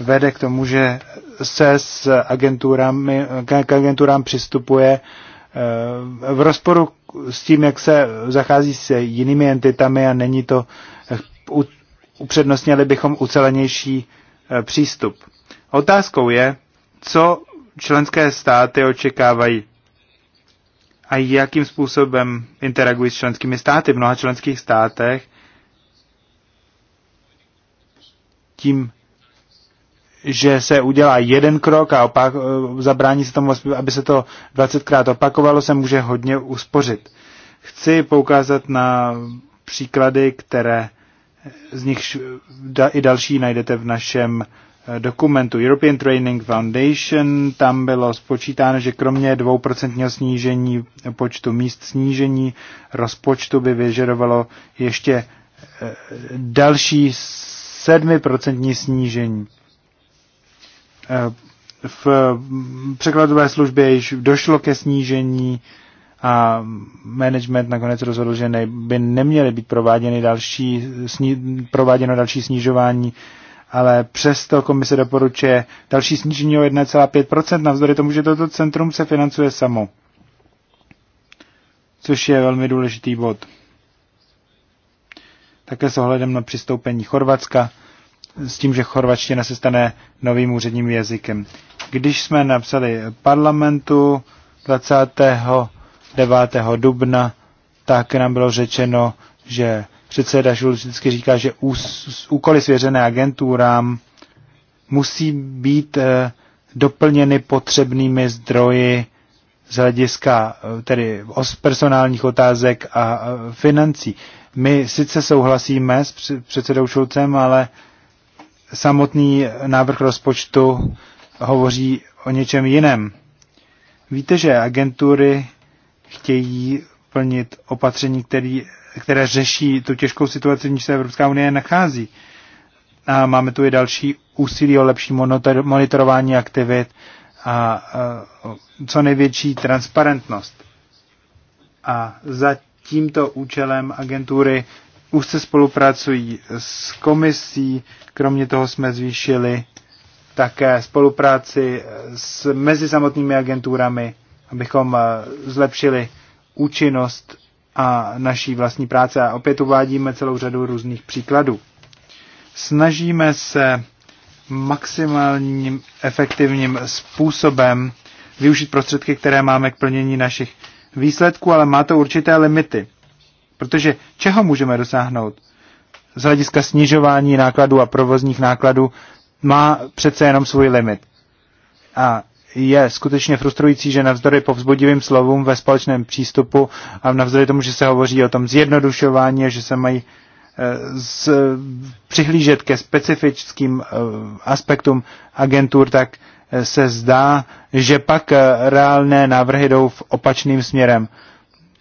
vede k tomu, že se s agenturami, k agenturám přistupuje eh, v rozporu s tím, jak se zachází s jinými entitami a není to, eh, upřednostněli bychom ucelenější eh, přístup. Otázkou je, co členské státy očekávají a jakým způsobem interagují s členskými státy. V mnoha členských státech tím že se udělá jeden krok a opak, eh, zabrání se tomu, aby se to 20krát opakovalo, se může hodně uspořit. Chci poukázat na příklady, které z nich i další najdete v našem eh, dokumentu European Training Foundation. Tam bylo spočítáno, že kromě 2% snížení počtu míst snížení rozpočtu by vyžadovalo ještě eh, další 7% snížení. Eh, v mm, překladové službě již došlo ke snížení a management nakonec rozhodl, že ne, by neměly být prováděny další, sní, prováděno další snižování, ale přesto komise doporučuje další snížení o 1,5%, navzdory tomu, že toto centrum se financuje samo. Což je velmi důležitý bod. Také s ohledem na přistoupení Chorvatska s tím, že chorvačtina se stane novým úředním jazykem. Když jsme napsali parlamentu 29. dubna, tak nám bylo řečeno, že předseda Žul vždycky říká, že úkoly svěřené agenturám musí být eh, doplněny potřebnými zdroji z hlediska eh, tedy personálních otázek a eh, financí. My sice souhlasíme s předsedou Šulcem, ale samotný návrh rozpočtu hovoří o něčem jiném. Víte, že agentury chtějí plnit opatření, který, které řeší tu těžkou situaci, v níž se Evropská unie nachází. A máme tu i další úsilí o lepší monitorování aktivit a co největší transparentnost. A za tímto účelem agentury úzce spolupracují s komisí, kromě toho jsme zvýšili také spolupráci s, mezi samotnými agenturami, abychom eh, zlepšili účinnost a naší vlastní práce. A opět uvádíme celou řadu různých příkladů. Snažíme se maximálním efektivním způsobem využít prostředky, které máme k plnění našich výsledků, ale má to určité limity. Protože čeho můžeme dosáhnout? Z hlediska snižování nákladů a provozních nákladů má přece jenom svůj limit. A je skutečně frustrující, že navzdory povzbudivým slovům ve společném přístupu a navzdory tomu, že se hovoří o tom zjednodušování a že se mají eh, z, přihlížet ke specifickým eh, aspektům agentur, tak eh, se zdá, že pak reálné návrhy jdou v opačným směrem.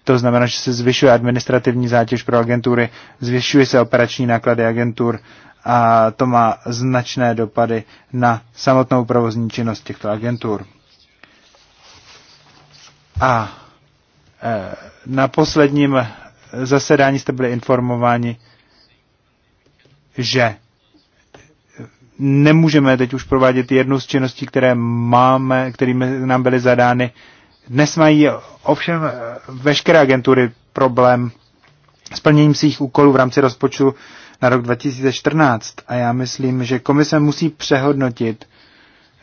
To znamená, že se zvyšuje administrativní zátěž pro agentury, zvyšuje se operační náklady agentur a to má značné dopady na samotnou provozní činnost těchto agentur. A e, na posledním zasedání jste byli informováni, že nemůžeme teď už provádět jednu z činností, které máme, kterými nám byly zadány dnes mají ovšem eh, veškeré agentury problém s plněním svých úkolů v rámci rozpočtu na rok 2014 a já myslím, že komise musí přehodnotit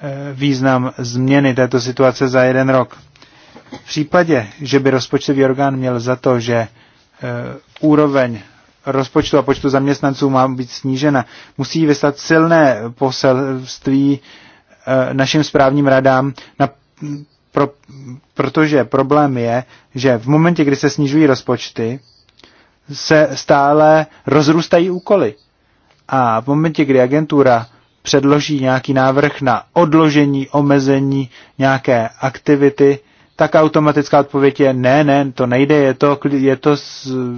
eh, význam změny této situace za jeden rok. V případě, že by rozpočtový orgán měl za to, že eh, úroveň rozpočtu a počtu zaměstnanců má být snížena, musí vyslat silné poselství našim správním radám na pro, protože problém je, že v momentě, kdy se snižují rozpočty, se stále rozrůstají úkoly. A v momentě, kdy agentura předloží nějaký návrh na odložení, omezení nějaké aktivity, tak automatická odpověď je ne, ne, to nejde, je to, je to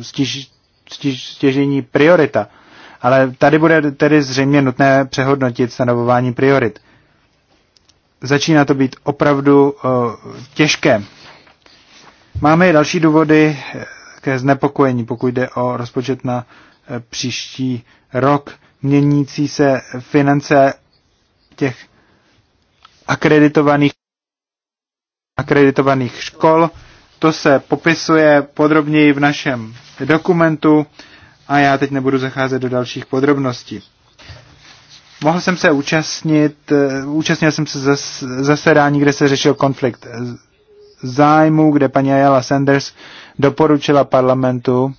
stěž, stěž, stěžení priorita. Ale tady bude tedy zřejmě nutné přehodnotit stanovování priorit začíná to být opravdu eh, těžké. Máme i další důvody eh, ke znepokojení, pokud jde o rozpočet na eh, příští rok. Měnící se finance těch akreditovaných, akreditovaných škol. To se popisuje podrobněji v našem dokumentu a já teď nebudu zacházet do dalších podrobností. Mohl jsem se účastnit, eh, účastnil jsem se zasedání, kde se řešil konflikt eh, zájmu, kde paní Ayala Sanders doporučila parlamentu,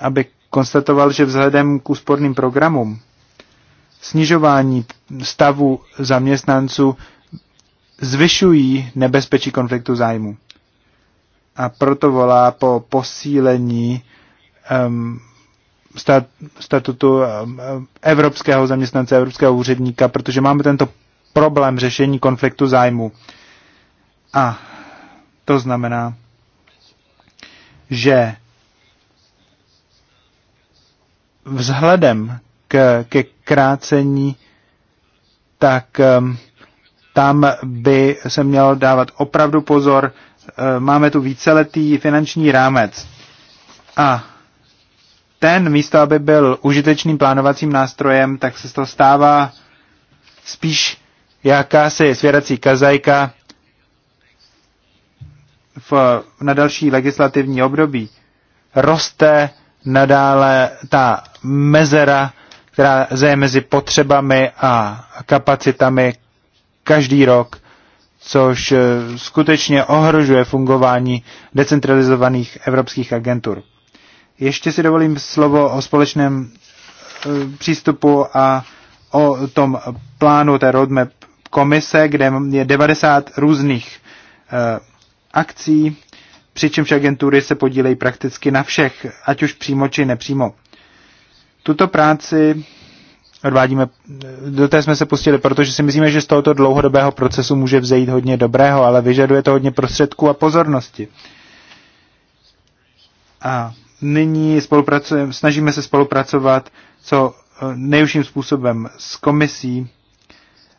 aby konstatoval, že vzhledem k úsporným programům snižování stavu zaměstnanců zvyšují nebezpečí konfliktu zájmu. A proto volá po posílení um, stat, statutu eh, eh, evropského zaměstnance, evropského úředníka, protože máme tento problém řešení konfliktu zájmu. A to znamená, že vzhledem k, ke krácení, tak eh, tam by se mělo dávat opravdu pozor. Máme tu víceletý finanční rámec. A ten místo, aby byl užitečným plánovacím nástrojem, tak se to stává spíš jakási svěrací kazajka v, na další legislativní období. Roste nadále ta mezera, která je mezi potřebami a kapacitami každý rok, což eh, skutečně ohrožuje fungování decentralizovaných evropských agentur. Ještě si dovolím slovo o společném eh, přístupu a o tom plánu té roadmap komise, kde je 90 různých eh, akcí, přičemž agentury se podílejí prakticky na všech, ať už přímo či nepřímo. Tuto práci odvádíme, eh, do té jsme se pustili, protože si myslíme, že z tohoto dlouhodobého procesu může vzejít hodně dobrého, ale vyžaduje to hodně prostředků a pozornosti. A nyní spolupracujeme, snažíme se spolupracovat co eh, nejužším způsobem s komisí.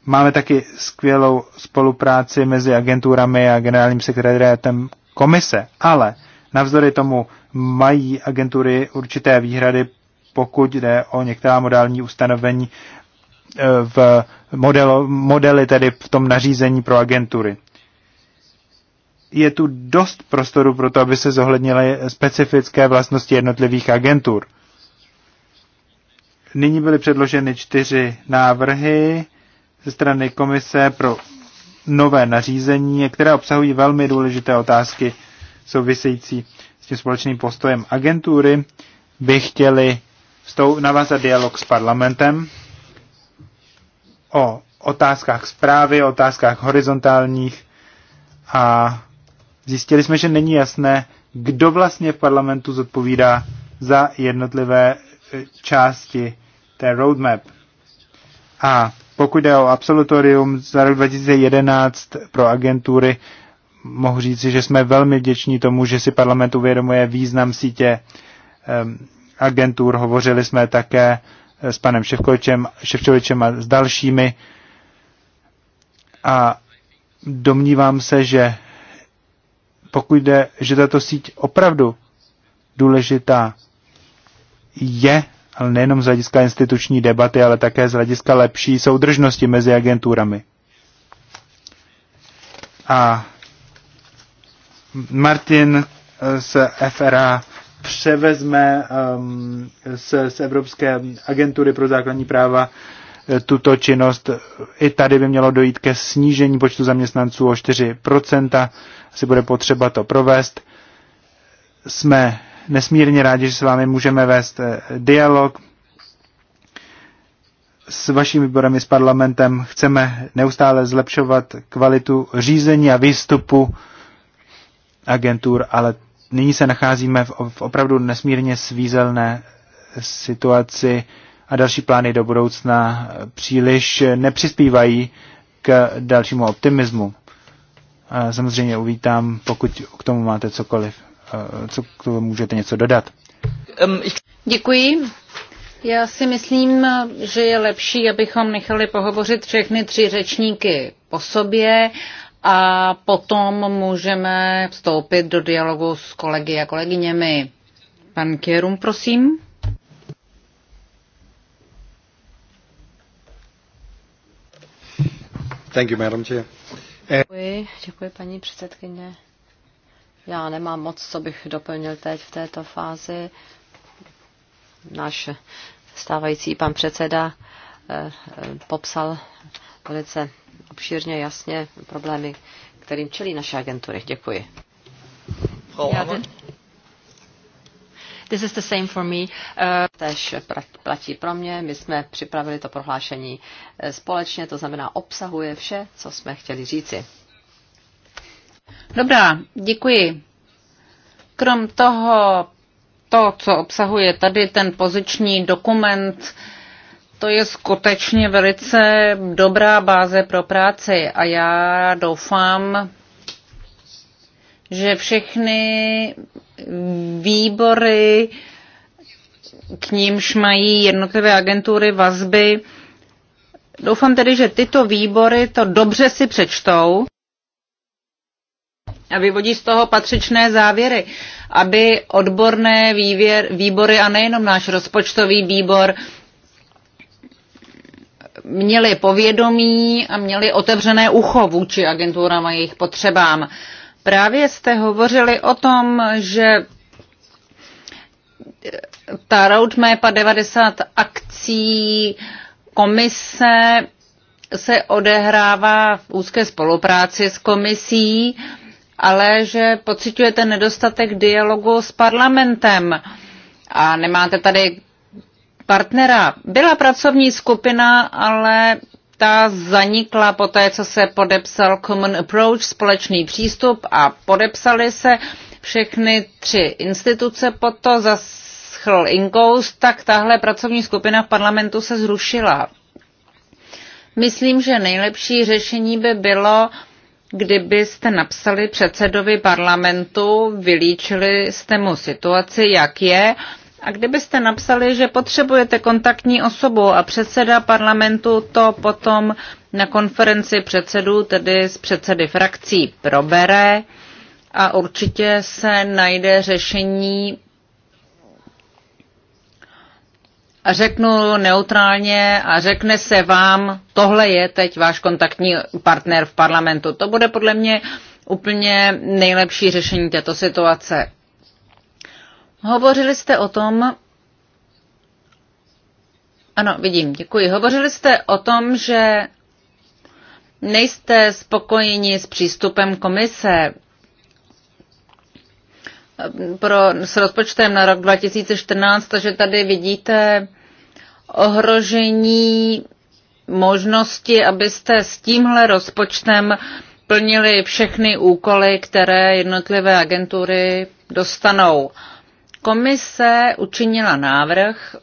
Máme taky skvělou spolupráci mezi agenturami a generálním sekretariátem komise, ale navzdory tomu mají agentury určité výhrady, pokud jde o některá modální ustanovení eh, v modelu modely tedy v tom nařízení pro agentury je tu dost prostoru pro to, aby se zohlednily specifické vlastnosti jednotlivých agentur. Nyní byly předloženy čtyři návrhy ze strany Komise pro nové nařízení, které obsahují velmi důležité otázky související s tím společným postojem agentury, by chtěli navázat dialog s parlamentem o otázkách zprávy, o otázkách horizontálních a Zjistili jsme, že není jasné, kdo vlastně v parlamentu zodpovídá za jednotlivé e, části té roadmap. A pokud jde o absolutorium za rok 2011 pro agentury, mohu říci, že jsme velmi vděční tomu, že si parlament uvědomuje význam sítě agentur. Hovořili jsme také e, s panem Ševkovičem, Ševčovičem a s dalšími. A domnívám se, že pokud jde, že tato síť opravdu důležitá je, ale nejenom z hlediska instituční debaty, ale také z hlediska lepší soudržnosti mezi agenturami. A Martin eh, z FRA převezme um, z, z Evropské agentury pro základní práva eh, tuto činnost. I tady by mělo dojít ke snížení počtu zaměstnanců o 4% asi bude potřeba to provést. Jsme nesmírně rádi, že s vámi můžeme vést eh, dialog s vaším výborem i s parlamentem. Chceme neustále zlepšovat kvalitu řízení a výstupu agentur, ale nyní se nacházíme v opravdu nesmírně svízelné situaci a další plány do budoucna příliš nepřispívají k dalšímu optimismu. A samozřejmě uvítám, pokud k tomu máte cokoliv, eh, co k tomu můžete něco dodat. Děkuji. Já si myslím, že je lepší, abychom nechali pohovořit všechny tři řečníky po sobě a potom můžeme vstoupit do dialogu s kolegy a kolegyněmi. Pan Kierum, prosím. Thank you, Madam Chair. Děkuji, děkuji paní předsedkyně. Já nemám moc, co bych doplnil teď v této fázi. Náš stávající pan předseda eh, eh, popsal velice obšírně, jasně problémy, kterým čelí naše agentury. Děkuji. This is the same for me. Eh, Tež platí pro mě. My jsme připravili to prohlášení eh, společně, to znamená obsahuje vše, co jsme chtěli říci. Dobrá, děkuji. Krom toho, to, co obsahuje tady ten poziční dokument, to je skutečně velice dobrá báze pro práci a já doufám, že všechny výbory, k nímž mají jednotlivé agentury vazby, doufám tedy, že tyto výbory to dobře si přečtou a vyvodí z toho patřičné závěry, aby odborné vývěr, výbory a nejenom náš rozpočtový výbor měli povědomí a měli otevřené ucho vůči agenturám a jejich potřebám. Právě jste hovořili o tom, že ta roadmap a 90 akcí komise se odehrává v úzké spolupráci s komisí, ale že pocitujete nedostatek dialogu s parlamentem a nemáte tady partnera. Byla pracovní skupina, ale ta zanikla po té, co se podepsal Common Approach, společný přístup a podepsali se všechny tři instituce pod to zaschl Inkoust, tak tahle pracovní skupina v parlamentu se zrušila. Myslím, že nejlepší řešení by bylo, kdybyste napsali předsedovi parlamentu, vylíčili jste mu situaci, jak je, a kdybyste napsali, že potřebujete kontaktní osobu a předseda parlamentu to potom na konferenci předsedů, tedy z předsedy frakcí, probere a určitě se najde řešení a řeknu neutrálně a řekne se vám, tohle je teď váš kontaktní partner v parlamentu. To bude podle mě úplně nejlepší řešení této situace. Hovořili jste o tom, ano, vidím, děkuji. Hovořili jste o tom, že nejste spokojeni s přístupem komise pro, s rozpočtem na rok 2014, takže tady vidíte ohrožení možnosti, abyste s tímhle rozpočtem plnili všechny úkoly, které jednotlivé agentury dostanou. Uh, Komise učinila návrh,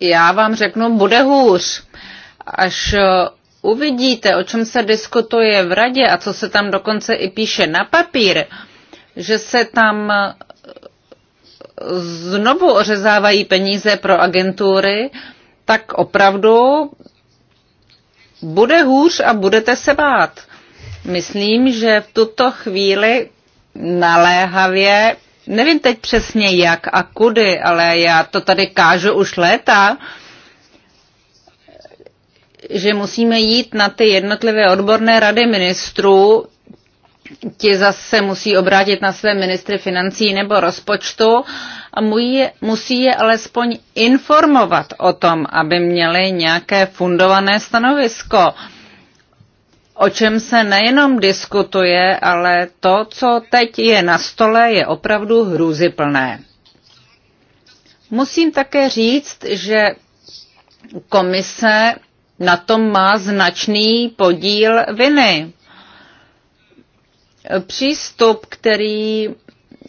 já vám řeknu, bude hůř. Až eh, uvidíte, o čem se diskutuje v radě a co se tam dokonce i píše na papír, že se tam eh, znovu ořezávají peníze pro agentury, tak opravdu bude hůř a budete se bát. Myslím, že v tuto chvíli naléhavě nevím teď přesně jak a kudy, ale já to tady kážu už léta, že musíme jít na ty jednotlivé odborné rady ministrů, ti zase musí obrátit na své ministry financí nebo rozpočtu a musí je alespoň informovat o tom, aby měli nějaké fundované stanovisko. Um, o čem se nejenom diskutuje, ale to, co teď je na stole, je opravdu hrůziplné. Musím také říct, že komise na tom má značný podíl viny. Přístup, který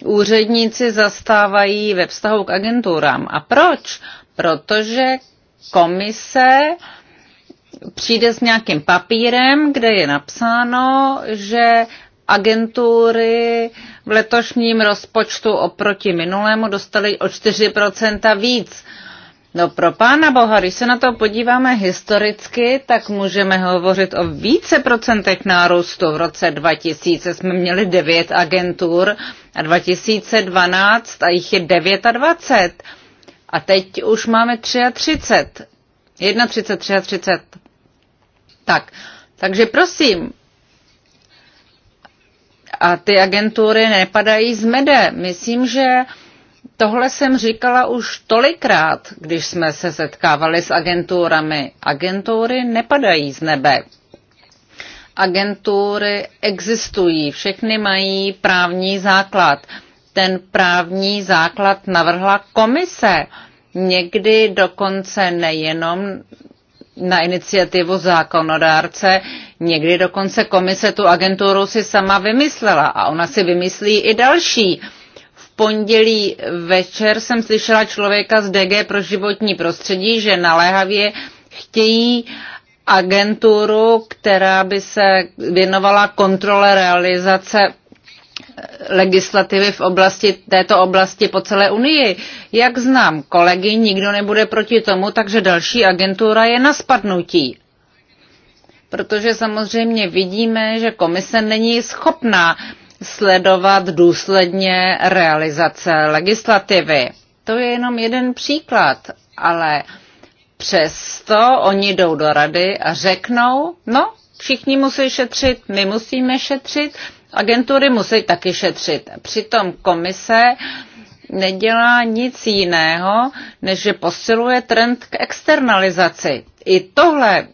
úředníci zastávají ve vztahu k agenturám. A proč? Protože komise uh, přijde s nějakým papírem, kde je napsáno, že agentury v letošním rozpočtu oproti minulému dostaly o 4% víc. No pro pána boha, když se na to podíváme historicky, tak můžeme hovořit o více procentech nárůstu. V roce 2000 jsme měli 9 agentur a 2012 a jich je 29. A teď už máme 33. 1.30, Tak, takže prosím. A ty agentury nepadají z mede. Myslím, že tohle jsem říkala už tolikrát, když jsme se setkávali s agenturami. Agentury nepadají z nebe. Agentury existují, všechny mají právní základ. Ten právní základ navrhla komise někdy dokonce nejenom na iniciativu zákonodárce, někdy dokonce komise tu agenturu si sama vymyslela a ona si vymyslí i další. V pondělí večer jsem slyšela člověka z DG pro životní prostředí, že naléhavě chtějí agenturu, která by se věnovala kontrole realizace legislativy v oblasti, této oblasti po celé Unii. Jak znám kolegy, nikdo nebude proti tomu, takže další agentura je na spadnutí. Protože samozřejmě vidíme, že komise není schopná sledovat důsledně realizace legislativy. To je jenom jeden příklad, ale přesto oni jdou do rady a řeknou, no, všichni musí šetřit, my musíme šetřit, Agentury musí taky šetřit. Přitom komise nedělá nic jiného, než že posiluje trend k externalizaci. I tohle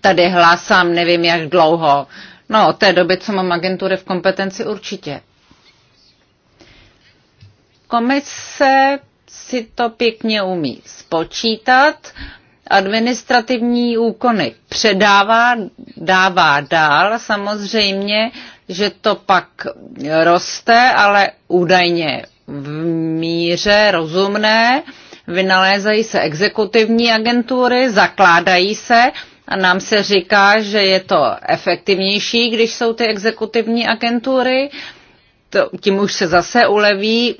tady hlásám nevím jak dlouho. No, od té doby, co mám agentury v kompetenci, určitě. Komise si to pěkně umí spočítat, administrativní úkony předává, dává dál, samozřejmě že to pak roste, ale údajně v míře rozumné. Vynalézají se exekutivní agentury, zakládají se a nám se říká, že je to efektivnější, když jsou ty exekutivní agentury. To, tím už se zase uleví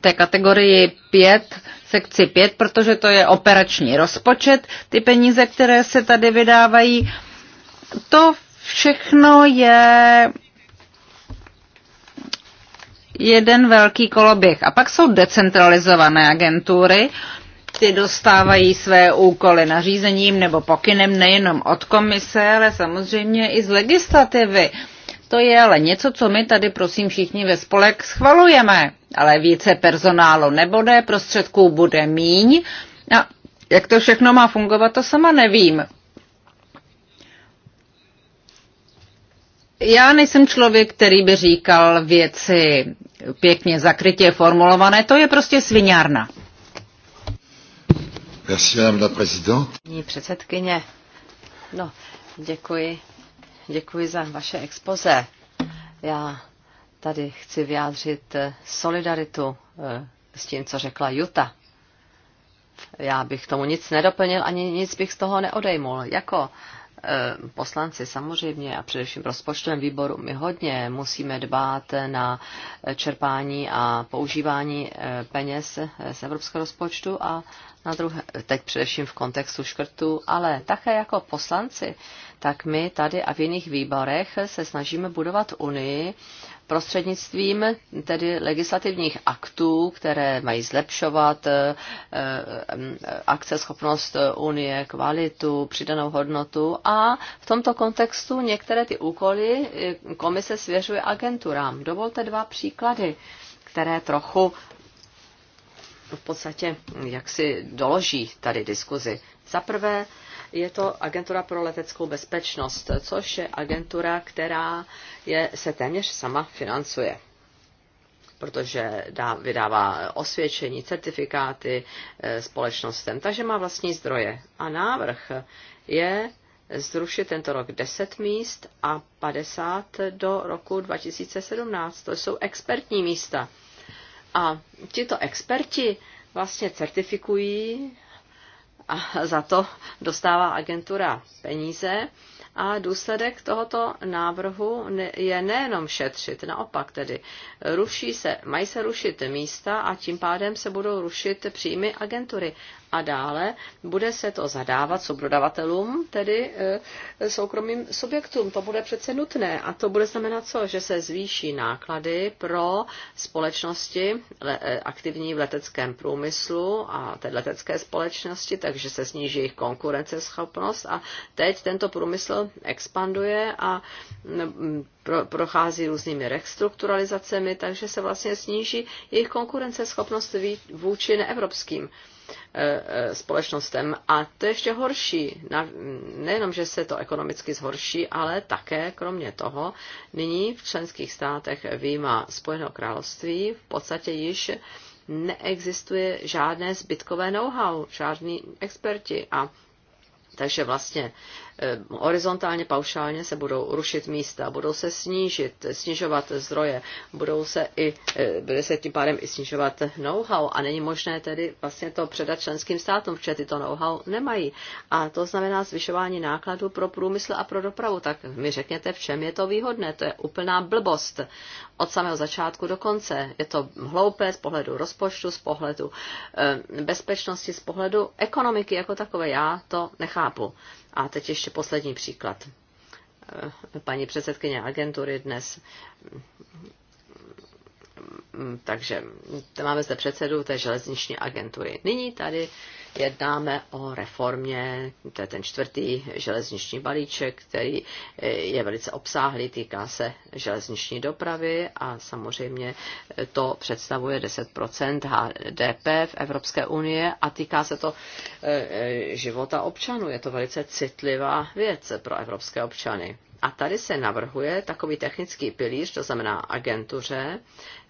té kategorii 5, sekci 5, protože to je operační rozpočet, ty peníze, které se tady vydávají. To Všechno je jeden velký koloběh. A pak jsou decentralizované agentury, ty dostávají své úkoly nařízením nebo pokynem nejenom od komise, ale samozřejmě i z legislativy. To je ale něco, co my tady prosím všichni ve spolek schvalujeme. Ale více personálu nebude, prostředků bude míň. A jak to všechno má fungovat, to sama nevím. Já nejsem člověk, který by říkal věci pěkně zakrytě formulované, to je prostě sviňárna. Merci, madame la présidente. předsedkyně, no, děkuji. Děkuji za vaše expoze. Já tady chci vyjádřit eh, solidaritu eh, s tím, co řekla Juta. Já bych tomu nic nedoplnil, ani nic bych z toho neodejmul. Jako Eh, poslanci samozřejmě a především rozpočtovém výboru my hodně musíme dbát na čerpání a používání eh, peněz eh, z evropského rozpočtu a na druhé, teď především v kontextu škrtu, ale také jako poslanci, tak my tady a v jiných výborech se snažíme budovat unii, prostřednictvím tedy legislativních aktů, které mají zlepšovat eh, eh, akceschopnost Unie, kvalitu, přidanou hodnotu a v tomto kontextu některé ty úkoly eh, komise svěřuje agenturám. Dovolte dva příklady, které trochu v podstatě jaksi doloží tady diskuzi. Za prvé je to agentura pro leteckou bezpečnost, což je agentura, která je, se téměř sama financuje protože dá, vydává osvědčení, certifikáty eh, společnostem, takže má vlastní zdroje. A návrh je zrušit tento rok 10 míst a 50 do roku 2017. To jsou expertní místa. A tito experti vlastně certifikují a za to dostává agentura peníze. A důsledek tohoto návrhu je nejenom šetřit, naopak tedy ruší se, mají se rušit místa a tím pádem se budou rušit příjmy agentury a dále bude se to zadávat subdodavatelům, tedy e, soukromým subjektům. To bude přece nutné a to bude znamenat co? Že se zvýší náklady pro společnosti e, aktivní v leteckém průmyslu a té letecké společnosti, takže se sníží jejich konkurenceschopnost a teď tento průmysl expanduje a prochází různými restrukturalizacemi, takže se vlastně sníží jejich konkurenceschopnost vůči neevropským E, e, společnostem. A to je ještě horší. Nejenom, že se to ekonomicky zhorší, ale také, kromě toho, nyní v členských státech výjima Spojeného království v podstatě již neexistuje žádné zbytkové know-how, žádní experti. A takže vlastně Ehm, horizontálně, paušálně se budou rušit místa, budou se snížit, snižovat zdroje, budou se i, eh, bude se tím pádem i snižovat know-how a není možné tedy vlastně to předat členským státům, protože tyto know-how nemají. A to znamená zvyšování nákladů pro průmysl a pro dopravu. Tak mi řekněte, v čem je to výhodné. To je úplná blbost od samého začátku do konce. Je to hloupé z pohledu rozpočtu, z pohledu ehm, bezpečnosti, z pohledu ekonomiky jako takové. Já to nechápu. A teď ještě poslední příklad. Eh, paní předsedkyně agentury dnes mm, mm, takže máme zde předsedu té železniční agentury. Nyní tady jednáme o reformě, to je ten čtvrtý železniční balíček, který eh, je velice obsáhlý, týká se železniční dopravy a samozřejmě eh, to představuje 10% HDP v Evropské unie a týká se to eh, života občanů. Je to velice citlivá věc pro evropské občany. A tady se navrhuje takový technický pilíř, to znamená agentuře,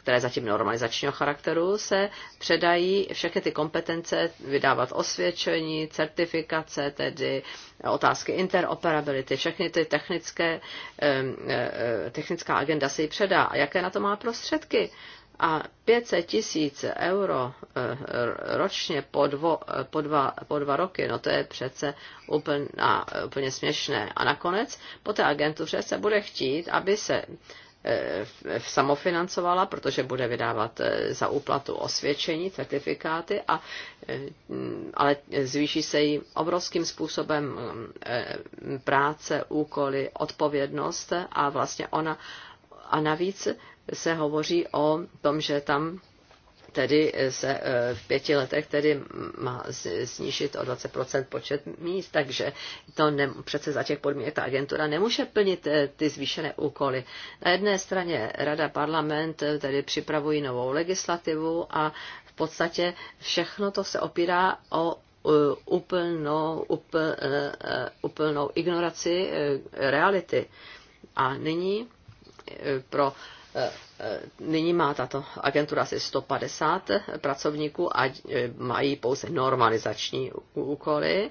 které zatím normalizačního charakteru, se předají všechny ty kompetence vydávat osvědčení, certifikace, tedy otázky interoperability, všechny ty technické, e, e, technická agenda se jí předá. A jaké na to má prostředky? a 500 tisíc euro e, ročně po, dvo, po, dva, po dva roky, no to je přece úplná, úplně směšné. A nakonec po té agentuře se bude chtít, aby se Eh, samofinancovala, protože bude vydávat eh, za úplatu osvědčení, certifikáty, a, eh, ale zvýší se jí obrovským způsobem práce, úkoly, odpovědnost a vlastně ona a navíc se hovoří o tom, že tam tedy se e, v pěti letech tedy má snížit o 20% počet míst, takže to ne, přece za těch podmínek ta agentura nemůže plnit e, ty zvýšené úkoly. Na jedné straně Rada parlament e, tedy připravují novou legislativu a v podstatě všechno to se opírá o úplnou, úpl, úplnou ignoraci reality. A nyní pro Eh, nyní má tato agentura asi 150 eh, pracovníků a eh, mají pouze normalizační úkoly,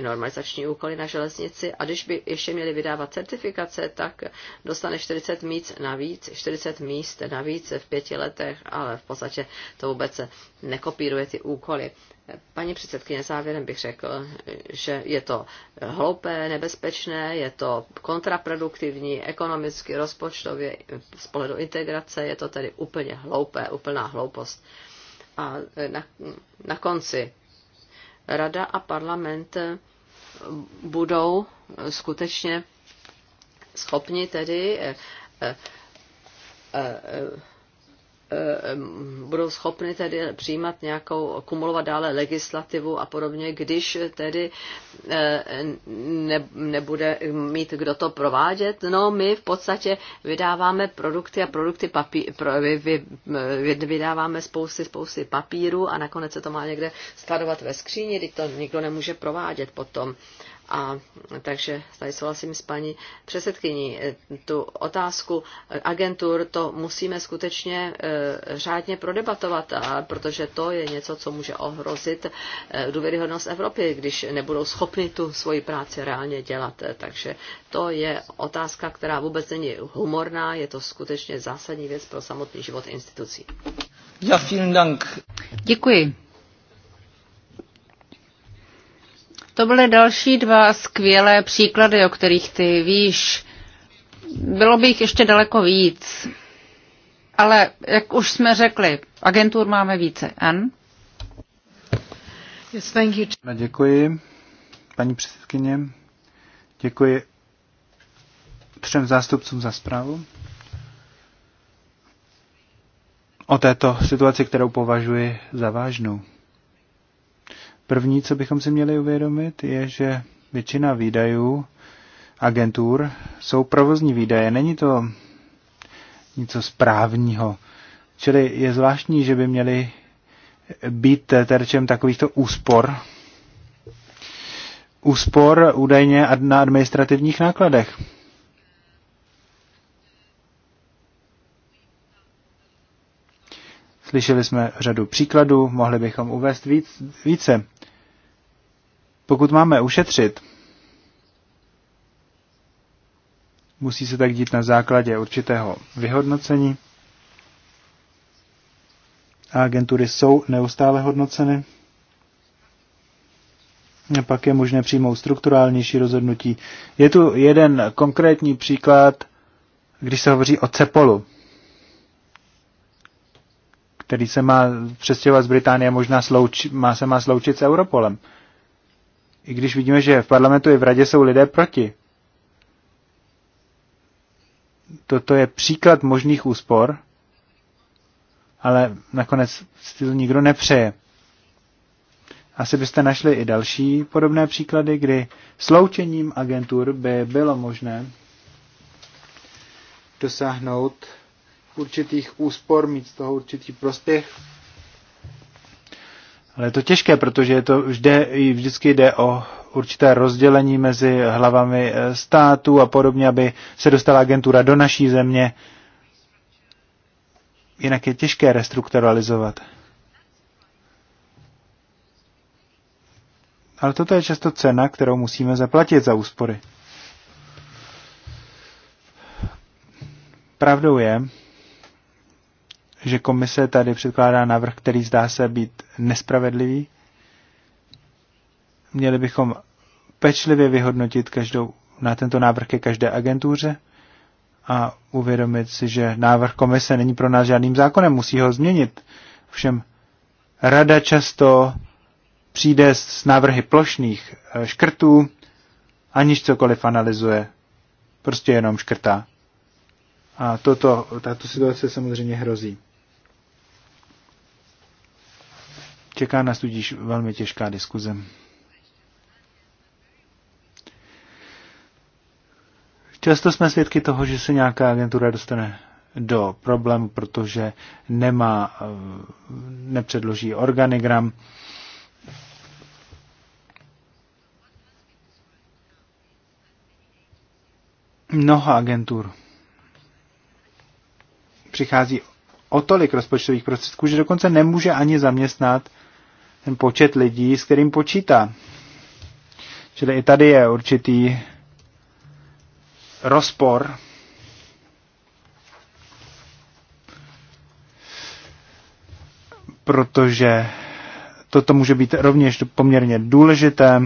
normalizační úkoly na železnici a když by ještě měli vydávat certifikace, tak dostane 40 míst navíc, 40 míst navíc v pěti letech, ale v podstatě to vůbec nekopíruje ty úkoly. Paní předsedkyně, závěrem bych řekl, že je to hloupé, nebezpečné, je to kontraproduktivní ekonomicky, rozpočtově, z pohledu inteligence, integrace, je to tedy úplně hloupé, úplná hloupost. A na, na konci rada a parlament budou skutečně schopni tedy eh, eh, eh, budou schopny tedy přijímat nějakou, kumulovat dále legislativu a podobně, když tedy eh, ne, nebude mít kdo to provádět. No, my v podstatě vydáváme produkty a produkty papí, pro, vy, vy, vy, eh, vydáváme spousty, spousty papíru a nakonec se to má někde skladovat ve skříni, kdy to nikdo nemůže provádět potom. A takže tady souhlasím s paní předsedkyní. Tu otázku agentur to musíme skutečně e, řádně prodebatovat, protože to je něco, co může ohrozit e, důvěryhodnost Evropy, když nebudou schopni tu svoji práci reálně dělat. Takže to je otázka, která vůbec není humorná, je to skutečně zásadní věc pro samotný život institucí. Ja, vielen Dank. Děkuji. To byly další dva skvělé příklady, o kterých ty víš. Bylo by jich ještě daleko víc. Ale jak už jsme řekli, agentur máme více. An? Yes, thank you. Děkuji, paní předsedkyně. Děkuji třem zástupcům za zprávu. O této situaci, kterou považuji za vážnou. První, co bychom si měli uvědomit, je, že většina výdajů agentur jsou provozní výdaje. Není to něco správního. Čili je zvláštní, že by měli být terčem takovýchto úspor. Úspor údajně na administrativních nákladech. Slyšeli jsme řadu příkladů, mohli bychom uvést víc, více. Pokud máme ušetřit, musí se tak dít na základě určitého vyhodnocení. A agentury jsou neustále hodnoceny. A pak je možné přijmout strukturálnější rozhodnutí. Je tu jeden konkrétní příklad, když se hovoří o Cepolu, který se má přestěhovat z Británie, možná slouči, má se má sloučit s Europolem i když vidíme, že v parlamentu i v radě jsou lidé proti. Toto je příklad možných úspor, ale nakonec si to nikdo nepřeje. Asi byste našli i další podobné příklady, kdy sloučením agentur by bylo možné dosáhnout určitých úspor, mít z toho určitý prospěch ale je to těžké, protože je to vždy, vždycky jde o určité rozdělení mezi hlavami eh, států a podobně, aby se dostala agentura do naší země. Jinak je těžké restrukturalizovat. Ale toto je často cena, kterou musíme zaplatit za úspory. Pravdou je, že komise tady předkládá návrh, který zdá se být nespravedlivý. Měli bychom pečlivě vyhodnotit každou, na tento návrh ke každé agentuře a uvědomit si, že návrh komise není pro nás žádným zákonem, musí ho změnit. Všem rada často přijde s návrhy plošných eh, škrtů, aniž cokoliv analyzuje. Prostě jenom škrtá. A toto, tato situace samozřejmě hrozí. Čeká nás tudíž velmi těžká diskuze. Často jsme svědky toho, že se nějaká agentura dostane do problému, protože nemá, eh, nepředloží organigram. Mnoho agentur přichází o tolik rozpočtových prostředků, že dokonce nemůže ani zaměstnat ten počet lidí, s kterým počítá. Čili i tady je určitý rozpor. Protože toto může být rovněž poměrně důležité.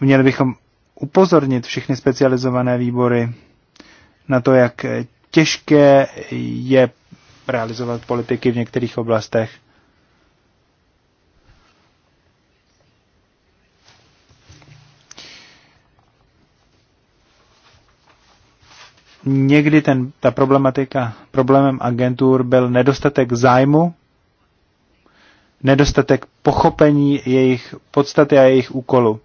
Měli bychom upozornit všechny specializované výbory na to, jak těžké je realizovat politiky v některých oblastech. Někdy ten, ta problematika, problémem agentur byl nedostatek zájmu, nedostatek pochopení jejich podstaty a jejich úkolu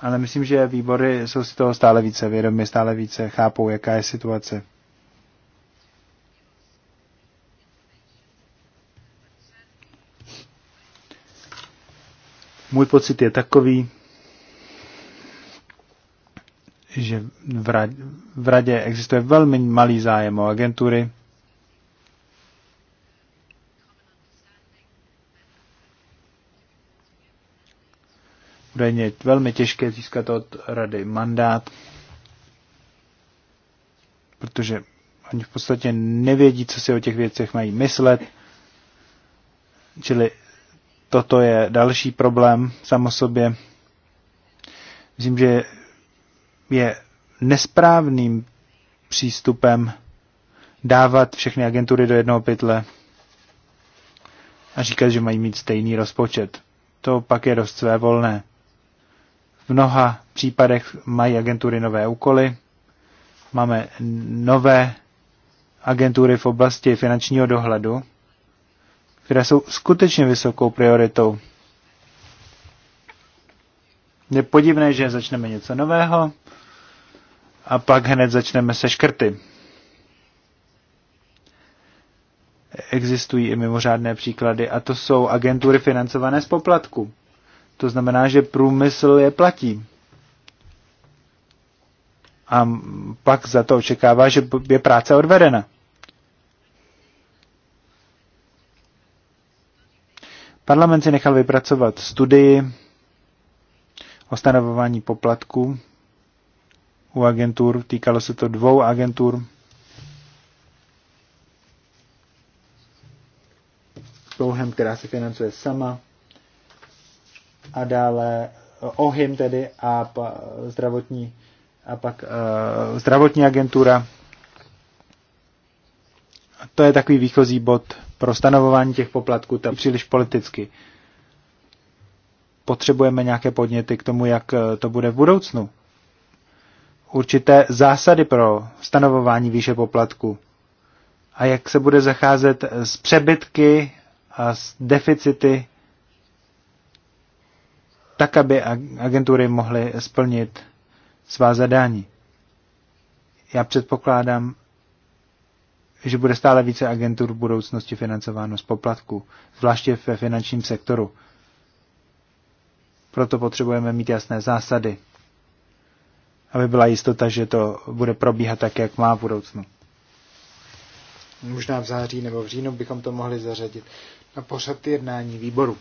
ale myslím, že výbory jsou si toho stále více vědomi, stále více chápou, jaká je situace. Můj pocit je takový, že v radě, existuje velmi malý zájem o agentury. je velmi těžké získat od rady mandát, protože oni v podstatě nevědí, co si o těch věcech mají myslet. Čili Toto je další problém samo sobě. Myslím, že je nesprávným přístupem dávat všechny agentury do jednoho pytle a říkat, že mají mít stejný rozpočet. To pak je dost své volné. V mnoha případech mají agentury nové úkoly, máme nové agentury v oblasti finančního dohledu, které jsou skutečně vysokou prioritou. Je podivné, že začneme něco nového a pak hned začneme se škrty. Existují i mimořádné příklady a to jsou agentury financované z poplatku. To znamená, že průmysl je platí. A pak za to očekává, že je práce odvedena. Parlament si nechal vypracovat studii o stanovování poplatků u agentur. Týkalo se to dvou agentur. Pouhem, která se financuje sama. A dále eh, OHIM tedy a pa, eh, zdravotní a pak uh, zdravotní agentura to je takový výchozí bod pro stanovování těch poplatků, tam příliš politicky. Potřebujeme nějaké podněty k tomu, jak eh, to bude v budoucnu. Určité zásady pro stanovování výše poplatku a jak se bude zacházet s přebytky a s deficity, tak, aby agentury mohly splnit svá zadání. Já předpokládám, že bude stále více agentur v budoucnosti financováno z poplatku, zvláště ve finančním sektoru. Proto potřebujeme mít jasné zásady, aby byla jistota, že to bude probíhat tak, jak má v budoucnu. Možná v září nebo v říjnu bychom to mohli zařadit na pořad jednání výboru.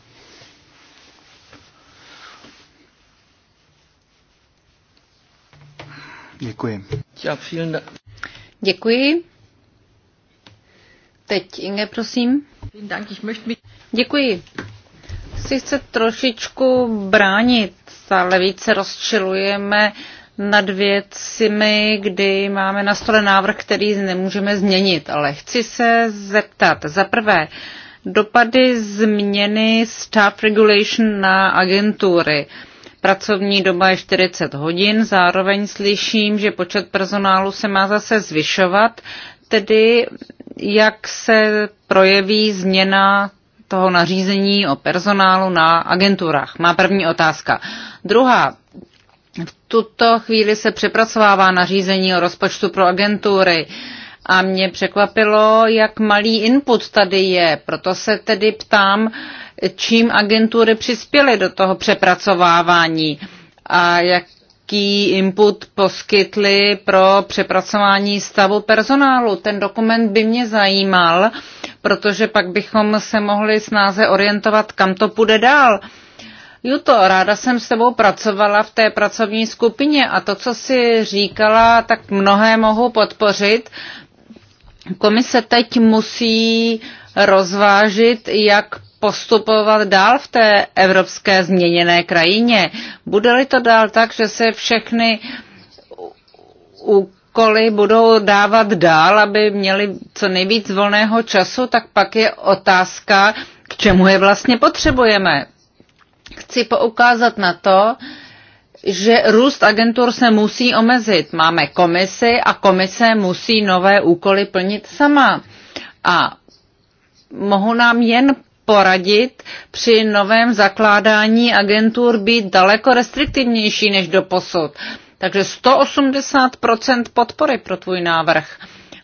Děkuji. Děkuji. Teď Inge, prosím. Děkuji. Si chce trošičku bránit, ale více rozčilujeme nad věcmi, kdy máme na stole návrh, který nemůžeme změnit. Ale chci se zeptat. Za prvé, dopady změny staff regulation na agentury. Pracovní doba je 40 hodin, zároveň slyším, že počet personálu se má zase zvyšovat tedy jak se projeví změna toho nařízení o personálu na agenturách? Má první otázka. Druhá. V tuto chvíli se přepracovává nařízení o rozpočtu pro agentury a mě překvapilo, jak malý input tady je. Proto se tedy ptám, čím agentury přispěly do toho přepracovávání a jak jaký input poskytli pro přepracování stavu personálu. Ten dokument by mě zajímal, protože pak bychom se mohli snáze orientovat, kam to půjde dál. Juto, ráda jsem s tebou pracovala v té pracovní skupině a to, co si říkala, tak mnohé mohu podpořit. Komise teď musí rozvážit, jak postupovat dál v té evropské změněné krajině. Bude-li to dál tak, že se všechny úkoly budou dávat dál, aby měli co nejvíc volného času, tak pak je otázka, k čemu je vlastně potřebujeme. Chci poukázat na to, že růst agentur se musí omezit. Máme komisi a komise musí nové úkoly plnit sama. A mohu nám jen poradit při novém zakládání agentur být daleko restriktivnější než do posud. Takže 180% podpory pro tvůj návrh.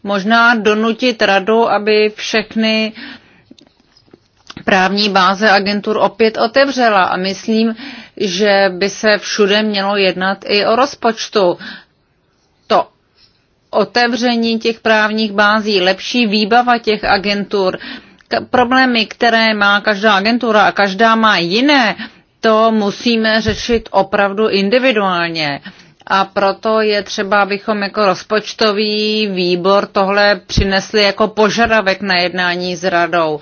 Možná donutit radu, aby všechny právní báze agentur opět otevřela a myslím, že by se všude mělo jednat i o rozpočtu. To otevření těch právních bází, lepší výbava těch agentur, problémy, které má každá agentura a každá má jiné, to musíme řešit opravdu individuálně. A proto je třeba, abychom jako rozpočtový výbor tohle přinesli jako požadavek na jednání s radou.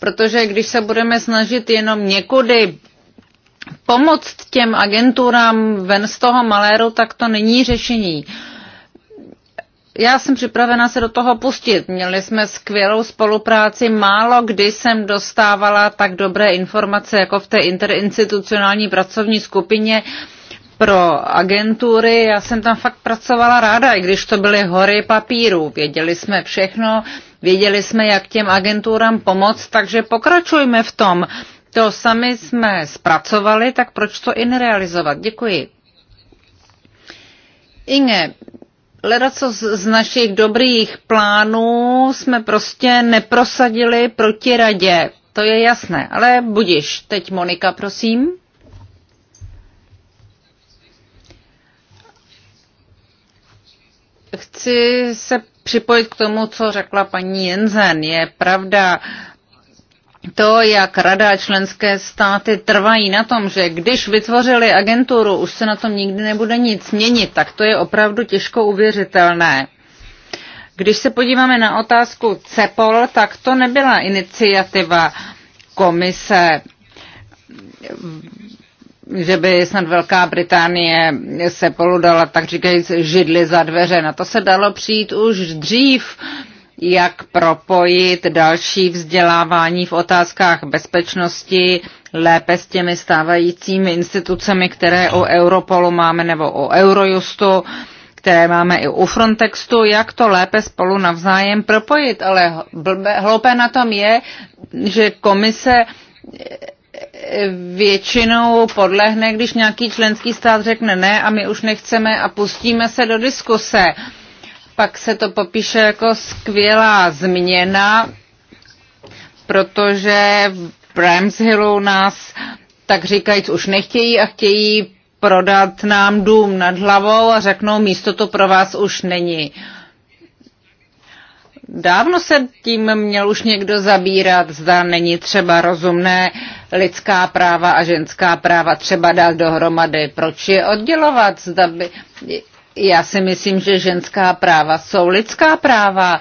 Protože když se budeme snažit jenom někudy pomoct těm agenturám ven z toho maléru, tak to není řešení. Uh, já jsem připravena se do toho pustit. Měli jsme skvělou spolupráci. Málo kdy jsem dostávala tak dobré informace jako v té interinstitucionální pracovní skupině pro agentury. Já jsem tam fakt pracovala ráda, i když to byly hory papíru. Věděli jsme všechno, věděli jsme, jak těm agenturám pomoct, takže pokračujme v tom. To sami jsme zpracovali, tak proč to i nerealizovat? Děkuji. Inge, Ledaco z našich dobrých plánů jsme prostě neprosadili proti radě. To je jasné, ale budiš. Teď Monika, prosím. Chci se připojit k tomu, co řekla paní Jensen. Je pravda, to, jak rada členské státy trvají na tom, že když vytvořili agenturu, už se na tom nikdy nebude nic měnit, tak to je opravdu těžko uvěřitelné. Když se podíváme na otázku CEPOL, tak to nebyla iniciativa komise, že by snad Velká Británie CEPOLu dala, tak říkajíc, židli za dveře. Na to se dalo přijít už dřív jak propojit další vzdělávání v otázkách bezpečnosti lépe s těmi stávajícími institucemi, které o Europolu máme nebo o Eurojustu, které máme i u Frontextu, jak to lépe spolu navzájem propojit. Ale blbe, hloupé na tom je, že komise e, většinou podlehne, když nějaký členský stát řekne ne a my už nechceme a pustíme se do diskuse. Uh, pak se to popíše jako skvělá změna, protože v Bramshillu nás tak říkajíc už nechtějí a chtějí prodat nám dům nad hlavou a řeknou, místo to pro vás už není. Dávno se tím měl už někdo zabírat, zda není třeba rozumné lidská práva a ženská práva třeba dát dohromady. Proč je oddělovat? Zda by, já si myslím, že ženská práva jsou lidská práva,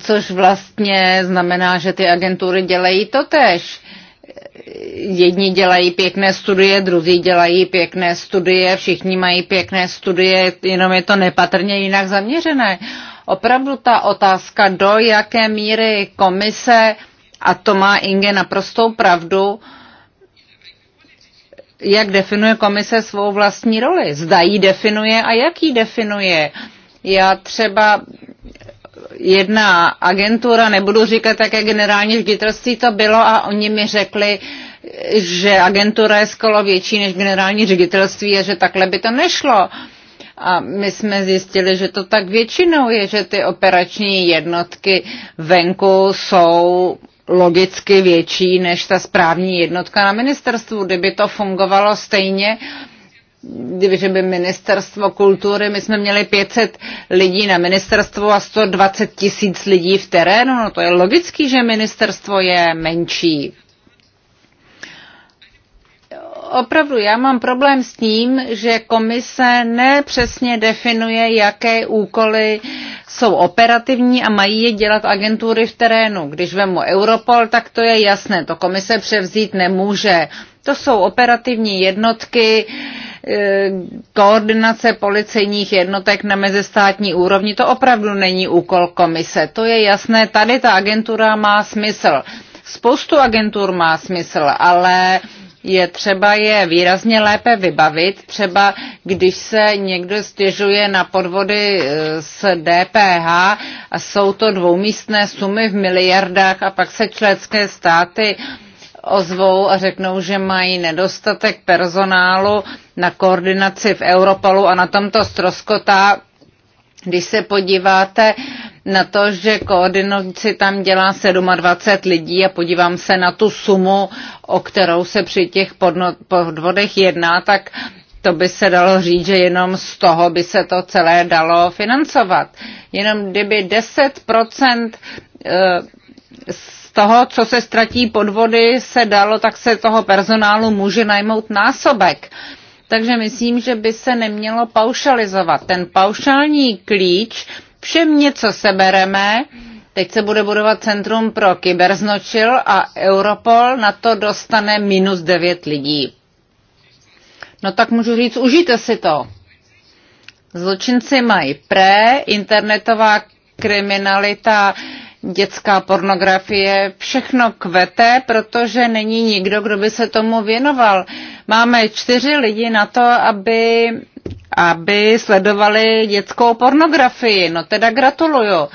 což vlastně znamená, že ty agentury dělají to tež. Jedni dělají pěkné studie, druzí dělají pěkné studie, všichni mají pěkné studie, jenom je to nepatrně jinak zaměřené. Opravdu ta otázka, do jaké míry komise, a to má Inge naprostou pravdu, jak definuje komise svou vlastní roli. Zda ji definuje a jak ji definuje. Já třeba jedna agentura, nebudu říkat, jaké generální ředitelství to bylo a oni mi řekli, že agentura je skoro větší než generální ředitelství a že takhle by to nešlo. A my jsme zjistili, že to tak většinou je, že ty operační jednotky venku jsou logicky větší než ta správní jednotka na ministerstvu. Kdyby to fungovalo stejně, kdyby by ministerstvo kultury, my jsme měli 500 lidí na ministerstvu a 120 tisíc lidí v terénu, no to je logický, že ministerstvo je menší opravdu já mám problém s tím, že komise nepřesně definuje, jaké úkoly jsou operativní a mají je dělat agentury v terénu. Když vemu Europol, tak to je jasné, to komise převzít nemůže. To jsou operativní jednotky, eh, koordinace policejních jednotek na mezestátní úrovni, to opravdu není úkol komise. To je jasné, tady ta agentura má smysl. Spoustu agentur má smysl, ale je třeba je výrazně lépe vybavit, třeba když se někdo stěžuje na podvody eh, s DPH a jsou to dvoumístné sumy v miliardách a pak se členské státy ozvou a řeknou, že mají nedostatek personálu na koordinaci v Europolu a na tomto stroskotá. Když se podíváte na to, že koordinaci tam dělá 27 lidí a podívám se na tu sumu, o kterou se při těch podvodech jedná, tak to by se dalo říct, že jenom z toho by se to celé dalo financovat. Jenom kdyby 10% eh, z toho, co se ztratí podvody, se dalo, tak se toho personálu může najmout násobek. Takže myslím, že by se nemělo paušalizovat. Ten paušální klíč Všem něco sebereme, teď se bude budovat Centrum pro kyberznočil a Europol na to dostane minus 9 lidí. No tak můžu říct, užijte si to. Zločinci mají pré, internetová kriminalita, dětská pornografie, všechno kvete, protože není nikdo, kdo by se tomu věnoval. Máme čtyři lidi na to, aby aby sledovali dětskou pornografii. No teda gratuluju.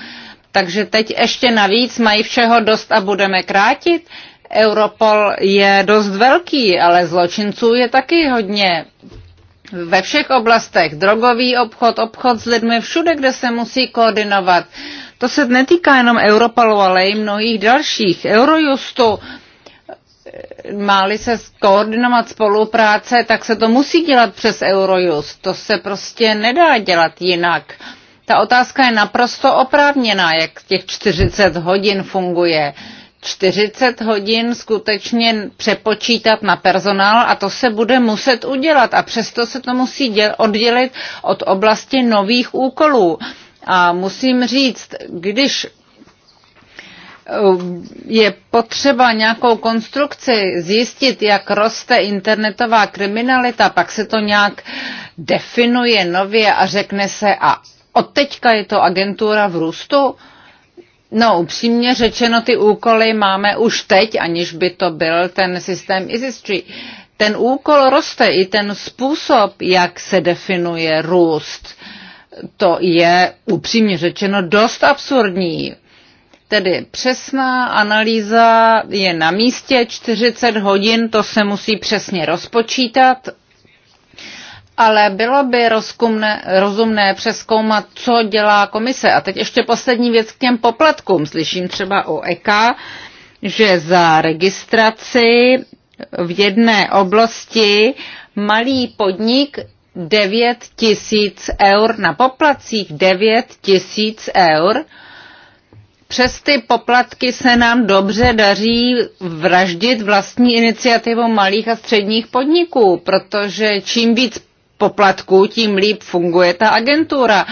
Takže teď ještě navíc mají všeho dost a budeme krátit. Europol je dost velký, ale zločinců je taky hodně. Ve všech oblastech. Drogový obchod, obchod s lidmi, všude, kde se musí koordinovat. To se netýká jenom Europolu, ale i mnohých dalších. Eurojustu, máli se koordinovat, spolupráce, tak se to musí dělat přes Eurojust. To se prostě nedá dělat jinak. Ta otázka je naprosto oprávněná, jak těch 40 hodin funguje. 40 hodin skutečně přepočítat na personál a to se bude muset udělat a přesto se to musí děl- oddělit od oblasti nových úkolů. A musím říct, když je potřeba nějakou konstrukci zjistit, jak roste internetová kriminalita, pak se to nějak definuje nově a řekne se a od teďka je to agentura v růstu? No, upřímně řečeno, ty úkoly máme už teď, aniž by to byl ten systém isis Ten úkol roste i ten způsob, jak se definuje růst. To je upřímně řečeno dost absurdní Tedy přesná analýza je na místě, 40 hodin, to se musí přesně rozpočítat, ale bylo by rozkumné, rozumné přeskoumat, co dělá komise. A teď ještě poslední věc k těm poplatkům. Slyším třeba o EKA, že za registraci v jedné oblasti malý podnik 9 tisíc eur na poplacích 9 tisíc eur přes ty poplatky se nám dobře daří vraždit vlastní iniciativu malých a středních podniků, protože čím víc poplatků, tím líp funguje ta agentura.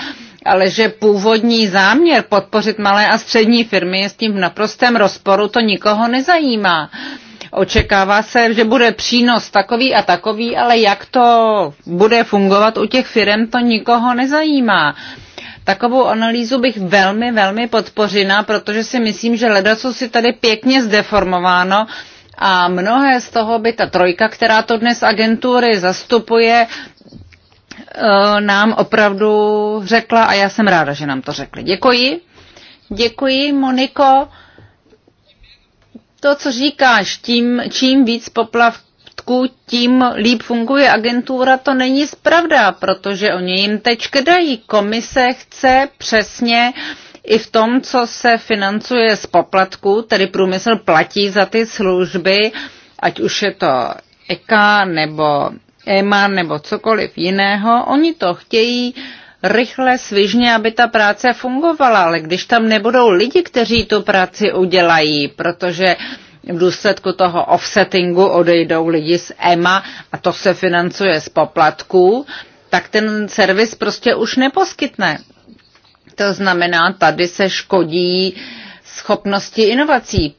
Ale že původní záměr podpořit malé a střední firmy je s tím v naprostém rozporu, to nikoho nezajímá. Očekává se, že bude přínos takový a takový, ale jak to bude fungovat u těch firm, to nikoho nezajímá. Takovou analýzu bych velmi, velmi podpořila, protože si myslím, že ledaco si tady pěkně zdeformováno a mnohé z toho by ta trojka, která to dnes agentury zastupuje, eh, nám opravdu řekla a já jsem ráda, že nám to řekli. Děkuji. Děkuji, Moniko. To, co říkáš, tím, čím víc poplav výsledku, tím líp funguje agentura, to není zpravda, protože oni jim teď dají. Komise chce přesně i v tom, co se financuje z poplatku, tedy průmysl platí za ty služby, ať už je to EKA nebo EMA nebo cokoliv jiného, oni to chtějí rychle, svižně, aby ta práce fungovala, ale když tam nebudou lidi, kteří tu práci udělají, protože v důsledku toho offsettingu odejdou lidi z EMA a to se financuje z poplatků, tak ten servis prostě už neposkytne. To znamená, tady se škodí schopnosti inovací.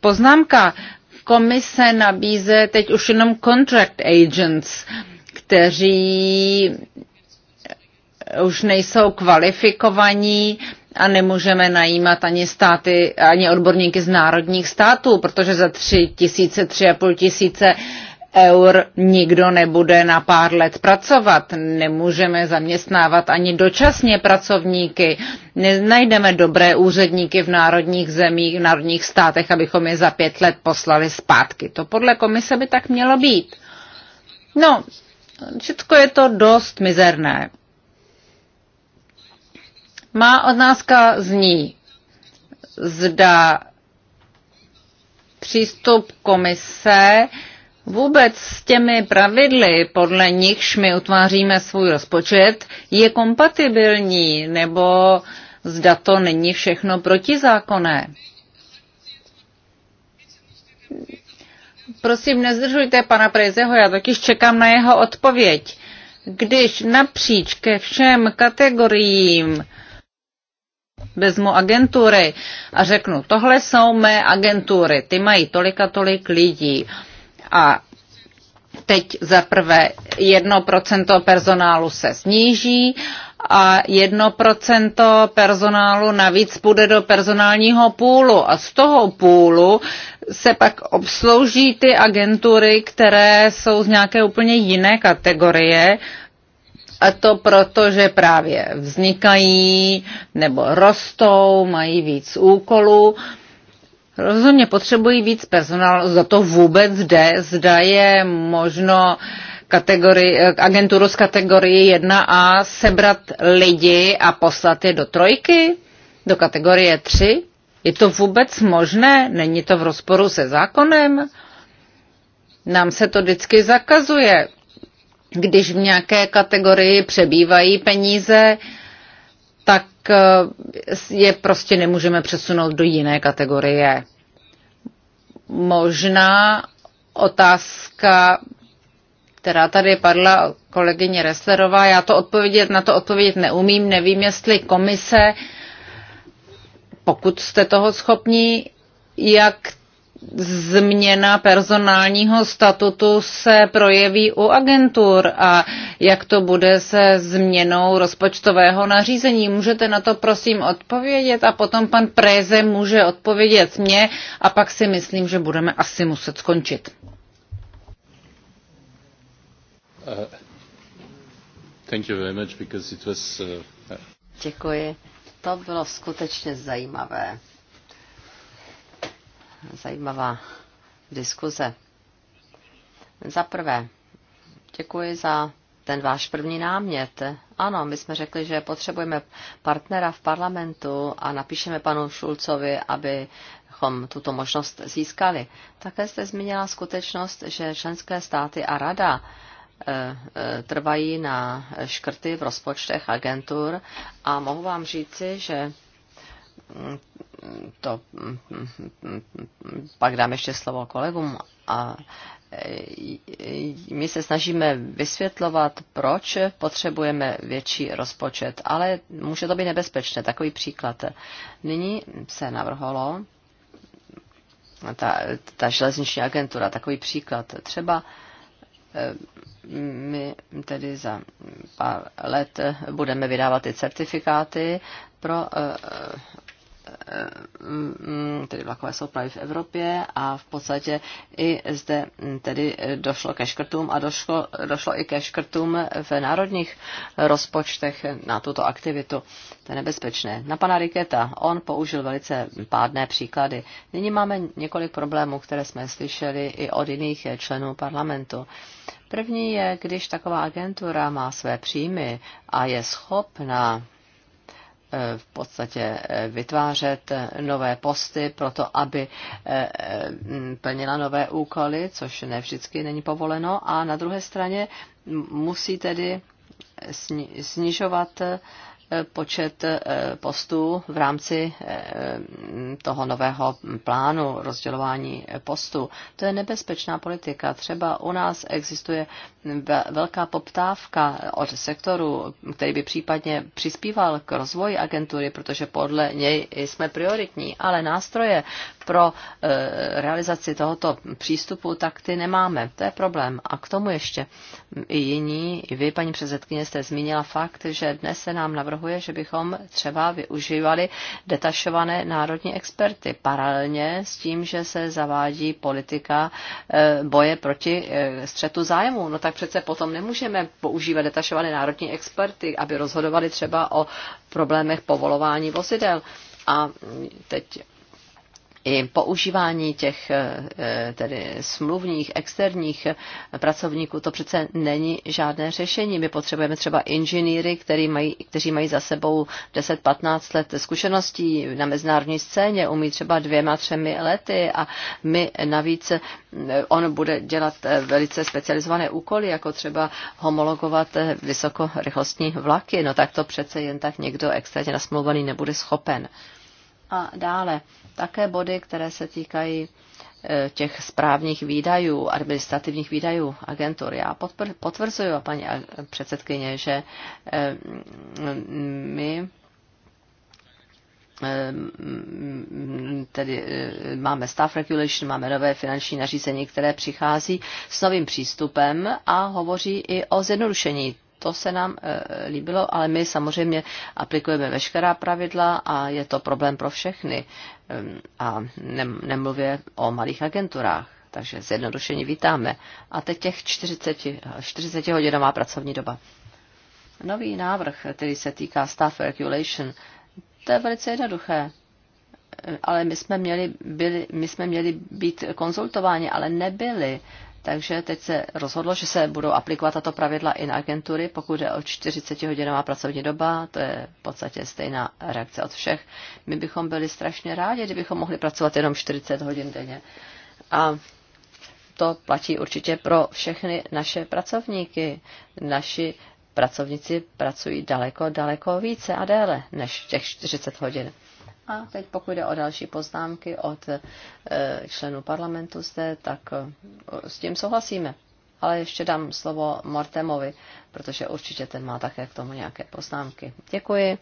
Poznámka, komise nabíze teď už jenom contract agents, kteří už nejsou kvalifikovaní, a nemůžeme najímat ani státy, ani odborníky z národních států, protože za tři tisíce, tři a půl tisíce eur nikdo nebude na pár let pracovat. Nemůžeme zaměstnávat ani dočasně pracovníky. Neznajdeme dobré úředníky v národních zemích, v národních státech, abychom je za pět let poslali zpátky. To podle komise by tak mělo být. No, všechno je to dost mizerné. Má otázka zní, zda přístup komise vůbec s těmi pravidly, podle nichž my utváříme svůj rozpočet, je kompatibilní, nebo zda to není všechno protizákonné. Prosím, nezdržujte pana Prejzeho, já totiž čekám na jeho odpověď. Když napříč ke všem kategoriím vezmu agentury a řeknu, tohle jsou mé agentury, ty mají tolik a tolik lidí. A teď za prvé jedno procento personálu se sníží a jedno procento personálu navíc půjde do personálního půlu a z toho půlu se pak obslouží ty agentury, které jsou z nějaké úplně jiné kategorie, a to proto, že právě vznikají nebo rostou, mají víc úkolů. Rozhodně potřebují víc personálu, za to vůbec jde, zda je možno kategorii, eh, agenturu z kategorie 1A sebrat lidi a poslat je do trojky, do kategorie 3. Je to vůbec možné? Není to v rozporu se zákonem? Nám se to vždycky zakazuje když v nějaké kategorii přebývají peníze, tak eh, je prostě nemůžeme přesunout do jiné kategorie. Možná otázka, která tady padla kolegyně Resslerová, já to odpovědět, na to odpovědět neumím, nevím, jestli komise, pokud jste toho schopní, jak změna personálního statutu se projeví u agentur a jak to bude se změnou rozpočtového nařízení. Můžete na to prosím odpovědět a potom pan Preze může odpovědět mě a pak si myslím, že budeme asi muset skončit. Uh, uh, Děkuji. To bylo skutečně zajímavé zajímavá diskuze. Za prvé, děkuji za ten váš první námět. Ano, my jsme řekli, že potřebujeme partnera v parlamentu a napíšeme panu Šulcovi, abychom tuto možnost získali. Také jste zmínila skutečnost, že členské státy a rada eh, eh, trvají na škrty v rozpočtech agentur a mohu vám říci, že to pak dám ještě slovo kolegům a e, my se snažíme vysvětlovat, proč potřebujeme větší rozpočet, ale může to být nebezpečné. Takový příklad. Nyní se navrhlo ta, ta železniční agentura, takový příklad. Třeba e, my tedy za pár let budeme vydávat ty certifikáty pro e, Eh, tedy vlakové soupravy v Evropě a v podstatě i zde tedy došlo ke škrtům a došlo, došlo i ke škrtům v národních rozpočtech na tuto aktivitu. To je nebezpečné. Na pana Riketa, on použil velice pádné příklady. Nyní máme několik problémů, které jsme slyšeli i od jiných členů parlamentu. První je, když taková agentura má své příjmy a je schopna v podstatě eh, vytvářet eh, nové posty pro to, aby eh, plnila nové úkoly, což ne vždycky není povoleno. A na druhé straně musí tedy snižovat počet eh, postů v rámci eh, toho nového plánu rozdělování postů. To je nebezpečná politika. Třeba u nás existuje velká poptávka od sektoru, který by případně přispíval k rozvoji agentury, protože podle něj jsme prioritní, ale nástroje pro eh, realizaci tohoto přístupu, tak ty nemáme. To je problém. A k tomu ještě mm, i jiní, i vy, paní předsedkyně, jste zmínila fakt, že dnes se nám navrhuje, že bychom třeba využívali detašované národní experty paralelně s tím, že se zavádí politika eh, boje proti eh, střetu zájmu. No tak přece potom nemůžeme používat detašované národní experty, aby rozhodovali třeba o problémech povolování vozidel. A teď i používání těch eh, eh, tedy smluvních, externích pracovníků, to přece není žádné řešení. My potřebujeme třeba inženýry, který mají, kteří mají za sebou 10-15 let zkušeností na mezinárodní scéně, umí třeba dvěma, třemi lety a my navíc eh, on bude dělat velice specializované úkoly, jako třeba homologovat vysokorychlostní vlaky. No tak to přece jen tak někdo externě nasmluvaný nebude schopen a dále také body, které se týkají e, těch správních výdajů, administrativních výdajů agentur. Já potvrzuji, paní předsedkyně, že e, my e, tedy máme staff regulation, máme nové finanční nařízení, které přichází s novým přístupem a hovoří i o zjednodušení to se nám eh, líbilo, ale my samozřejmě aplikujeme veškerá pravidla a je to problém pro všechny. Ehm, a nemluvě o malých agenturách. Takže zjednodušení vítáme. A teď těch 40, 40 hodinová pracovní doba. Nový návrh, který se týká staff regulation, to je velice jednoduché eh, ale my jsme měli, byli, my jsme měli být konzultováni, ale nebyli. Takže teď se rozhodlo, že se budou aplikovat tato pravidla i na agentury, pokud je o 40-hodinová pracovní doba, to je v podstatě stejná reakce od všech. My bychom byli strašně rádi, kdybychom mohli pracovat jenom 40 hodin denně. A to platí určitě pro všechny naše pracovníky. Naši pracovníci pracují daleko, daleko více a déle než těch 40 hodin. A teď pokud jde o další poznámky od eh, členů parlamentu zde, tak eh, s tím souhlasíme. Ale ještě dám slovo Mortemovi, protože určitě ten má také k tomu nějaké poznámky. Děkuji.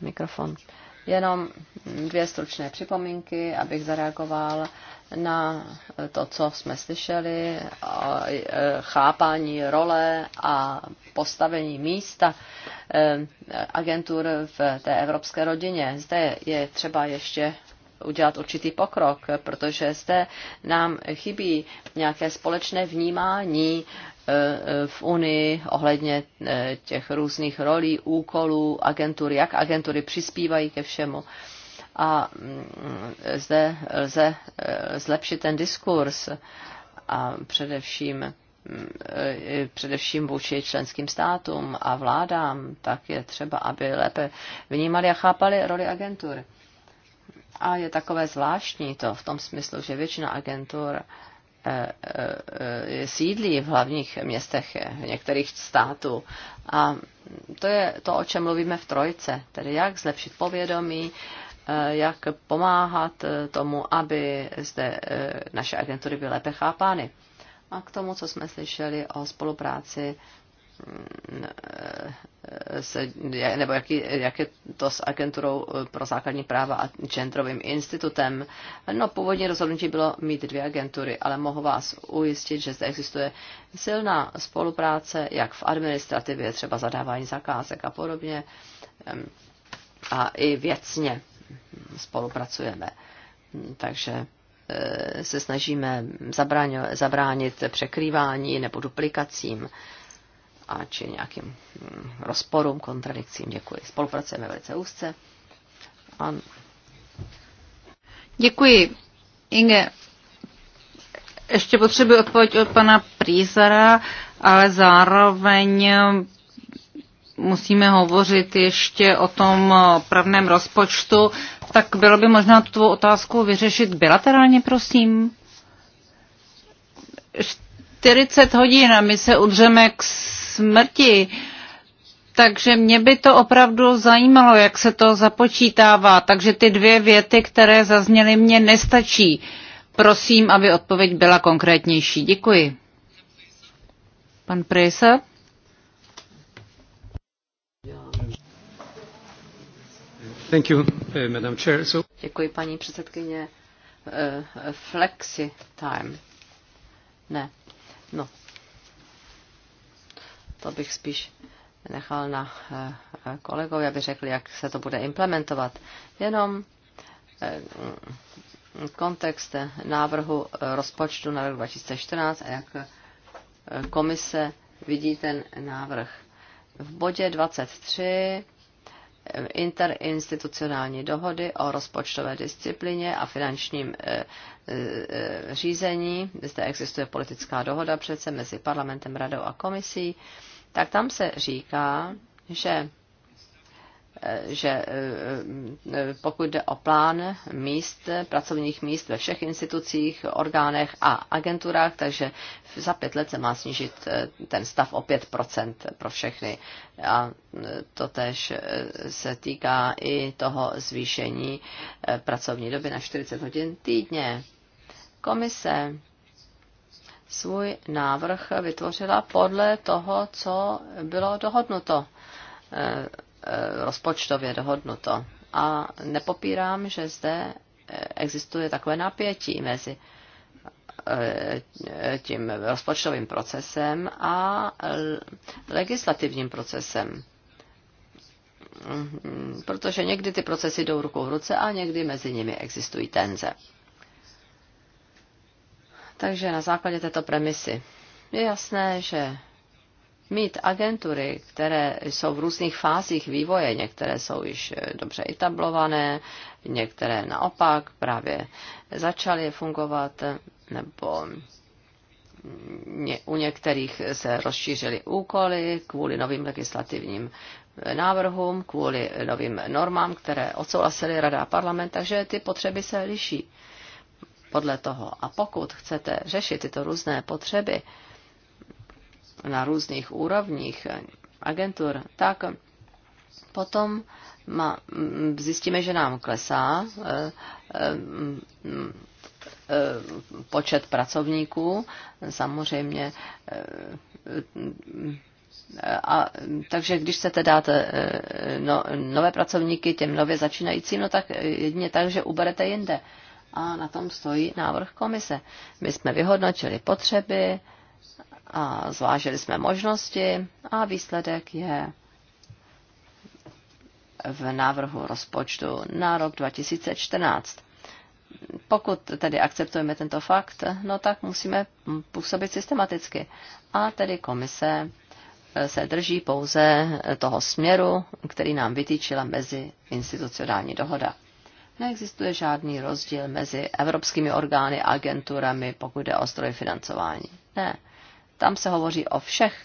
Mikrofon. Uh, Jenom dvě stručné připomínky, abych zareagoval na to, co jsme slyšeli, e, chápání role a postavení místa e, agentur v té evropské rodině. Zde je třeba ještě udělat určitý pokrok, protože zde nám chybí nějaké společné vnímání v Unii ohledně eh, těch různých rolí, úkolů, agentur, jak agentury přispívají ke všemu. A mm, zde lze eh, zlepšit ten diskurs a především mm, eh, především vůči členským státům a vládám, tak je třeba, aby lépe vnímali a chápali roli agentur. A je takové zvláštní to v tom smyslu, že většina agentur eh, Eh, eh, eh, sídlí v hlavních městech některých států. A to je to, o čem mluvíme v trojce, tedy jak zlepšit povědomí, jak pomáhat tomu, aby zde naše agentury byly lépe chápány. A k tomu, co jsme slyšeli o spolupráci mm, se, nebo jaký, jak je to s agenturou eh, pro základní práva a genderovým institutem. No, původní rozhodnutí bylo mít dvě agentury, ale mohu vás ujistit, že zde existuje silná spolupráce, jak v administrativě, třeba zadávání zakázek a podobně. A i věcně spolupracujeme. Takže eh, se snažíme zabránit překrývání nebo duplikacím a či nějakým hm, rozporům, kontradikcím. Děkuji. Spolupracujeme velice úzce. A... Děkuji. Inge, ještě potřebuji odpověď od pana Prízara, ale zároveň musíme hovořit ještě o tom pravném rozpočtu, tak bylo by možná tu tvou otázku vyřešit bilaterálně, prosím. 40 hodin a my se udřeme k smrti. Takže mě by to opravdu zajímalo, jak se to započítává. Takže ty dvě věty, které zazněly, mě nestačí. Prosím, aby odpověď byla konkrétnější. Děkuji. Pan Prejsa? Thank you, eh, Madam Chair. So... Děkuji, paní předsedkyně. Eh, eh, flexi time. Ne. No, to bych spíš nechal na eh, kolegovi, aby řekli, jak se to bude implementovat. Jenom eh, kontext návrhu rozpočtu na rok 2014 a jak eh, komise vidí ten návrh. V bodě 23 interinstitucionální dohody o rozpočtové disciplině a finančním e, e, řízení. Zde existuje politická dohoda přece mezi parlamentem, radou a komisí. Tak tam se říká, že že eh, eh, pokud jde o plán míst, pracovních míst ve všech institucích, orgánech a agenturách, takže za pět let se má snížit eh, ten stav o 5% pro všechny. A to tež se týká i toho zvýšení pracovní doby na 40 hodin týdně. Komise svůj návrh vytvořila podle toho, co bylo dohodnuto Eh, rozpočtově dohodnuto. A nepopírám, že zde eh, existuje takové napětí mezi eh, tím rozpočtovým procesem a legislativním procesem. Mm-hmm. Protože někdy ty procesy jdou rukou v ruce a někdy mezi nimi existují tenze. Takže na základě této premisy je jasné, že mít agentury, které jsou v různých fázích vývoje, některé jsou již eh, dobře etablované, některé naopak právě začaly fungovat, eh, nebo u některých se rozšířily úkoly kvůli novým legislativním eh, návrhům, kvůli novým normám, které odsouhlasily Rada a parlament, takže ty potřeby se liší podle toho. A pokud chcete řešit tyto různé potřeby, na různých úrovních agentur, tak potom ma, zjistíme, že nám klesá e, e, e, počet pracovníků, samozřejmě. A, takže když chcete dát no, nové pracovníky těm nově začínajícím, no tak jedině tak, že uberete jinde. A na tom stojí návrh komise. My jsme vyhodnotili potřeby a zvážili jsme možnosti a výsledek je v návrhu rozpočtu na rok 2014. Pokud tedy akceptujeme tento fakt, no tak musíme působit systematicky. A tedy komise eh, se drží pouze eh, toho směru, který nám vytýčila mezi institucionální dohoda. Neexistuje žádný rozdíl mezi evropskými orgány a agenturami, pokud jde o stroj financování. Ne. Tam se hovoří o všech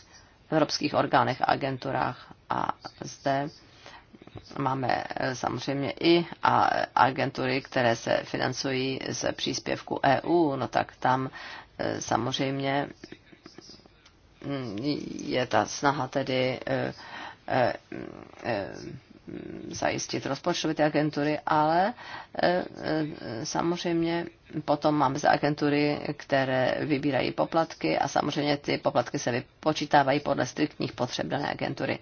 evropských orgánech a agenturách a zde máme eh, samozřejmě i a agentury, které se financují z příspěvku EU, no tak tam eh, samozřejmě mm, je ta snaha tedy eh, mm, zajistit rozpočtové ty agentury, ale e, e, samozřejmě potom máme za agentury, které vybírají poplatky a samozřejmě ty poplatky se vypočítávají podle striktních potřeb dané agentury.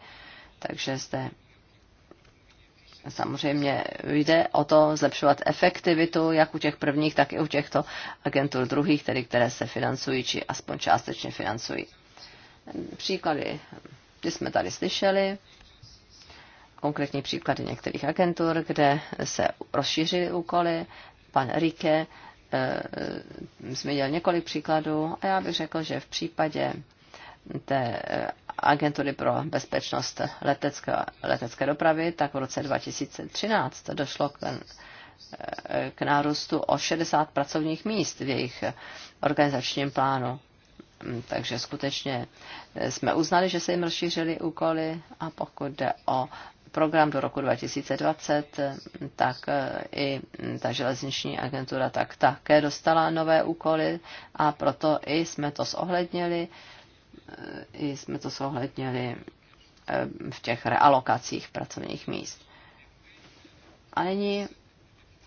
Takže zde samozřejmě jde o to zlepšovat efektivitu jak u těch prvních, tak i u těchto agentur druhých, tedy které se financují či aspoň částečně financují. Příklady, ty jsme tady slyšeli konkrétní příklady některých agentur, kde se rozšířily úkoly. Pan Rike eh, zmínil několik příkladů a já bych řekl, že v případě té eh, agentury pro bezpečnost letecké, letecké dopravy, tak v roce 2013 došlo k, eh, k nárůstu o 60 pracovních míst v jejich organizačním plánu. Mm, takže skutečně jsme uznali, že se jim rozšířily úkoly a pokud jde o program do roku 2020, tak e, i ta železniční agentura tak také dostala nové úkoly a proto i jsme to zohlednili, e, i jsme to zohlednili e, v těch realokacích pracovních míst. A nyní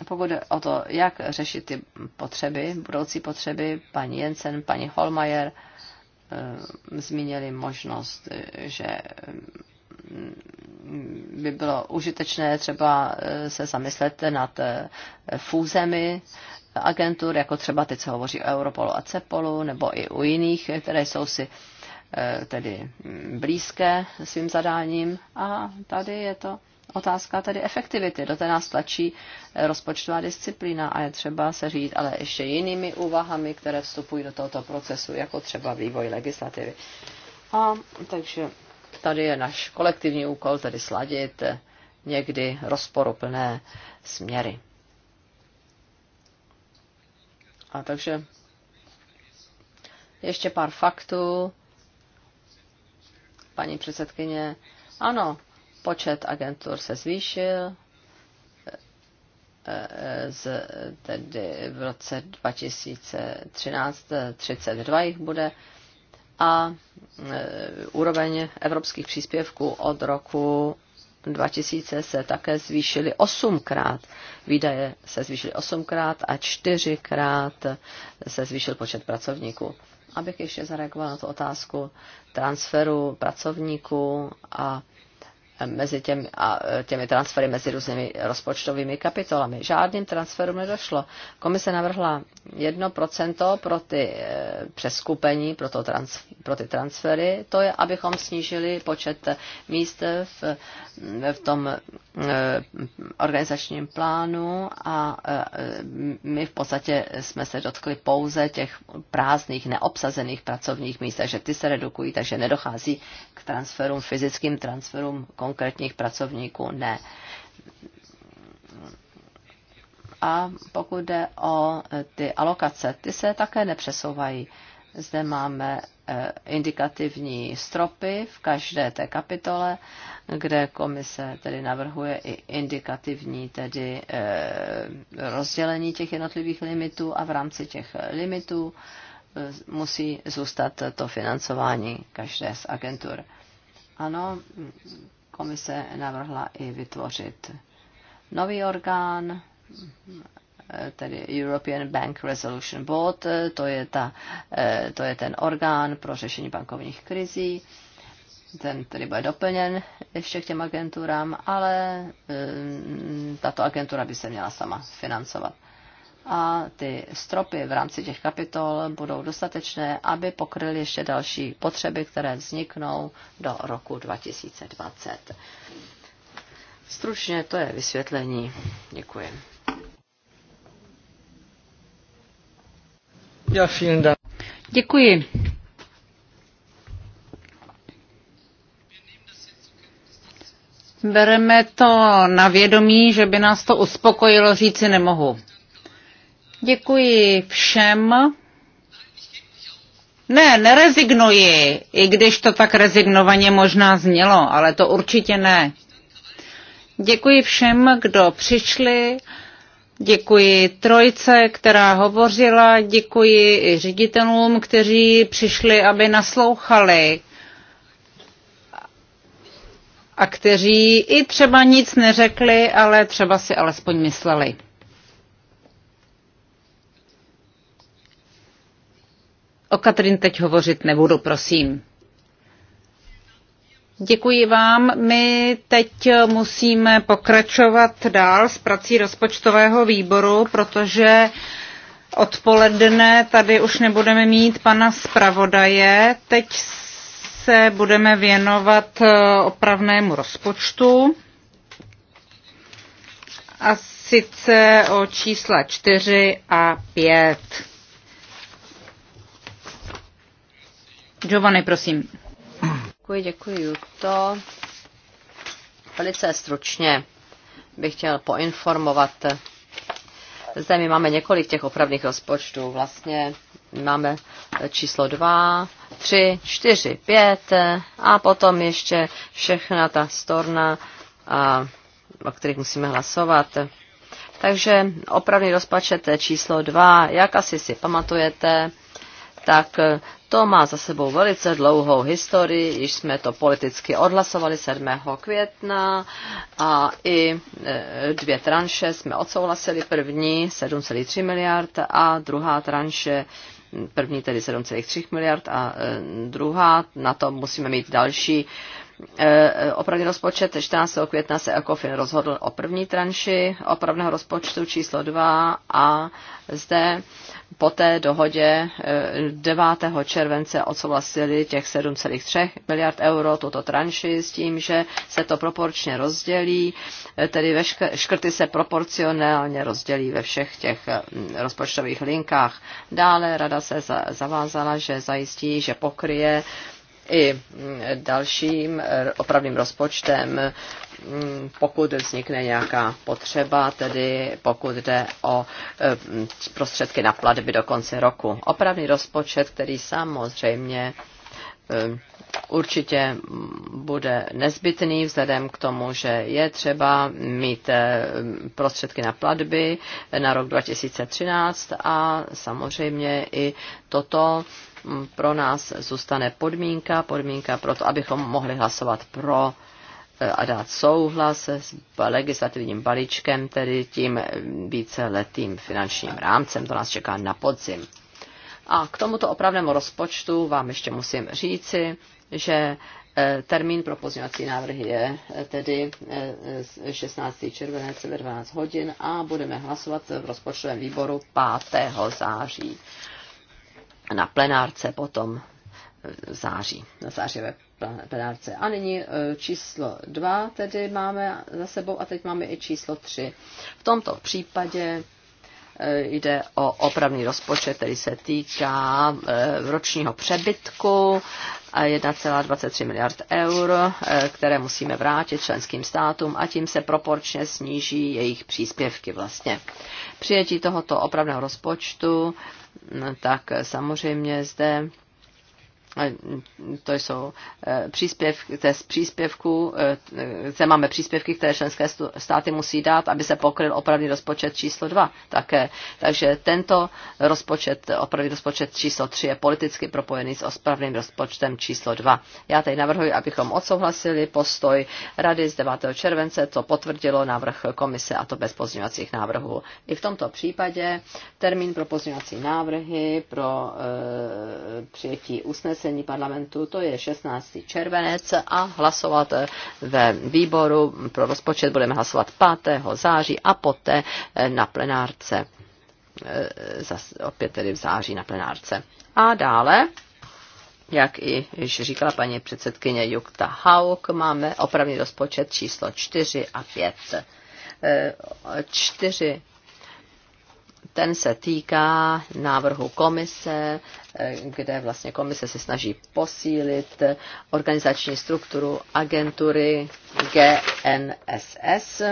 pokud jde o to, jak řešit ty potřeby, budoucí potřeby, paní Jensen, paní Holmajer zmínili možnost, že by bylo užitečné třeba eh, se zamyslet nad eh, fúzemi agentur, jako třeba teď se hovoří o Europolu a Cepolu, nebo i u jiných, které jsou si eh, tedy mm, blízké svým zadáním. A tady je to otázka tedy efektivity. Do té nás tlačí rozpočtová disciplína a je třeba se říct, ale ještě jinými úvahami, které vstupují do tohoto procesu, jako třeba vývoj legislativy. A takže tady je náš kolektivní úkol, tedy sladit někdy rozporuplné směry. A takže ještě pár faktů. Paní předsedkyně, ano, počet agentur se zvýšil eh, eh, z, tedy v roce 2013 32 jich bude a e, úroveň evropských příspěvků od roku 2000 se také zvýšily osmkrát. Výdaje se zvýšily osmkrát a čtyřikrát se zvýšil počet pracovníků. Abych ještě zareagovala na tu otázku transferu pracovníků a mezi těmi, a, e, těmi transfery mezi různými rozpočtovými kapitolami. Žádným transferům nedošlo. Komise navrhla 1% pro ty e, přeskupení, pro, to trans, pro ty transfery. To je, abychom snížili počet míst v, v tom e, organizačním plánu a my v podstatě jsme se dotkli pouze těch prázdných, neobsazených pracovních míst, takže ty se redukují, takže nedochází k transferům, fyzickým transferům konkrétních pracovníků ne. A pokud jde o e, ty alokace, ty se také nepřesouvají. Zde máme e, indikativní stropy v každé té kapitole, kde komise tedy navrhuje i indikativní tedy e, rozdělení těch jednotlivých limitů a v rámci těch limitů musí zůstat to financování každé z agentur. Ano, komise navrhla i vytvořit nový orgán, tedy European Bank Resolution Board, to je, ta, to je ten orgán pro řešení bankovních krizí, ten tedy bude doplněn ještě k těm agenturám, ale mm, tato agentura by se měla sama financovat a ty stropy v rámci těch kapitol budou dostatečné, aby pokryly ještě další potřeby, které vzniknou do roku 2020. Stručně to je vysvětlení. Děkuji. Ja, vielen Dank. Děkuji. Bereme to na vědomí, že by nás to uspokojilo, říci nemohu. Děkuji všem. Ne, nerezignuji, i když to tak rezignovaně možná znělo, ale to určitě ne. Děkuji všem, kdo přišli. Děkuji trojce, která hovořila, děkuji i ředitelům, kteří přišli, aby naslouchali a kteří i třeba nic neřekli, ale třeba si alespoň mysleli. O Katrin teď hovořit nebudu, prosím. Děkuji vám. My teď musíme pokračovat dál s prací rozpočtového výboru, protože odpoledne tady už nebudeme mít pana zpravodaje. Teď se budeme věnovat eh, opravnému rozpočtu a sice o čísla 4 a 5. Giovanni, prosím. Děkuji, děkuji, to. Velice stručně bych chtěl poinformovat. Zde my máme několik těch opravných rozpočtů. Vlastně máme číslo 2, 3, 4, 5 a potom ještě všechna ta storna, a, o kterých musíme hlasovat. Takže opravný rozpočet číslo 2, jak asi si pamatujete, tak to má za sebou velice dlouhou historii, již jsme to politicky odhlasovali 7. května a i e, dvě tranše jsme odsouhlasili, první 7,3 miliard a druhá tranše první tedy 7,3 miliard a e, druhá, na to musíme mít další E, e, opravný rozpočet 14. května se ECOFIN rozhodl o první tranši opravného rozpočtu číslo 2 a zde po té dohodě 9. E, července odsouhlasili těch 7,3 miliard euro tuto tranši s tím, že se to proporčně rozdělí, tedy škrty se proporcionálně rozdělí ve všech těch rozpočtových linkách. Dále rada se zavázala, že zajistí, že pokryje i dalším opravným rozpočtem, mm, pokud vznikne nějaká potřeba, tedy pokud jde o e, prostředky na platby do konce roku. Opravný rozpočet, který samozřejmě e, určitě bude nezbytný vzhledem k tomu, že je třeba mít eh, prostředky na platby na rok 2013 a samozřejmě i toto mm, pro nás zůstane podmínka, podmínka pro to, abychom mohli hlasovat pro eh, a dát souhlas s legislativním balíčkem, tedy tím víceletým finančním rámcem. To nás čeká na podzim. A k tomuto opravnému rozpočtu vám ještě musím říci, že eh, termín pro pozměňovací návrhy je eh, tedy 16. Eh, červenec ve 12 hodin a budeme hlasovat v rozpočtovém výboru 5. září na plenárce potom v září, na zářivé plenárce. A nyní číslo 2 tedy máme za sebou a teď máme i číslo 3. V tomto případě Eh, jde o opravný rozpočet, který se týká eh, ročního přebytku 1,23 miliard eur, eh, které musíme vrátit členským státům a tím se proporčně sníží jejich příspěvky vlastně. Přijetí tohoto opravného rozpočtu, tak samozřejmě zde to jsou eh, příspěvky, z příspěvku, eh, zde máme příspěvky, které členské státy musí dát, aby se pokryl opravný rozpočet číslo 2 také. Takže tento rozpočet, opravný rozpočet číslo 3 je politicky propojený s opravným rozpočtem číslo 2. Já tady navrhuji, abychom odsouhlasili postoj Rady z 9. července, to potvrdilo návrh komise a to bez pozměňovacích návrhů. I v tomto případě termín pro pozměňovací návrhy pro e, přijetí usnesení usnesení parlamentu, to je 16. červenec a hlasovat ve výboru pro rozpočet budeme hlasovat 5. září a poté eh, na plenárce, eh, zase opět tedy v září na plenárce. A dále jak i již říkala paní předsedkyně Jukta Hauk, máme opravný rozpočet číslo 4 a 5. 4 eh, ten se týká návrhu komise, eh, kde vlastně komise se snaží posílit organizační strukturu agentury GNSS.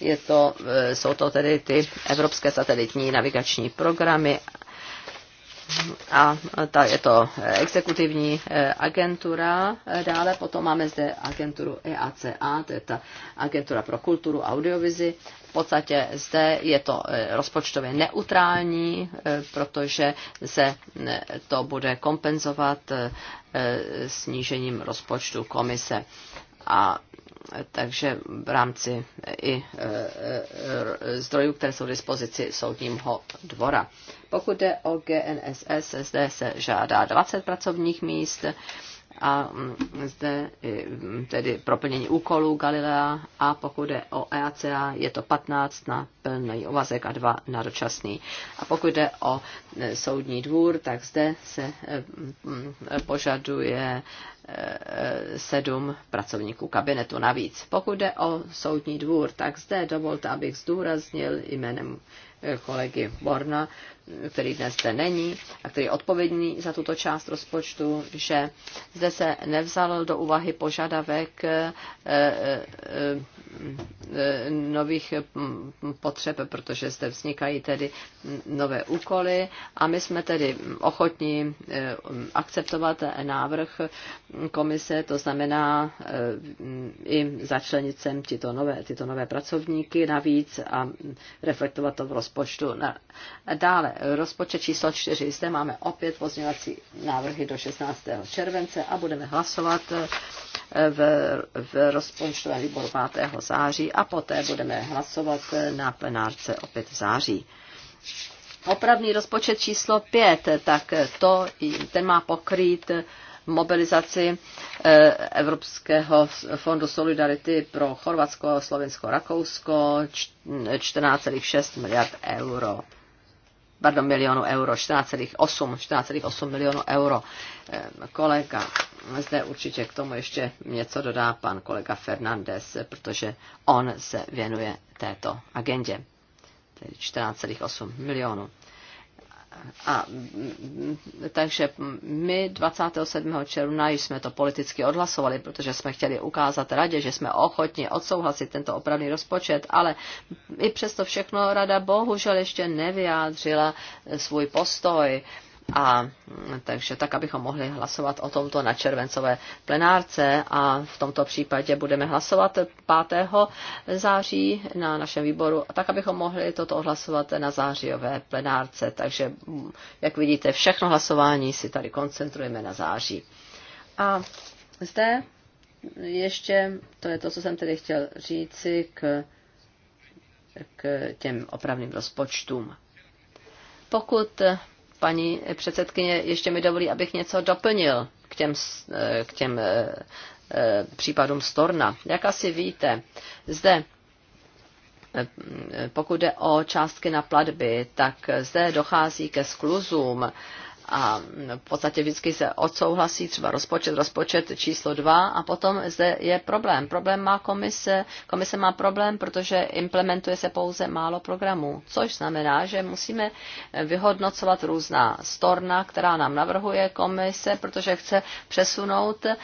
Je to, eh, jsou to tedy ty evropské satelitní navigační programy a ta je to exekutivní eh, agentura. Dále potom máme zde agenturu EACA, to je ta agentura pro kulturu audiovizi. V podstatě zde je to eh, rozpočtově neutrální, eh, protože se to bude kompenzovat snížením rozpočtu komise. A takže v rámci i e, e, e, zdrojů, které jsou v dispozici soudního dvora. Pokud jde o GNSS, zde se žádá 20 pracovních míst a mm, zde mm, tedy proplnění úkolů Galilea a pokud jde o EACA, je to 15 na plný uvazek a 2 na dočasný. A pokud jde o soudní dvůr, tak zde se mm, požaduje sedm pracovníků kabinetu navíc. Pokud jde o soudní dvůr, tak zde dovolte, abych zdůraznil jménem kolegy Borna který dnes zde není a který je odpovědný za tuto část rozpočtu, že zde se nevzal do úvahy požadavek eh, eh, eh, nových mm, potřeb, protože zde vznikají tedy nové úkoly a my jsme tedy ochotní akceptovat návrh komise, to znamená i začlenit sem tyto nové, tyto nové pracovníky navíc a reflektovat to v rozpočtu. Dále rozpočet číslo 4. Zde máme opět pozměňovací návrhy do 16. července a budeme hlasovat eh, v, v rozpočtovém výboru 5. září a poté budeme hlasovat eh, na plenárce opět v září. Opravný rozpočet číslo 5, tak eh, to, ten má pokrýt mobilizaci Evropského fondu Solidarity pro Chorvatsko, Slovensko, Rakousko 14,6 miliard euro pardon, milionů euro, 14,8, 14,8 milionů euro. Ehm, kolega, zde určitě k tomu ještě něco dodá pan kolega Fernandez, protože on se věnuje této agendě, tedy 14,8 milionů. A, takže my 27. června jsme to politicky odhlasovali, protože jsme chtěli ukázat radě, že jsme ochotni odsouhlasit tento opravný rozpočet, ale i přesto všechno rada bohužel ještě nevyjádřila svůj postoj. Uh, a takže tak, abychom mohli hlasovat o tomto na červencové plenárce a v tomto případě budeme hlasovat 5. září na našem výboru, a tak, abychom mohli toto hlasovat na zářijové plenárce. Takže, jak vidíte, všechno hlasování si tady koncentrujeme na září. A zde ještě, to je to, co jsem tedy chtěl říci k, k těm opravným rozpočtům. Pokud Paní předsedkyně ještě mi dovolí, abych něco doplnil k těm, eh, k těm eh, eh, případům Storna. Jak asi víte, zde pokud jde o částky na platby, tak zde dochází ke skluzům a v podstatě vždycky se odsouhlasí třeba rozpočet, rozpočet číslo dva, a potom zde je problém. Problém má komise, komise má problém, protože implementuje se pouze málo programů, což znamená, že musíme vyhodnocovat různá storna, která nám navrhuje komise, protože chce přesunout eh,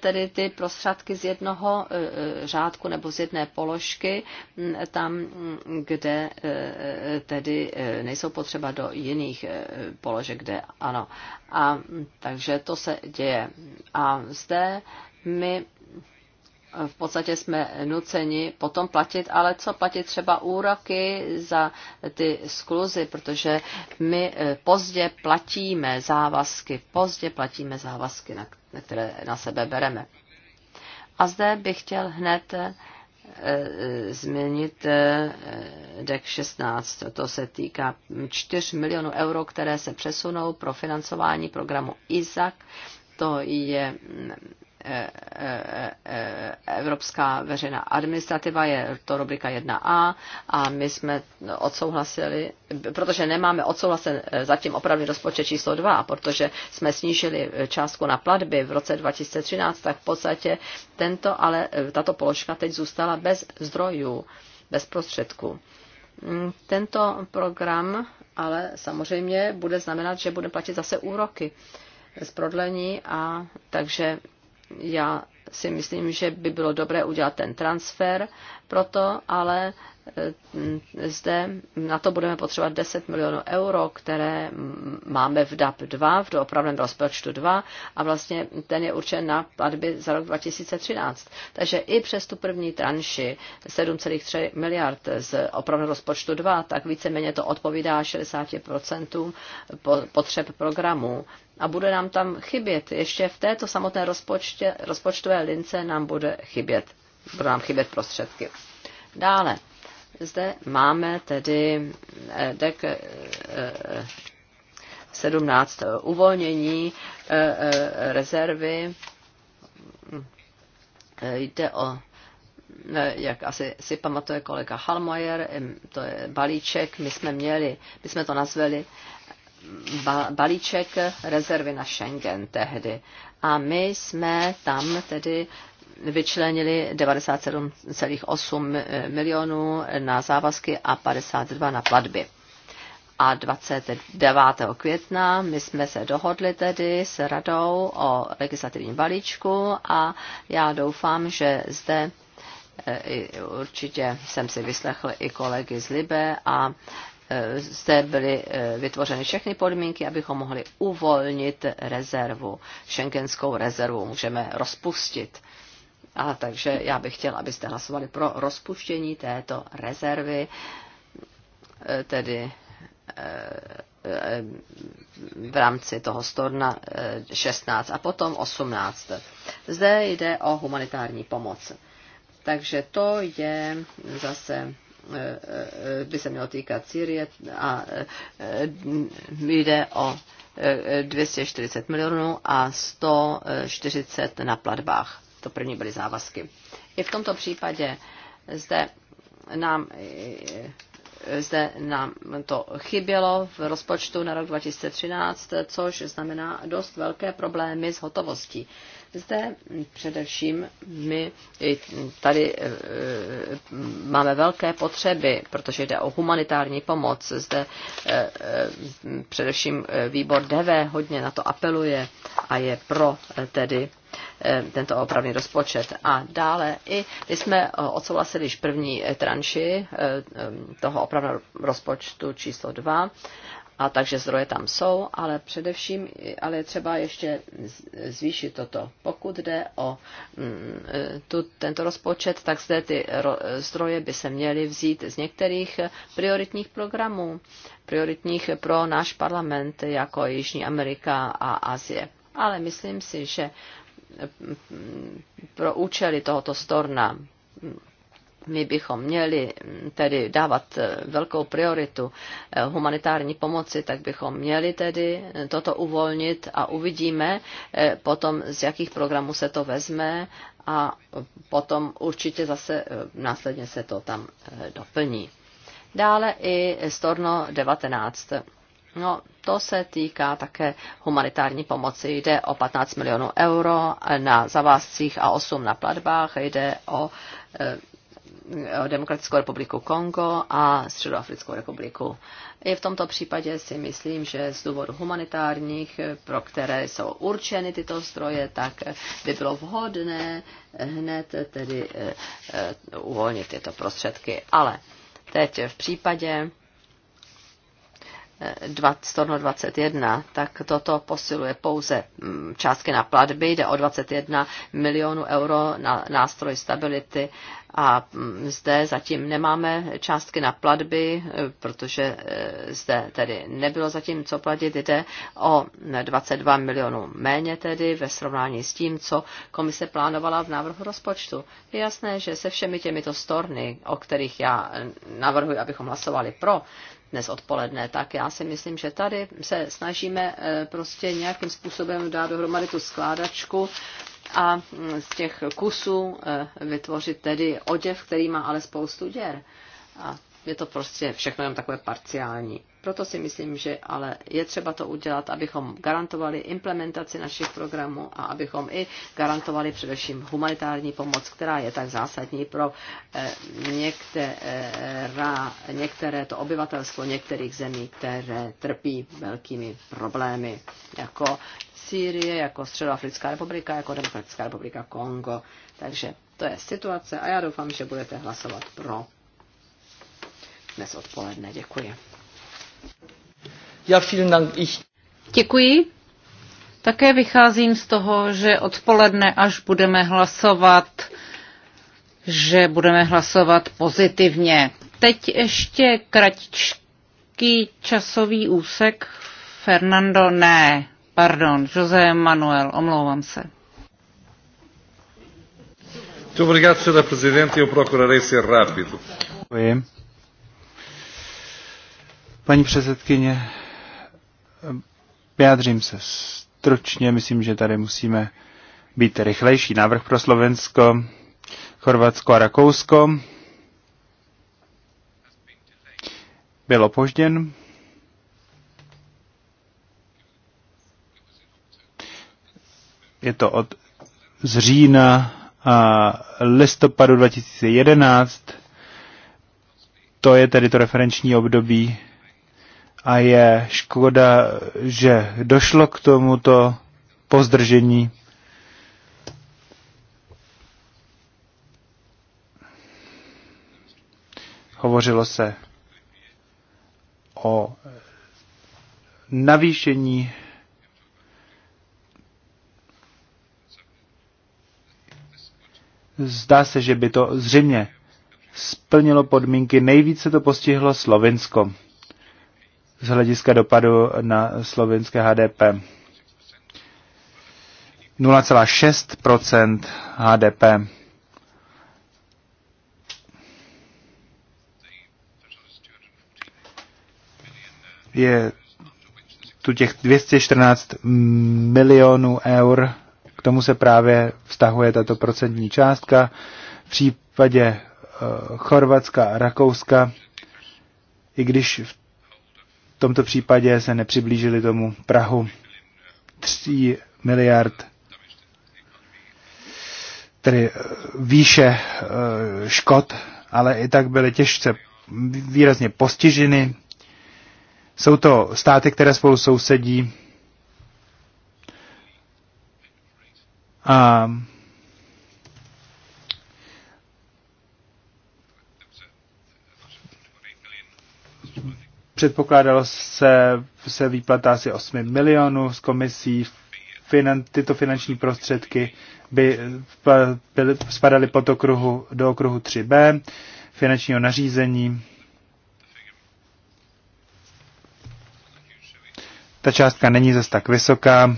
tedy ty prostředky z jednoho eh, eh, řádku nebo z jedné položky mm, tam, mm, kde tedy nejsou potřeba do jiných položek, kde ano. A, takže to se děje. A zde my v podstatě jsme nuceni potom platit, ale co platit třeba úroky za ty skluzy, protože my e, pozdě platíme závazky, pozdě platíme závazky, na které na sebe bereme. A zde bych chtěl hned Eh, změnit eh, DEC 16. To se týká 4 milionů euro, které se přesunou pro financování programu ISAC. To je mm, Eh, eh, eh, Evropská veřejná administrativa, je to rubrika 1a a my jsme odsouhlasili, protože nemáme odsouhlasen zatím opravdu rozpočet číslo 2, protože jsme snížili částku na platby v roce 2013, tak v podstatě tento, ale tato položka teď zůstala bez zdrojů, bez prostředků. Mm, tento program ale samozřejmě bude znamenat, že bude platit zase úroky z prodlení a takže já si myslím, že by bylo dobré udělat ten transfer proto, ale Eh, zde na to budeme potřebovat 10 milionů euro, které máme v DAP 2, v opravném rozpočtu 2 a vlastně ten je určen na platby za rok 2013. Takže i přes tu první tranši 7,3 miliard z opravného rozpočtu 2, tak víceméně to odpovídá 60% potřeb programu a bude nám tam chybět. Ještě v této samotné rozpočtě, rozpočtové lince nám bude chybět, bude nám chybět prostředky. Dále zde máme tedy eh, dek 17 eh, eh, uvolnění rezervy. Jde o jak asi si pamatuje kolega Halmoyer, to je balíček, my jsme měli, my jsme to nazvali mm, balíček rezervy na Schengen tehdy. A my jsme tam tedy vyčlenili 97,8 milionů na závazky a 52 na platby. A 29. května my jsme se dohodli tedy s radou o legislativním balíčku a já doufám, že zde e, určitě jsem si vyslechl i kolegy z Libe a e, zde byly e, vytvořeny všechny podmínky, abychom mohli uvolnit rezervu, šengenskou rezervu, můžeme rozpustit. A takže já bych chtěl, abyste hlasovali pro rozpuštění této rezervy, e, tedy e, e, v rámci toho storna 16 a potom 18. Zde jde o humanitární pomoc. Takže to je zase by se mělo týkat Syrie a jde o 240 milionů a 140 na platbách to první byly závazky. I v tomto případě zde nám zde nám to chybělo v rozpočtu na rok 2013, což znamená dost velké problémy s hotovostí. Zde především my tady e, e, máme velké potřeby, protože jde o humanitární pomoc. Zde e, především výbor DV hodně na to apeluje a je pro tedy Eh, tento opravný rozpočet. A dále i my jsme odsouhlasili již první eh, tranši eh, toho opravného rozpočtu číslo 2 a takže zdroje tam jsou, ale především ale je třeba ještě zvýšit toto. Pokud jde o mm, tu, tento rozpočet, tak zde ty zdroje by se měly vzít z některých prioritních programů, prioritních pro náš parlament, jako Jižní Amerika a Asie. Ale myslím si, že pro účely tohoto storna my bychom měli tedy dávat velkou prioritu humanitární pomoci, tak bychom měli tedy toto uvolnit a uvidíme potom, z jakých programů se to vezme a potom určitě zase následně se to tam doplní. Dále i Storno 19. No, to se týká také humanitární pomoci. Jde o 15 milionů euro na zavázcích a 8 na platbách. Jde o, eh, o Demokratickou republiku Kongo a Středoafrickou republiku. I v tomto případě si myslím, že z důvodu humanitárních, pro které jsou určeny tyto stroje, tak by bylo vhodné hned tedy eh, eh, uvolnit tyto prostředky. Ale teď v případě 2021, tak toto posiluje pouze mm, částky na platby, jde o 21 milionů euro na nástroj stability a mm, zde zatím nemáme částky na platby, e, protože e, zde tedy nebylo zatím co platit, jde o 22 milionů méně tedy ve srovnání s tím, co komise plánovala v návrhu rozpočtu. Je jasné, že se všemi těmito storny, o kterých já navrhuji, abychom hlasovali pro, dnes odpoledne, tak já si myslím, že tady se snažíme eh, prostě nějakým způsobem dát dohromady tu skládačku a mm, z těch kusů eh, vytvořit tedy oděv, který má ale spoustu děr. A je to prostě všechno jen takové parciální. Proto si myslím, že ale je třeba to udělat, abychom garantovali implementaci našich programů a abychom i garantovali především humanitární pomoc, která je tak zásadní pro eh, některá, některé to obyvatelstvo některých zemí, které trpí velkými problémy, jako Sýrie, jako Středoafrická republika, jako Demokratická republika Kongo. Takže to je situace a já doufám, že budete hlasovat pro dnes odpoledne. Děkuji. Ja, Děkuji. Také vycházím z toho, že odpoledne, až budeme hlasovat, že budeme hlasovat pozitivně. Teď ještě kratičký časový úsek. Fernando, ne, pardon, José Manuel, omlouvám se. Muito obrigado, Sr. Presidente. Eu procurarei ser rápido. Oi. Paní předsedkyně, vyjádřím se stručně, myslím, že tady musíme být rychlejší. Návrh pro Slovensko, Chorvatsko a Rakousko byl opožděn. Je to od z října a listopadu 2011. To je tedy to referenční období a je škoda, že došlo k tomuto pozdržení. Hovořilo se o navýšení Zdá se, že by to zřejmě splnilo podmínky. Nejvíce to postihlo Slovinsko z hlediska dopadu na slovinské HDP. 0,6 HDP. Je tu těch 214 milionů eur, k tomu se právě vztahuje tato procentní částka. V případě eh, Chorvatska a Rakouska, i když v v tomto případě se nepřiblížili tomu Prahu 3 miliard tedy eh, výše eh, škod, ale i tak byly těžce výrazně postiženy. Jsou to státy, které spolu sousedí. A Předpokládalo se, se výplata asi 8 milionů z komisí. Finan, tyto finanční prostředky by eh, byly, spadaly pod okruhu, do okruhu 3b finančního nařízení. Ta částka není zase tak vysoká,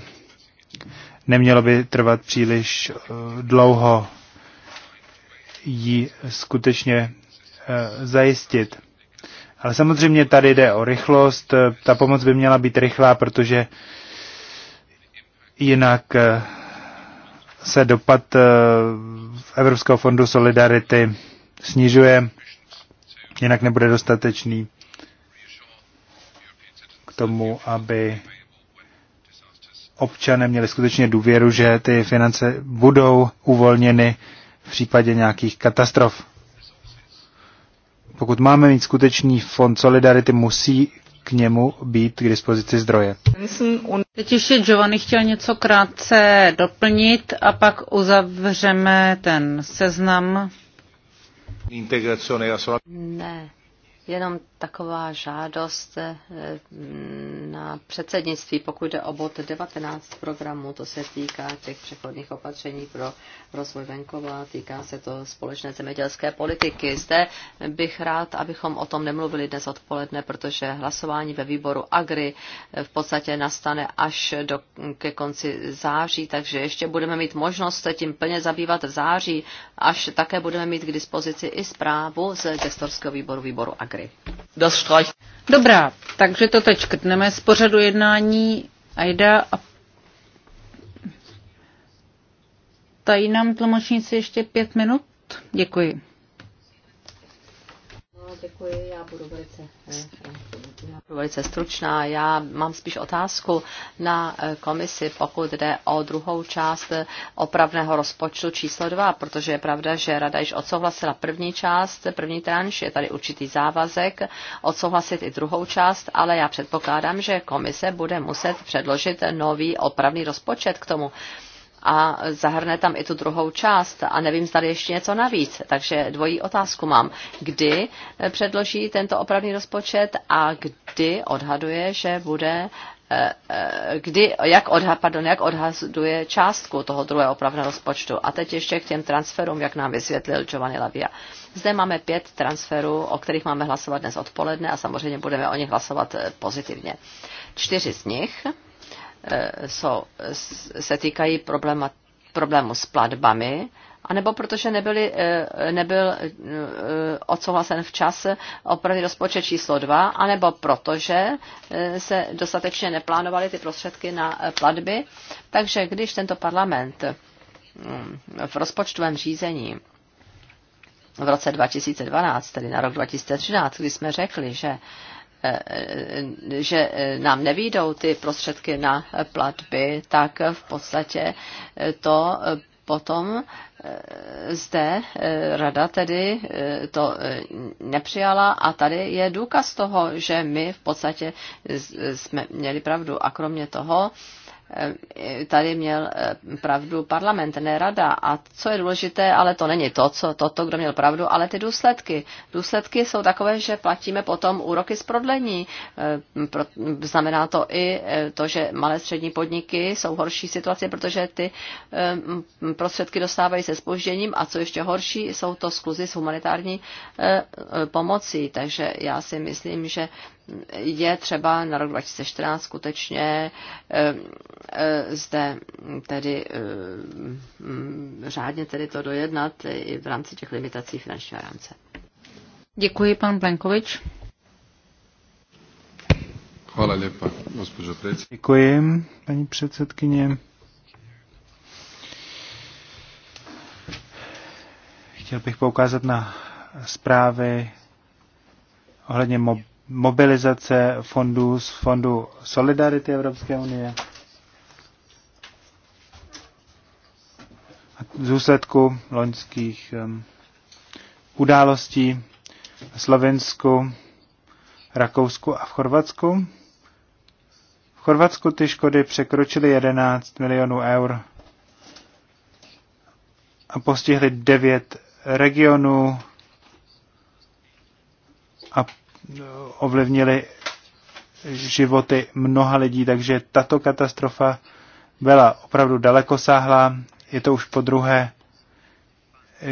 nemělo by trvat příliš eh, dlouho ji skutečně eh, zajistit. Ale samozřejmě tady jde o rychlost. Ta pomoc by měla být rychlá, protože jinak eh, se dopad eh, Evropského fondu Solidarity snižuje, jinak nebude dostatečný k tomu, aby občané měli skutečně důvěru, že ty finance budou uvolněny v případě nějakých katastrof pokud máme mít skutečný fond solidarity, musí k němu být k dispozici zdroje. Teď ještě Giovanni chtěl něco krátce doplnit a pak uzavřeme ten seznam. Ne, jenom taková žádost eh, na předsednictví, pokud jde o bod 19 programu, to se týká těch přechodných opatření pro rozvoj venkova, týká se to společné zemědělské politiky. Zde bych rád, abychom o tom nemluvili dnes odpoledne, protože hlasování ve výboru Agri eh, v podstatě nastane až do, ke konci září, takže ještě budeme mít možnost se tím plně zabývat v září, až také budeme mít k dispozici i zprávu z gestorského výboru výboru Agri. Das Dobrá, takže to teď škrtneme z pořadu jednání Ajda a Tají nám tlumočníci ještě pět minut? Děkuji. No, děkuji, já budu velice. Eh, eh, Velice stručná. Já mám spíš otázku na eh, komisi, pokud jde o druhou část eh, opravného rozpočtu číslo 2, protože je pravda, že Rada již odsouhlasila první část, první tranš, je tady určitý závazek odsouhlasit i druhou část, ale já předpokládám, že komise bude muset předložit nový opravný rozpočet k tomu a zahrne tam i tu druhou část a nevím, zda ještě něco navíc. Takže dvojí otázku mám. Kdy eh, předloží tento opravný rozpočet a kdy odhaduje, že bude eh, eh, kdy, jak, odha, pardon, jak odhazuje částku toho druhého opravného rozpočtu. A teď ještě k těm transferům, jak nám vysvětlil Giovanni Lavia. Zde máme pět transferů, o kterých máme hlasovat dnes odpoledne a samozřejmě budeme o nich hlasovat pozitivně. Čtyři z nich Eh, jsou, se týkají problema, problému s platbami, anebo protože nebyli, eh, nebyl eh, odsouhlasen včas opravdu rozpočet číslo 2, anebo protože se dostatečně neplánovaly ty prostředky na platby. Takže když tento parlament mm, v rozpočtovém řízení v roce 2012, tedy na rok 2013, kdy jsme řekli, že Eh, že eh, nám nevídou ty prostředky na platby, tak v podstatě eh, to potom zde rada tedy to nepřijala a tady je důkaz toho, že my v podstatě jsme měli pravdu. A kromě toho Eh, tady měl eh, pravdu parlament, ne rada. A co je důležité, ale to není to, co, toto, kdo měl pravdu, ale ty důsledky. Důsledky jsou takové, že platíme potom úroky z prodlení. Eh, znamená to i to, že malé střední podniky jsou v horší situaci, protože ty prostředky dostávají se spožděním a co ještě horší, jsou to skluzy s humanitární pomocí. Takže já si myslím, že je třeba na rok 2014 skutečně eh, eh, zde tedy eh, mm, řádně tedy to dojednat i v rámci těch limitací finančního rámce. Děkuji, pan Blenkovič. Hvala lepa, gospođo predsjednice. Děkuji, paní předsedkyně. Chtěl bych poukázat na zprávy ohledně mob- mobilizace fondů z Fondu Solidarity Evropské unie. V důsledku loňských um, událostí v Slovensku, Rakousku a v Chorvatsku. V Chorvatsku ty škody překročily 11 milionů eur a postihly 9 regionů a ovlivnili životy mnoha lidí, takže tato katastrofa byla opravdu dalekosáhlá. Je to už po druhé,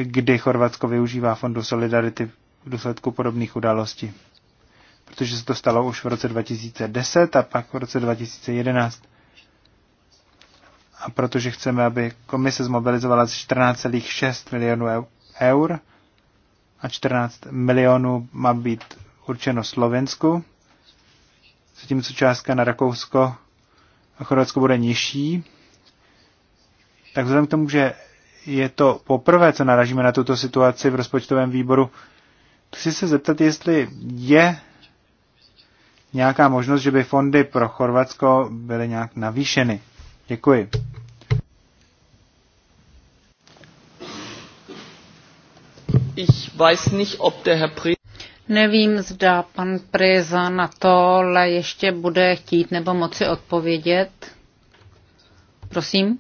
kdy Chorvatsko využívá Fondu Solidarity v důsledku podobných událostí. Protože se to stalo už v roce 2010 a pak v roce 2011. A protože chceme, aby komise zmobilizovala 14,6 milionů eur a 14 milionů má být určeno Slovensku, zatímco částka na Rakousko a Chorvatsko bude nižší. Tak vzhledem k tomu, že je to poprvé, co narážíme na tuto situaci v rozpočtovém výboru, chci se zeptat, jestli je nějaká možnost, že by fondy pro Chorvatsko byly nějak navýšeny. Děkuji. Ich weiß nicht, ob der Herr Pre Nevím, zda pan Preza na tohle ještě bude chtít nebo moci odpovědět. Prosím.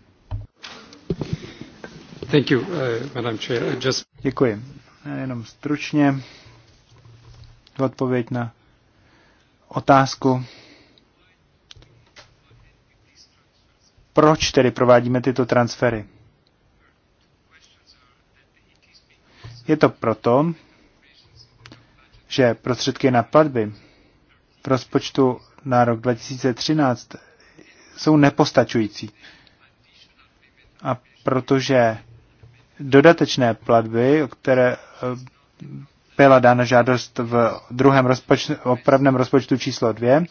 Thank you, uh, Madam Chair. Uh, just... Děkuji. Jenom stručně odpověď na otázku, proč tedy provádíme tyto transfery. Je to proto, že prostředky na platby v rozpočtu na rok 2013 jsou nepostačující. A protože dodatečné platby, o které eh, byla dána žádost v druhém rozpočtu, opravném rozpočtu číslo dvě,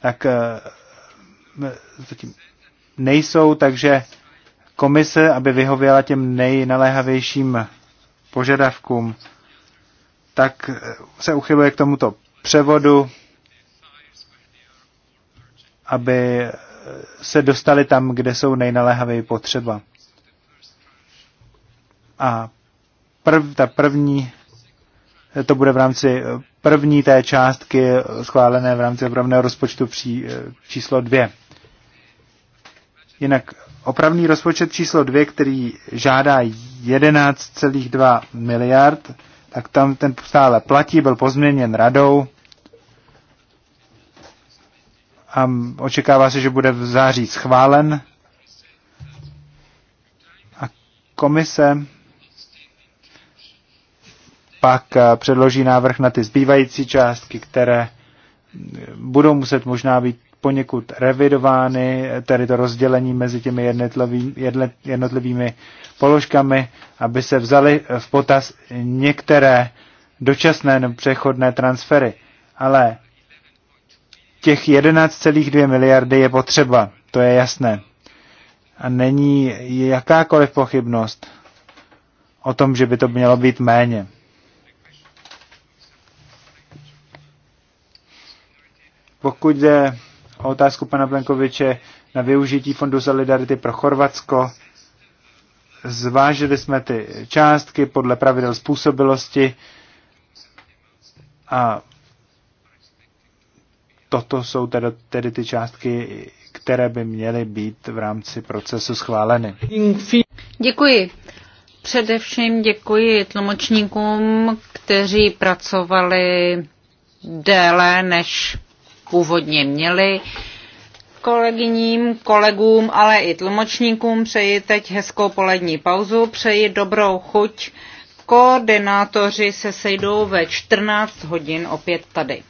tak eh, zatím nejsou, takže komise, aby vyhověla těm nejnaléhavějším požadavkům, tak se uchyluje k tomuto převodu, aby se dostali tam, kde jsou nejnaléhavěji potřeba. A prv, ta první, to bude v rámci první té částky schválené v rámci opravného rozpočtu pří, číslo dvě. Jinak opravný rozpočet číslo dvě, který žádá 11,2 miliard, tak tam ten stále platí, byl pozměněn radou a očekává se, že bude v září schválen. A komise pak eh, předloží návrh na ty zbývající částky, které budou muset možná být poněkud revidovány, tedy to rozdělení mezi těmi jednotlivými, položkami, aby se vzaly v potaz některé dočasné nebo přechodné transfery. Ale těch 11,2 miliardy je potřeba, to je jasné. A není jakákoliv pochybnost o tom, že by to mělo být méně. Pokud jde otázku pana Plenkoviče na využití Fondu Solidarity pro Chorvatsko. Zvážili jsme ty částky podle pravidel způsobilosti a toto jsou tedy, tedy ty částky, které by měly být v rámci procesu schváleny. Děkuji. Především děkuji tlumočníkům, kteří pracovali déle než původně měli. Kolegyním, kolegům, ale i tlumočníkům přeji teď hezkou polední pauzu, přeji dobrou chuť. Koordinátoři se sejdou ve 14 hodin opět tady.